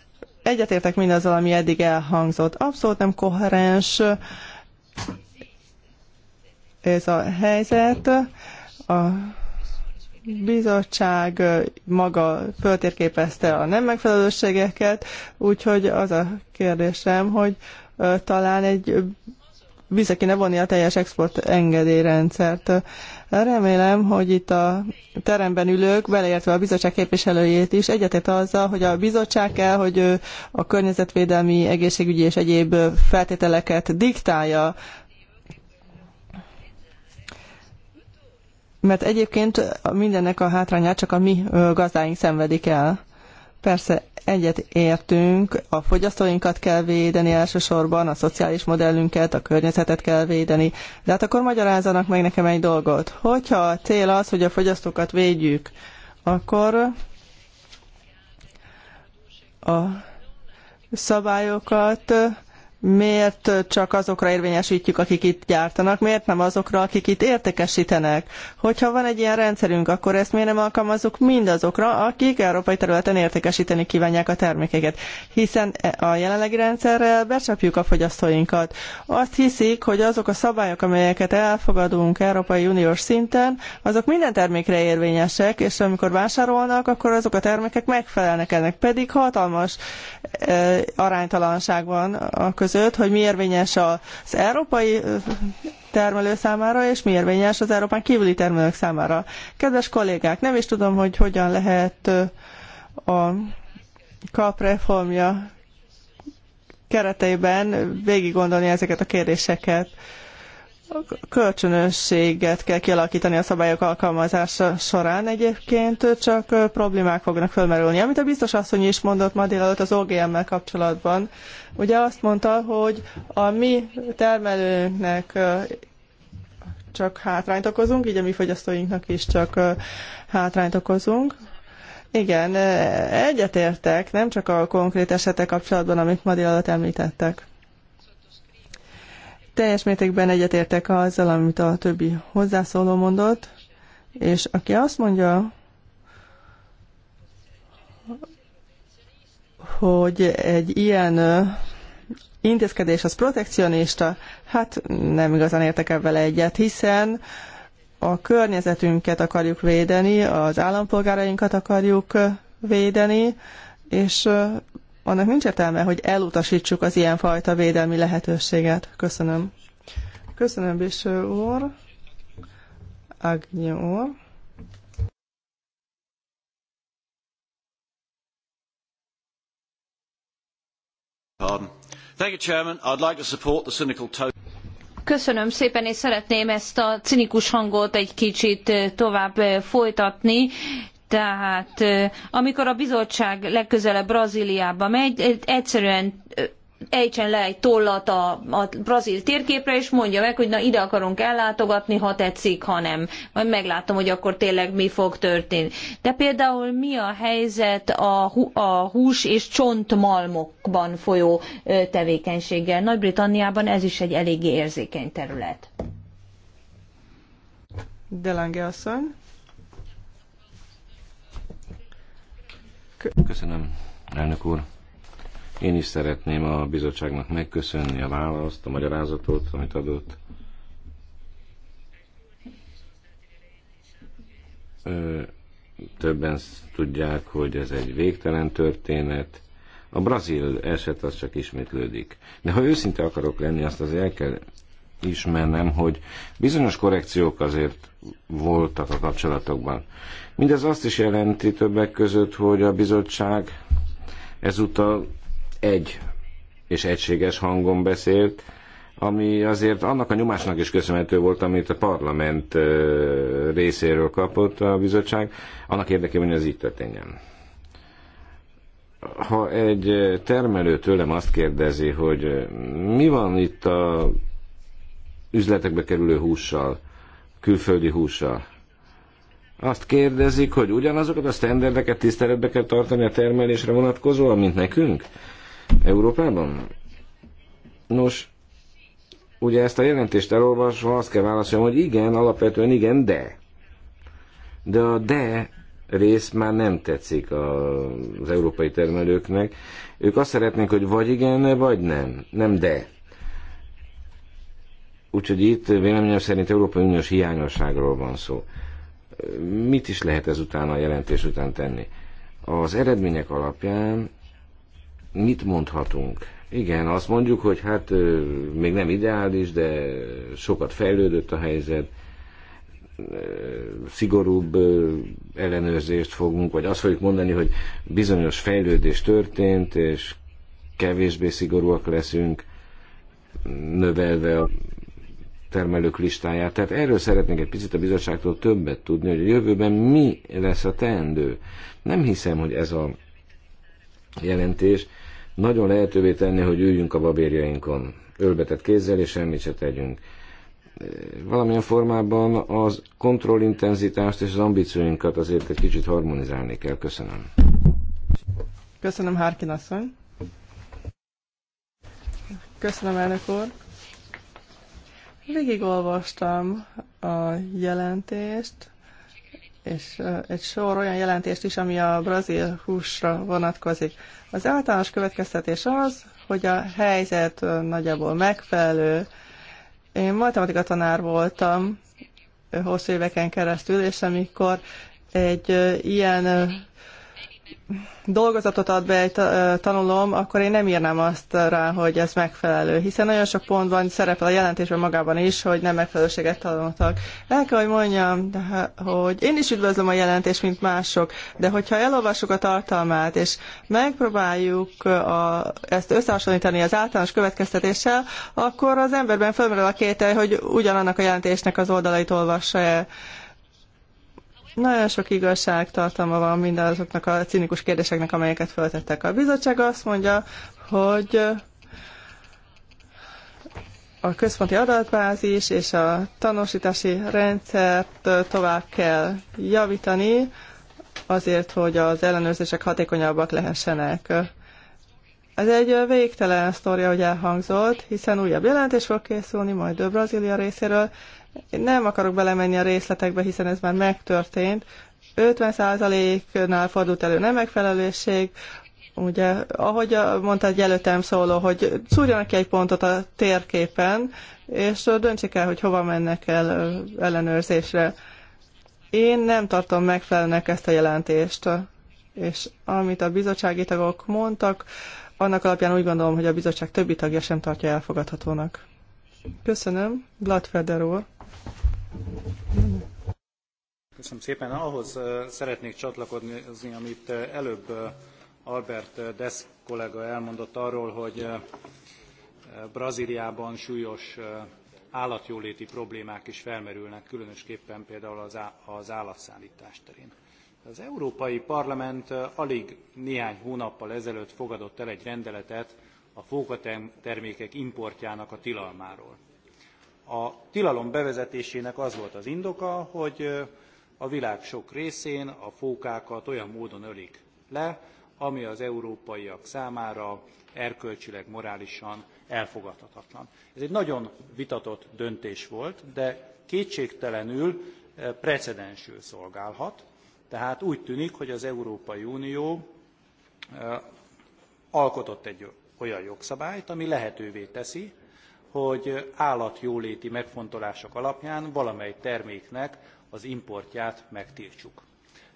egyetértek mindazzal, ami eddig elhangzott. Abszolút nem koherens ez a helyzet. A bizottság maga föltérképezte a nem megfelelőségeket, úgyhogy az a kérdésem, hogy talán egy vissza kéne vonni a teljes export engedélyrendszert. Remélem, hogy itt a teremben ülők, beleértve a bizottság képviselőjét is, egyetért azzal, hogy a bizottság kell, hogy a környezetvédelmi, egészségügyi és egyéb feltételeket diktálja mert egyébként mindennek a hátrányát csak a mi gazdáink szenvedik el. Persze egyet értünk, a fogyasztóinkat kell védeni elsősorban, a szociális modellünket, a környezetet kell védeni, de hát akkor magyarázzanak meg nekem egy dolgot. Hogyha a cél az, hogy a fogyasztókat védjük, akkor a szabályokat miért csak azokra érvényesítjük, akik itt gyártanak, miért nem azokra, akik itt értékesítenek. Hogyha van egy ilyen rendszerünk, akkor ezt miért nem alkalmazzuk mindazokra, akik európai területen értékesíteni kívánják a termékeket. Hiszen a jelenlegi rendszerrel becsapjuk a fogyasztóinkat. Azt hiszik, hogy azok a szabályok, amelyeket elfogadunk Európai Uniós szinten, azok minden termékre érvényesek, és amikor vásárolnak, akkor azok a termékek megfelelnek ennek. Pedig hatalmas e, aránytalanság van a között között, hogy mi érvényes az európai termelő számára, és mi érvényes az Európán kívüli termelők számára. Kedves kollégák, nem is tudom, hogy hogyan lehet a kap reformja kereteiben végig gondolni ezeket a kérdéseket kölcsönösséget kell kialakítani a szabályok alkalmazása során. Egyébként csak problémák fognak fölmerülni. Amit a biztos asszony is mondott ma délelőtt az OGM-mel kapcsolatban, ugye azt mondta, hogy a mi termelőnknek csak hátrányt okozunk, így a mi fogyasztóinknak is csak hátrányt okozunk. Igen, egyetértek, nem csak a konkrét esetek kapcsolatban, amit ma délelőtt említettek. Teljes mértékben egyetértek azzal, amit a többi hozzászóló mondott, és aki azt mondja, hogy egy ilyen intézkedés az protekcionista, hát nem igazán értek ebben egyet, hiszen a környezetünket akarjuk védeni, az állampolgárainkat akarjuk védeni, és annak nincs értelme, hogy elutasítsuk az ilyenfajta védelmi lehetőséget. Köszönöm. Köszönöm, Béső úr. Agnyó úr. Köszönöm szépen, és szeretném ezt a cinikus hangot egy kicsit tovább folytatni tehát amikor a bizottság legközelebb Brazíliába megy, egyszerűen ejtsen le egy tollat a, a brazil térképre, és mondja meg, hogy na ide akarunk ellátogatni, ha tetszik, ha nem. Majd meglátom, hogy akkor tényleg mi fog történni. De például mi a helyzet a, a hús és csontmalmokban folyó tevékenységgel? Nagy-Britanniában ez is egy eléggé érzékeny terület. Delange asszony. Köszönöm, elnök úr. Én is szeretném a bizottságnak megköszönni a választ, a magyarázatot, amit adott. Ö, többen tudják, hogy ez egy végtelen történet. A brazil eset az csak ismétlődik. De ha őszinte akarok lenni, azt azért el kell ismernem, hogy bizonyos korrekciók azért voltak a kapcsolatokban. Mindez azt is jelenti többek között, hogy a bizottság ezúttal egy és egységes hangon beszélt, ami azért annak a nyomásnak is köszönhető volt, amit a parlament részéről kapott a bizottság, annak érdekében, hogy ez így történjen. Ha egy termelő tőlem azt kérdezi, hogy mi van itt a üzletekbe kerülő hússal, külföldi hússal. Azt kérdezik, hogy ugyanazokat a sztenderdeket tiszteletbe kell tartani a termelésre vonatkozóan, mint nekünk Európában? Nos, ugye ezt a jelentést elolvasva azt kell válaszolnom, hogy igen, alapvetően igen, de. De a de rész már nem tetszik az európai termelőknek. Ők azt szeretnék, hogy vagy igen, vagy nem. Nem de. Úgyhogy itt véleményem szerint Európai Uniós hiányosságról van szó. Mit is lehet ezután a jelentés után tenni? Az eredmények alapján mit mondhatunk? Igen, azt mondjuk, hogy hát még nem ideális, de sokat fejlődött a helyzet, szigorúbb ellenőrzést fogunk, vagy azt fogjuk mondani, hogy bizonyos fejlődés történt, és kevésbé szigorúak leszünk, növelve a termelők listáját. Tehát erről szeretnék egy picit a bizottságtól többet tudni, hogy a jövőben mi lesz a teendő. Nem hiszem, hogy ez a jelentés nagyon lehetővé tenni, hogy üljünk a babérjainkon, ölbetett kézzel, és semmit se tegyünk. Valamilyen formában az kontrollintenzitást és az ambícióinkat azért egy kicsit harmonizálni kell. Köszönöm. Köszönöm, Hárkin asszony. Köszönöm, elnök úr. Végigolvastam a jelentést, és egy sor olyan jelentést is, ami a brazil húsra vonatkozik. Az általános következtetés az, hogy a helyzet nagyjából megfelelő. Én matematika tanár voltam hosszú éveken keresztül, és amikor egy ilyen dolgozatot ad be egy tanulom, akkor én nem írnám azt rá, hogy ez megfelelő, hiszen nagyon sok pontban szerepel a jelentésben magában is, hogy nem megfelelőséget tanultak. El kell, hogy mondjam, de, hogy én is üdvözlöm a jelentést, mint mások, de hogyha elolvassuk a tartalmát, és megpróbáljuk a, ezt összehasonlítani az általános következtetéssel, akkor az emberben fölmerül a kétel, hogy ugyanannak a jelentésnek az oldalait olvassa e nagyon sok igazság tartalma van mindazoknak a cinikus kérdéseknek, amelyeket föltettek. A bizottság azt mondja, hogy a központi adatbázis és a tanúsítási rendszert tovább kell javítani, azért, hogy az ellenőrzések hatékonyabbak lehessenek. Ez egy végtelen sztoria, hogy elhangzott, hiszen újabb jelentés fog készülni majd a Brazília részéről, én nem akarok belemenni a részletekbe, hiszen ez már megtörtént. 50%-nál fordult elő nem megfelelőség, ugye, ahogy mondta egy előttem szóló, hogy szúrjanak ki egy pontot a térképen, és döntsék el, hogy hova mennek el ellenőrzésre. Én nem tartom megfelelnek ezt a jelentést, és amit a bizottsági tagok mondtak, annak alapján úgy gondolom, hogy a bizottság többi tagja sem tartja elfogadhatónak. Köszönöm, Gladfeder úr. Köszönöm szépen. Ahhoz szeretnék csatlakozni, amit előbb Albert Desz kollega elmondott arról, hogy Brazíliában súlyos állatjóléti problémák is felmerülnek, különösképpen például az állatszállítás terén. Az Európai Parlament alig néhány hónappal ezelőtt fogadott el egy rendeletet a fókatermékek importjának a tilalmáról a tilalom bevezetésének az volt az indoka hogy a világ sok részén a fókákat olyan módon ölik le ami az európaiak számára erkölcsileg morálisan elfogadhatatlan. ez egy nagyon vitatott döntés volt de kétségtelenül precedensül szolgálhat tehát úgy tűnik hogy az európai unió alkotott egy olyan jogszabályt ami lehetővé teszi hogy állatjóléti megfontolások alapján valamely terméknek az importját megtiltsuk.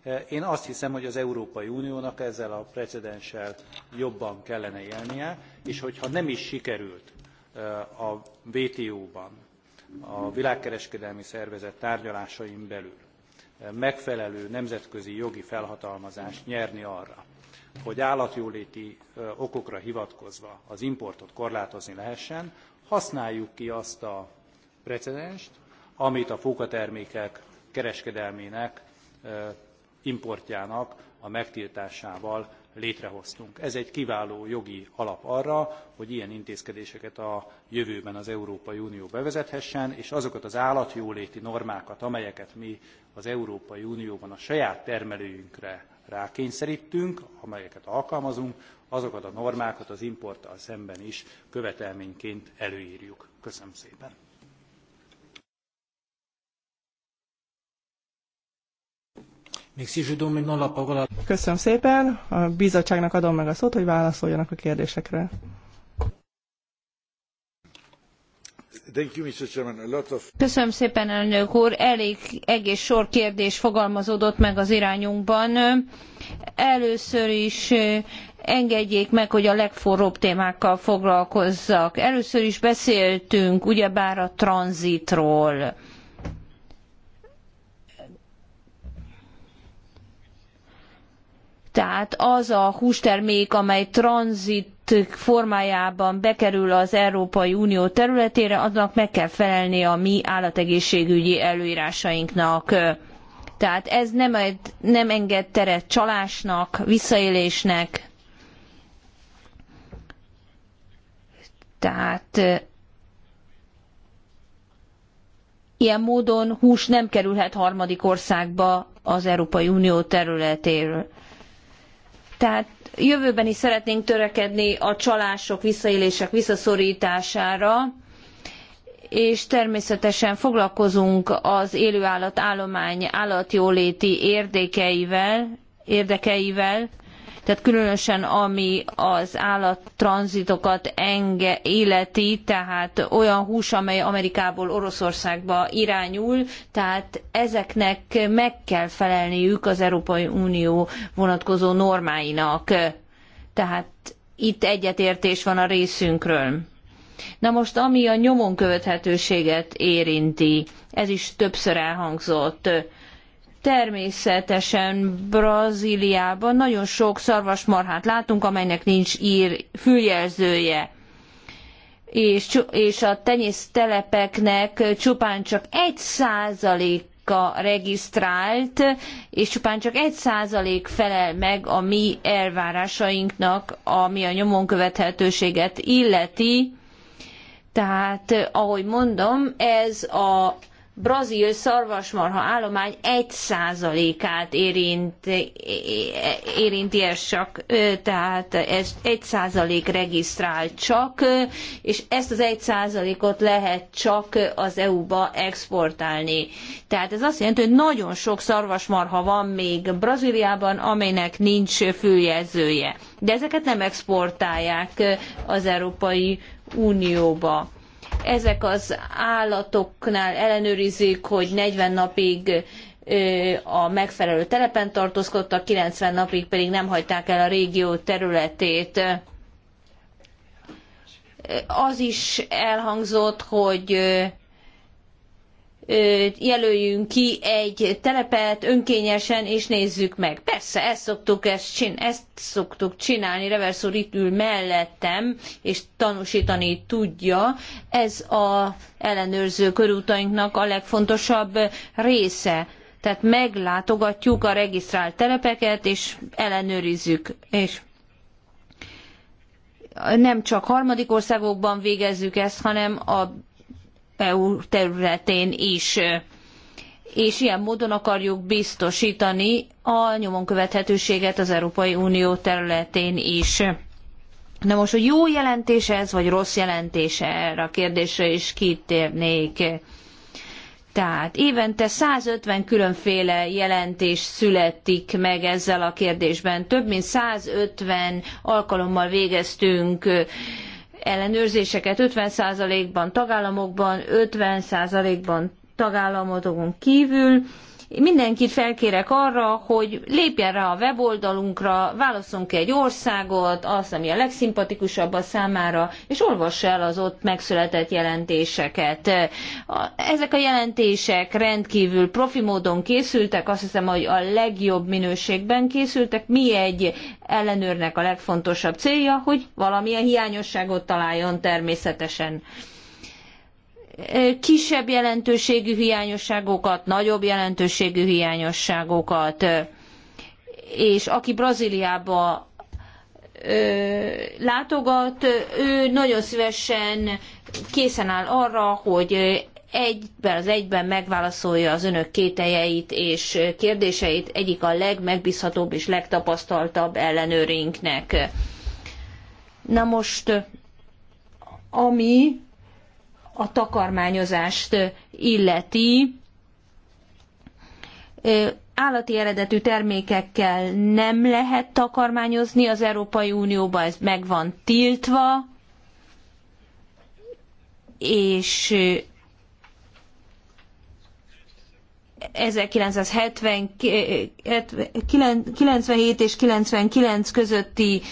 E, én azt hiszem, hogy az Európai Uniónak ezzel a precedenssel jobban kellene élnie, és hogyha nem is sikerült e, a WTO-ban, a világkereskedelmi szervezet tárgyalásain belül e, megfelelő nemzetközi jogi felhatalmazást nyerni arra, hogy állatjóléti okokra hivatkozva az importot korlátozni lehessen, használjuk ki azt a precedenst, amit a fókatermékek kereskedelmének, importjának a megtiltásával létrehoztunk. Ez egy kiváló jogi alap arra, hogy ilyen intézkedéseket a jövőben az Európai Unió bevezethessen, és azokat az állatjóléti normákat, amelyeket mi az Európai Unióban a saját termelőinkre rákényszerítünk, amelyeket alkalmazunk, azokat a normákat az importtal szemben is követelményként előírjuk. Köszönöm szépen! Köszönöm szépen, a bizottságnak adom meg a szót, hogy válaszoljanak a kérdésekre. Köszönöm szépen, elnök úr. Elég egész sor kérdés fogalmazódott meg az irányunkban. Először is engedjék meg, hogy a legforróbb témákkal foglalkozzak. Először is beszéltünk ugyebár a tranzitról. Tehát az a hústermék, amely tranzit formájában bekerül az Európai Unió területére, annak meg kell felelni a mi állategészségügyi előírásainknak. Tehát ez nem, egy nem enged teret csalásnak, visszaélésnek. Tehát ilyen módon hús nem kerülhet harmadik országba az Európai Unió területéről. Tehát Jövőben is szeretnénk törekedni a csalások, visszaélések visszaszorítására, és természetesen foglalkozunk az élőállat állomány állatjóléti érdekeivel, érdekeivel tehát különösen ami az állattranzitokat enge életi, tehát olyan hús, amely Amerikából Oroszországba irányul, tehát ezeknek meg kell felelniük az Európai Unió vonatkozó normáinak. Tehát itt egyetértés van a részünkről. Na most, ami a nyomon követhetőséget érinti, ez is többször elhangzott. Természetesen Brazíliában nagyon sok szarvasmarhát látunk, amelynek nincs ír füljelzője. És, és a tenyésztelepeknek csupán csak egy százalék a regisztrált, és csupán csak egy százalék felel meg a mi elvárásainknak, ami a nyomon követhetőséget illeti. Tehát, ahogy mondom, ez a brazil szarvasmarha állomány 1%-át érint, érinti ez csak, tehát ez 1% regisztrál csak, és ezt az 1%-ot lehet csak az EU-ba exportálni. Tehát ez azt jelenti, hogy nagyon sok szarvasmarha van még Brazíliában, amelynek nincs füljelzője. De ezeket nem exportálják az Európai Unióba ezek az állatoknál ellenőrizik, hogy 40 napig a megfelelő telepen tartózkodtak, 90 napig pedig nem hagyták el a régió területét. Az is elhangzott, hogy jelöljünk ki egy telepet önkényesen, és nézzük meg. Persze, ezt szoktuk, ezt, csin- ezt szoktuk csinálni, Revers úr itt ül mellettem, és tanúsítani tudja. Ez a ellenőrző körútainknak a legfontosabb része. Tehát meglátogatjuk a regisztrált telepeket, és ellenőrizzük, és nem csak harmadik országokban végezzük ezt, hanem a EU területén is. És ilyen módon akarjuk biztosítani a nyomon követhetőséget az Európai Unió területén is. Na most, hogy jó jelentése ez, vagy rossz jelentése erre a kérdésre is kitérnék. Tehát évente 150 különféle jelentés születik meg ezzel a kérdésben. Több mint 150 alkalommal végeztünk ellenőrzéseket 50%-ban tagállamokban, 50%-ban tagállamokon kívül, Mindenkit felkérek arra, hogy lépjen rá a weboldalunkra, ki egy országot, azt, ami a legszimpatikusabb a számára, és olvassa el az ott megszületett jelentéseket. Ezek a jelentések rendkívül profi módon készültek, azt hiszem, hogy a legjobb minőségben készültek. Mi egy ellenőrnek a legfontosabb célja, hogy valamilyen hiányosságot találjon természetesen kisebb jelentőségű hiányosságokat, nagyobb jelentőségű hiányosságokat, és aki Brazíliába látogat, ő nagyon szívesen készen áll arra, hogy egyben az egyben megválaszolja az önök kételjeit és kérdéseit egyik a legmegbízhatóbb és legtapasztaltabb ellenőrinknek. Na most, ami a takarmányozást illeti, állati eredetű termékekkel nem lehet takarmányozni az Európai Unióban, ez meg van tiltva, és 1997 és 99 közötti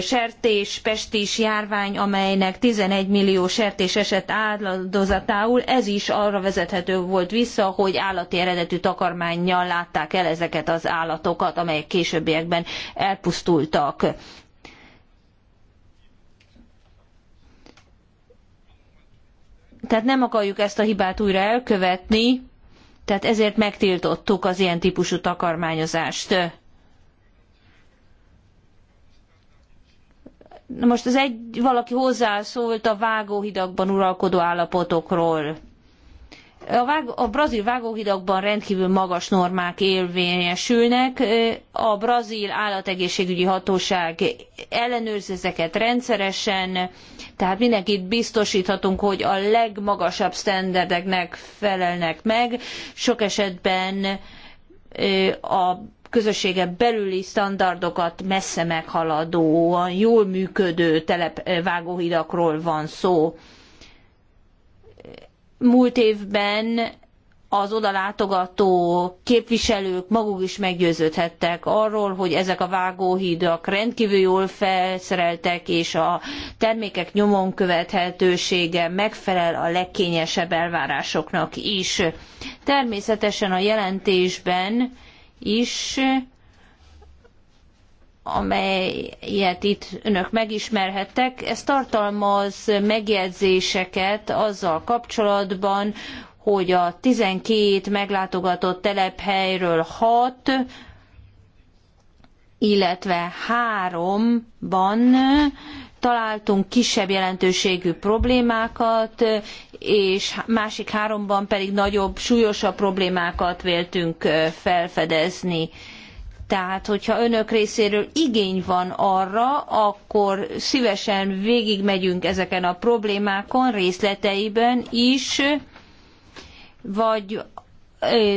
sertéspestis járvány, amelynek 11 millió sertés esett áldozatául, ez is arra vezethető volt vissza, hogy állati eredetű takarmánnyal látták el ezeket az állatokat, amelyek későbbiekben elpusztultak. Tehát nem akarjuk ezt a hibát újra elkövetni, tehát ezért megtiltottuk az ilyen típusú takarmányozást Na most az egy, valaki hozzászólt a vágóhidakban uralkodó állapotokról. A, vág, a brazil vágóhidakban rendkívül magas normák érvényesülnek. A brazil állategészségügyi hatóság ellenőrzi ezeket rendszeresen, tehát mindenkit biztosíthatunk, hogy a legmagasabb sztenderdeknek felelnek meg. Sok esetben a közösségen belüli standardokat messze meghaladóan jól működő telepvágóhidakról eh, van szó. Múlt évben az odalátogató képviselők maguk is meggyőződhettek arról, hogy ezek a vágóhídak rendkívül jól felszereltek, és a termékek nyomon követhetősége megfelel a legkényesebb elvárásoknak is. Természetesen a jelentésben is, amelyet itt önök megismerhettek, ez tartalmaz megjegyzéseket azzal kapcsolatban, hogy a 12 meglátogatott telephelyről 6, illetve 3-ban találtunk kisebb jelentőségű problémákat, és másik háromban pedig nagyobb, súlyosabb problémákat véltünk felfedezni. Tehát, hogyha önök részéről igény van arra, akkor szívesen végigmegyünk ezeken a problémákon, részleteiben is, vagy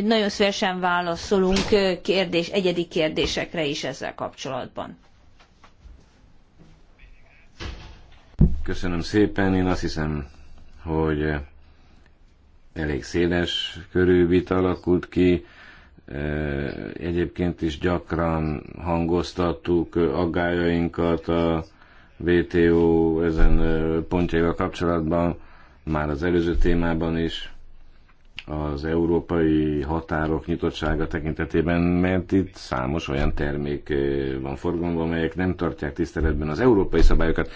nagyon szívesen válaszolunk kérdés, egyedi kérdésekre is ezzel kapcsolatban. Köszönöm szépen, én azt hiszem, hogy elég széles körű vita alakult ki. Egyébként is gyakran hangoztattuk aggájainkat a WTO ezen pontjaival kapcsolatban, már az előző témában is az európai határok nyitottsága tekintetében, mert itt számos olyan termék van forgalomban, amelyek nem tartják tiszteletben az európai szabályokat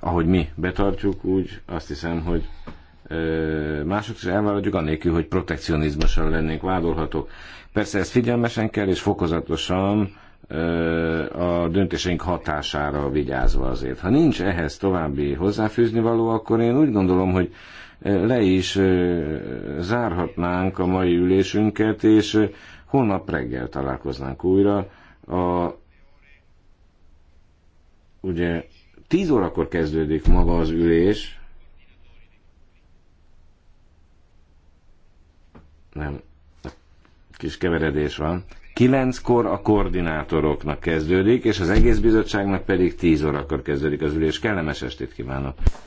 ahogy mi betartjuk, úgy azt hiszem, hogy mások is elvállaljuk, annélkül, hogy protekcionizmusan lennénk vádolhatók. Persze ezt figyelmesen kell, és fokozatosan a döntéseink hatására vigyázva azért. Ha nincs ehhez további hozzáfűzni való, akkor én úgy gondolom, hogy le is zárhatnánk a mai ülésünket, és holnap reggel találkoznánk újra. A, ugye 10 órakor kezdődik maga az ülés. Nem, kis keveredés van. Kilenckor a koordinátoroknak kezdődik, és az egész bizottságnak pedig 10 órakor kezdődik az ülés. Kellemes estét kívánok!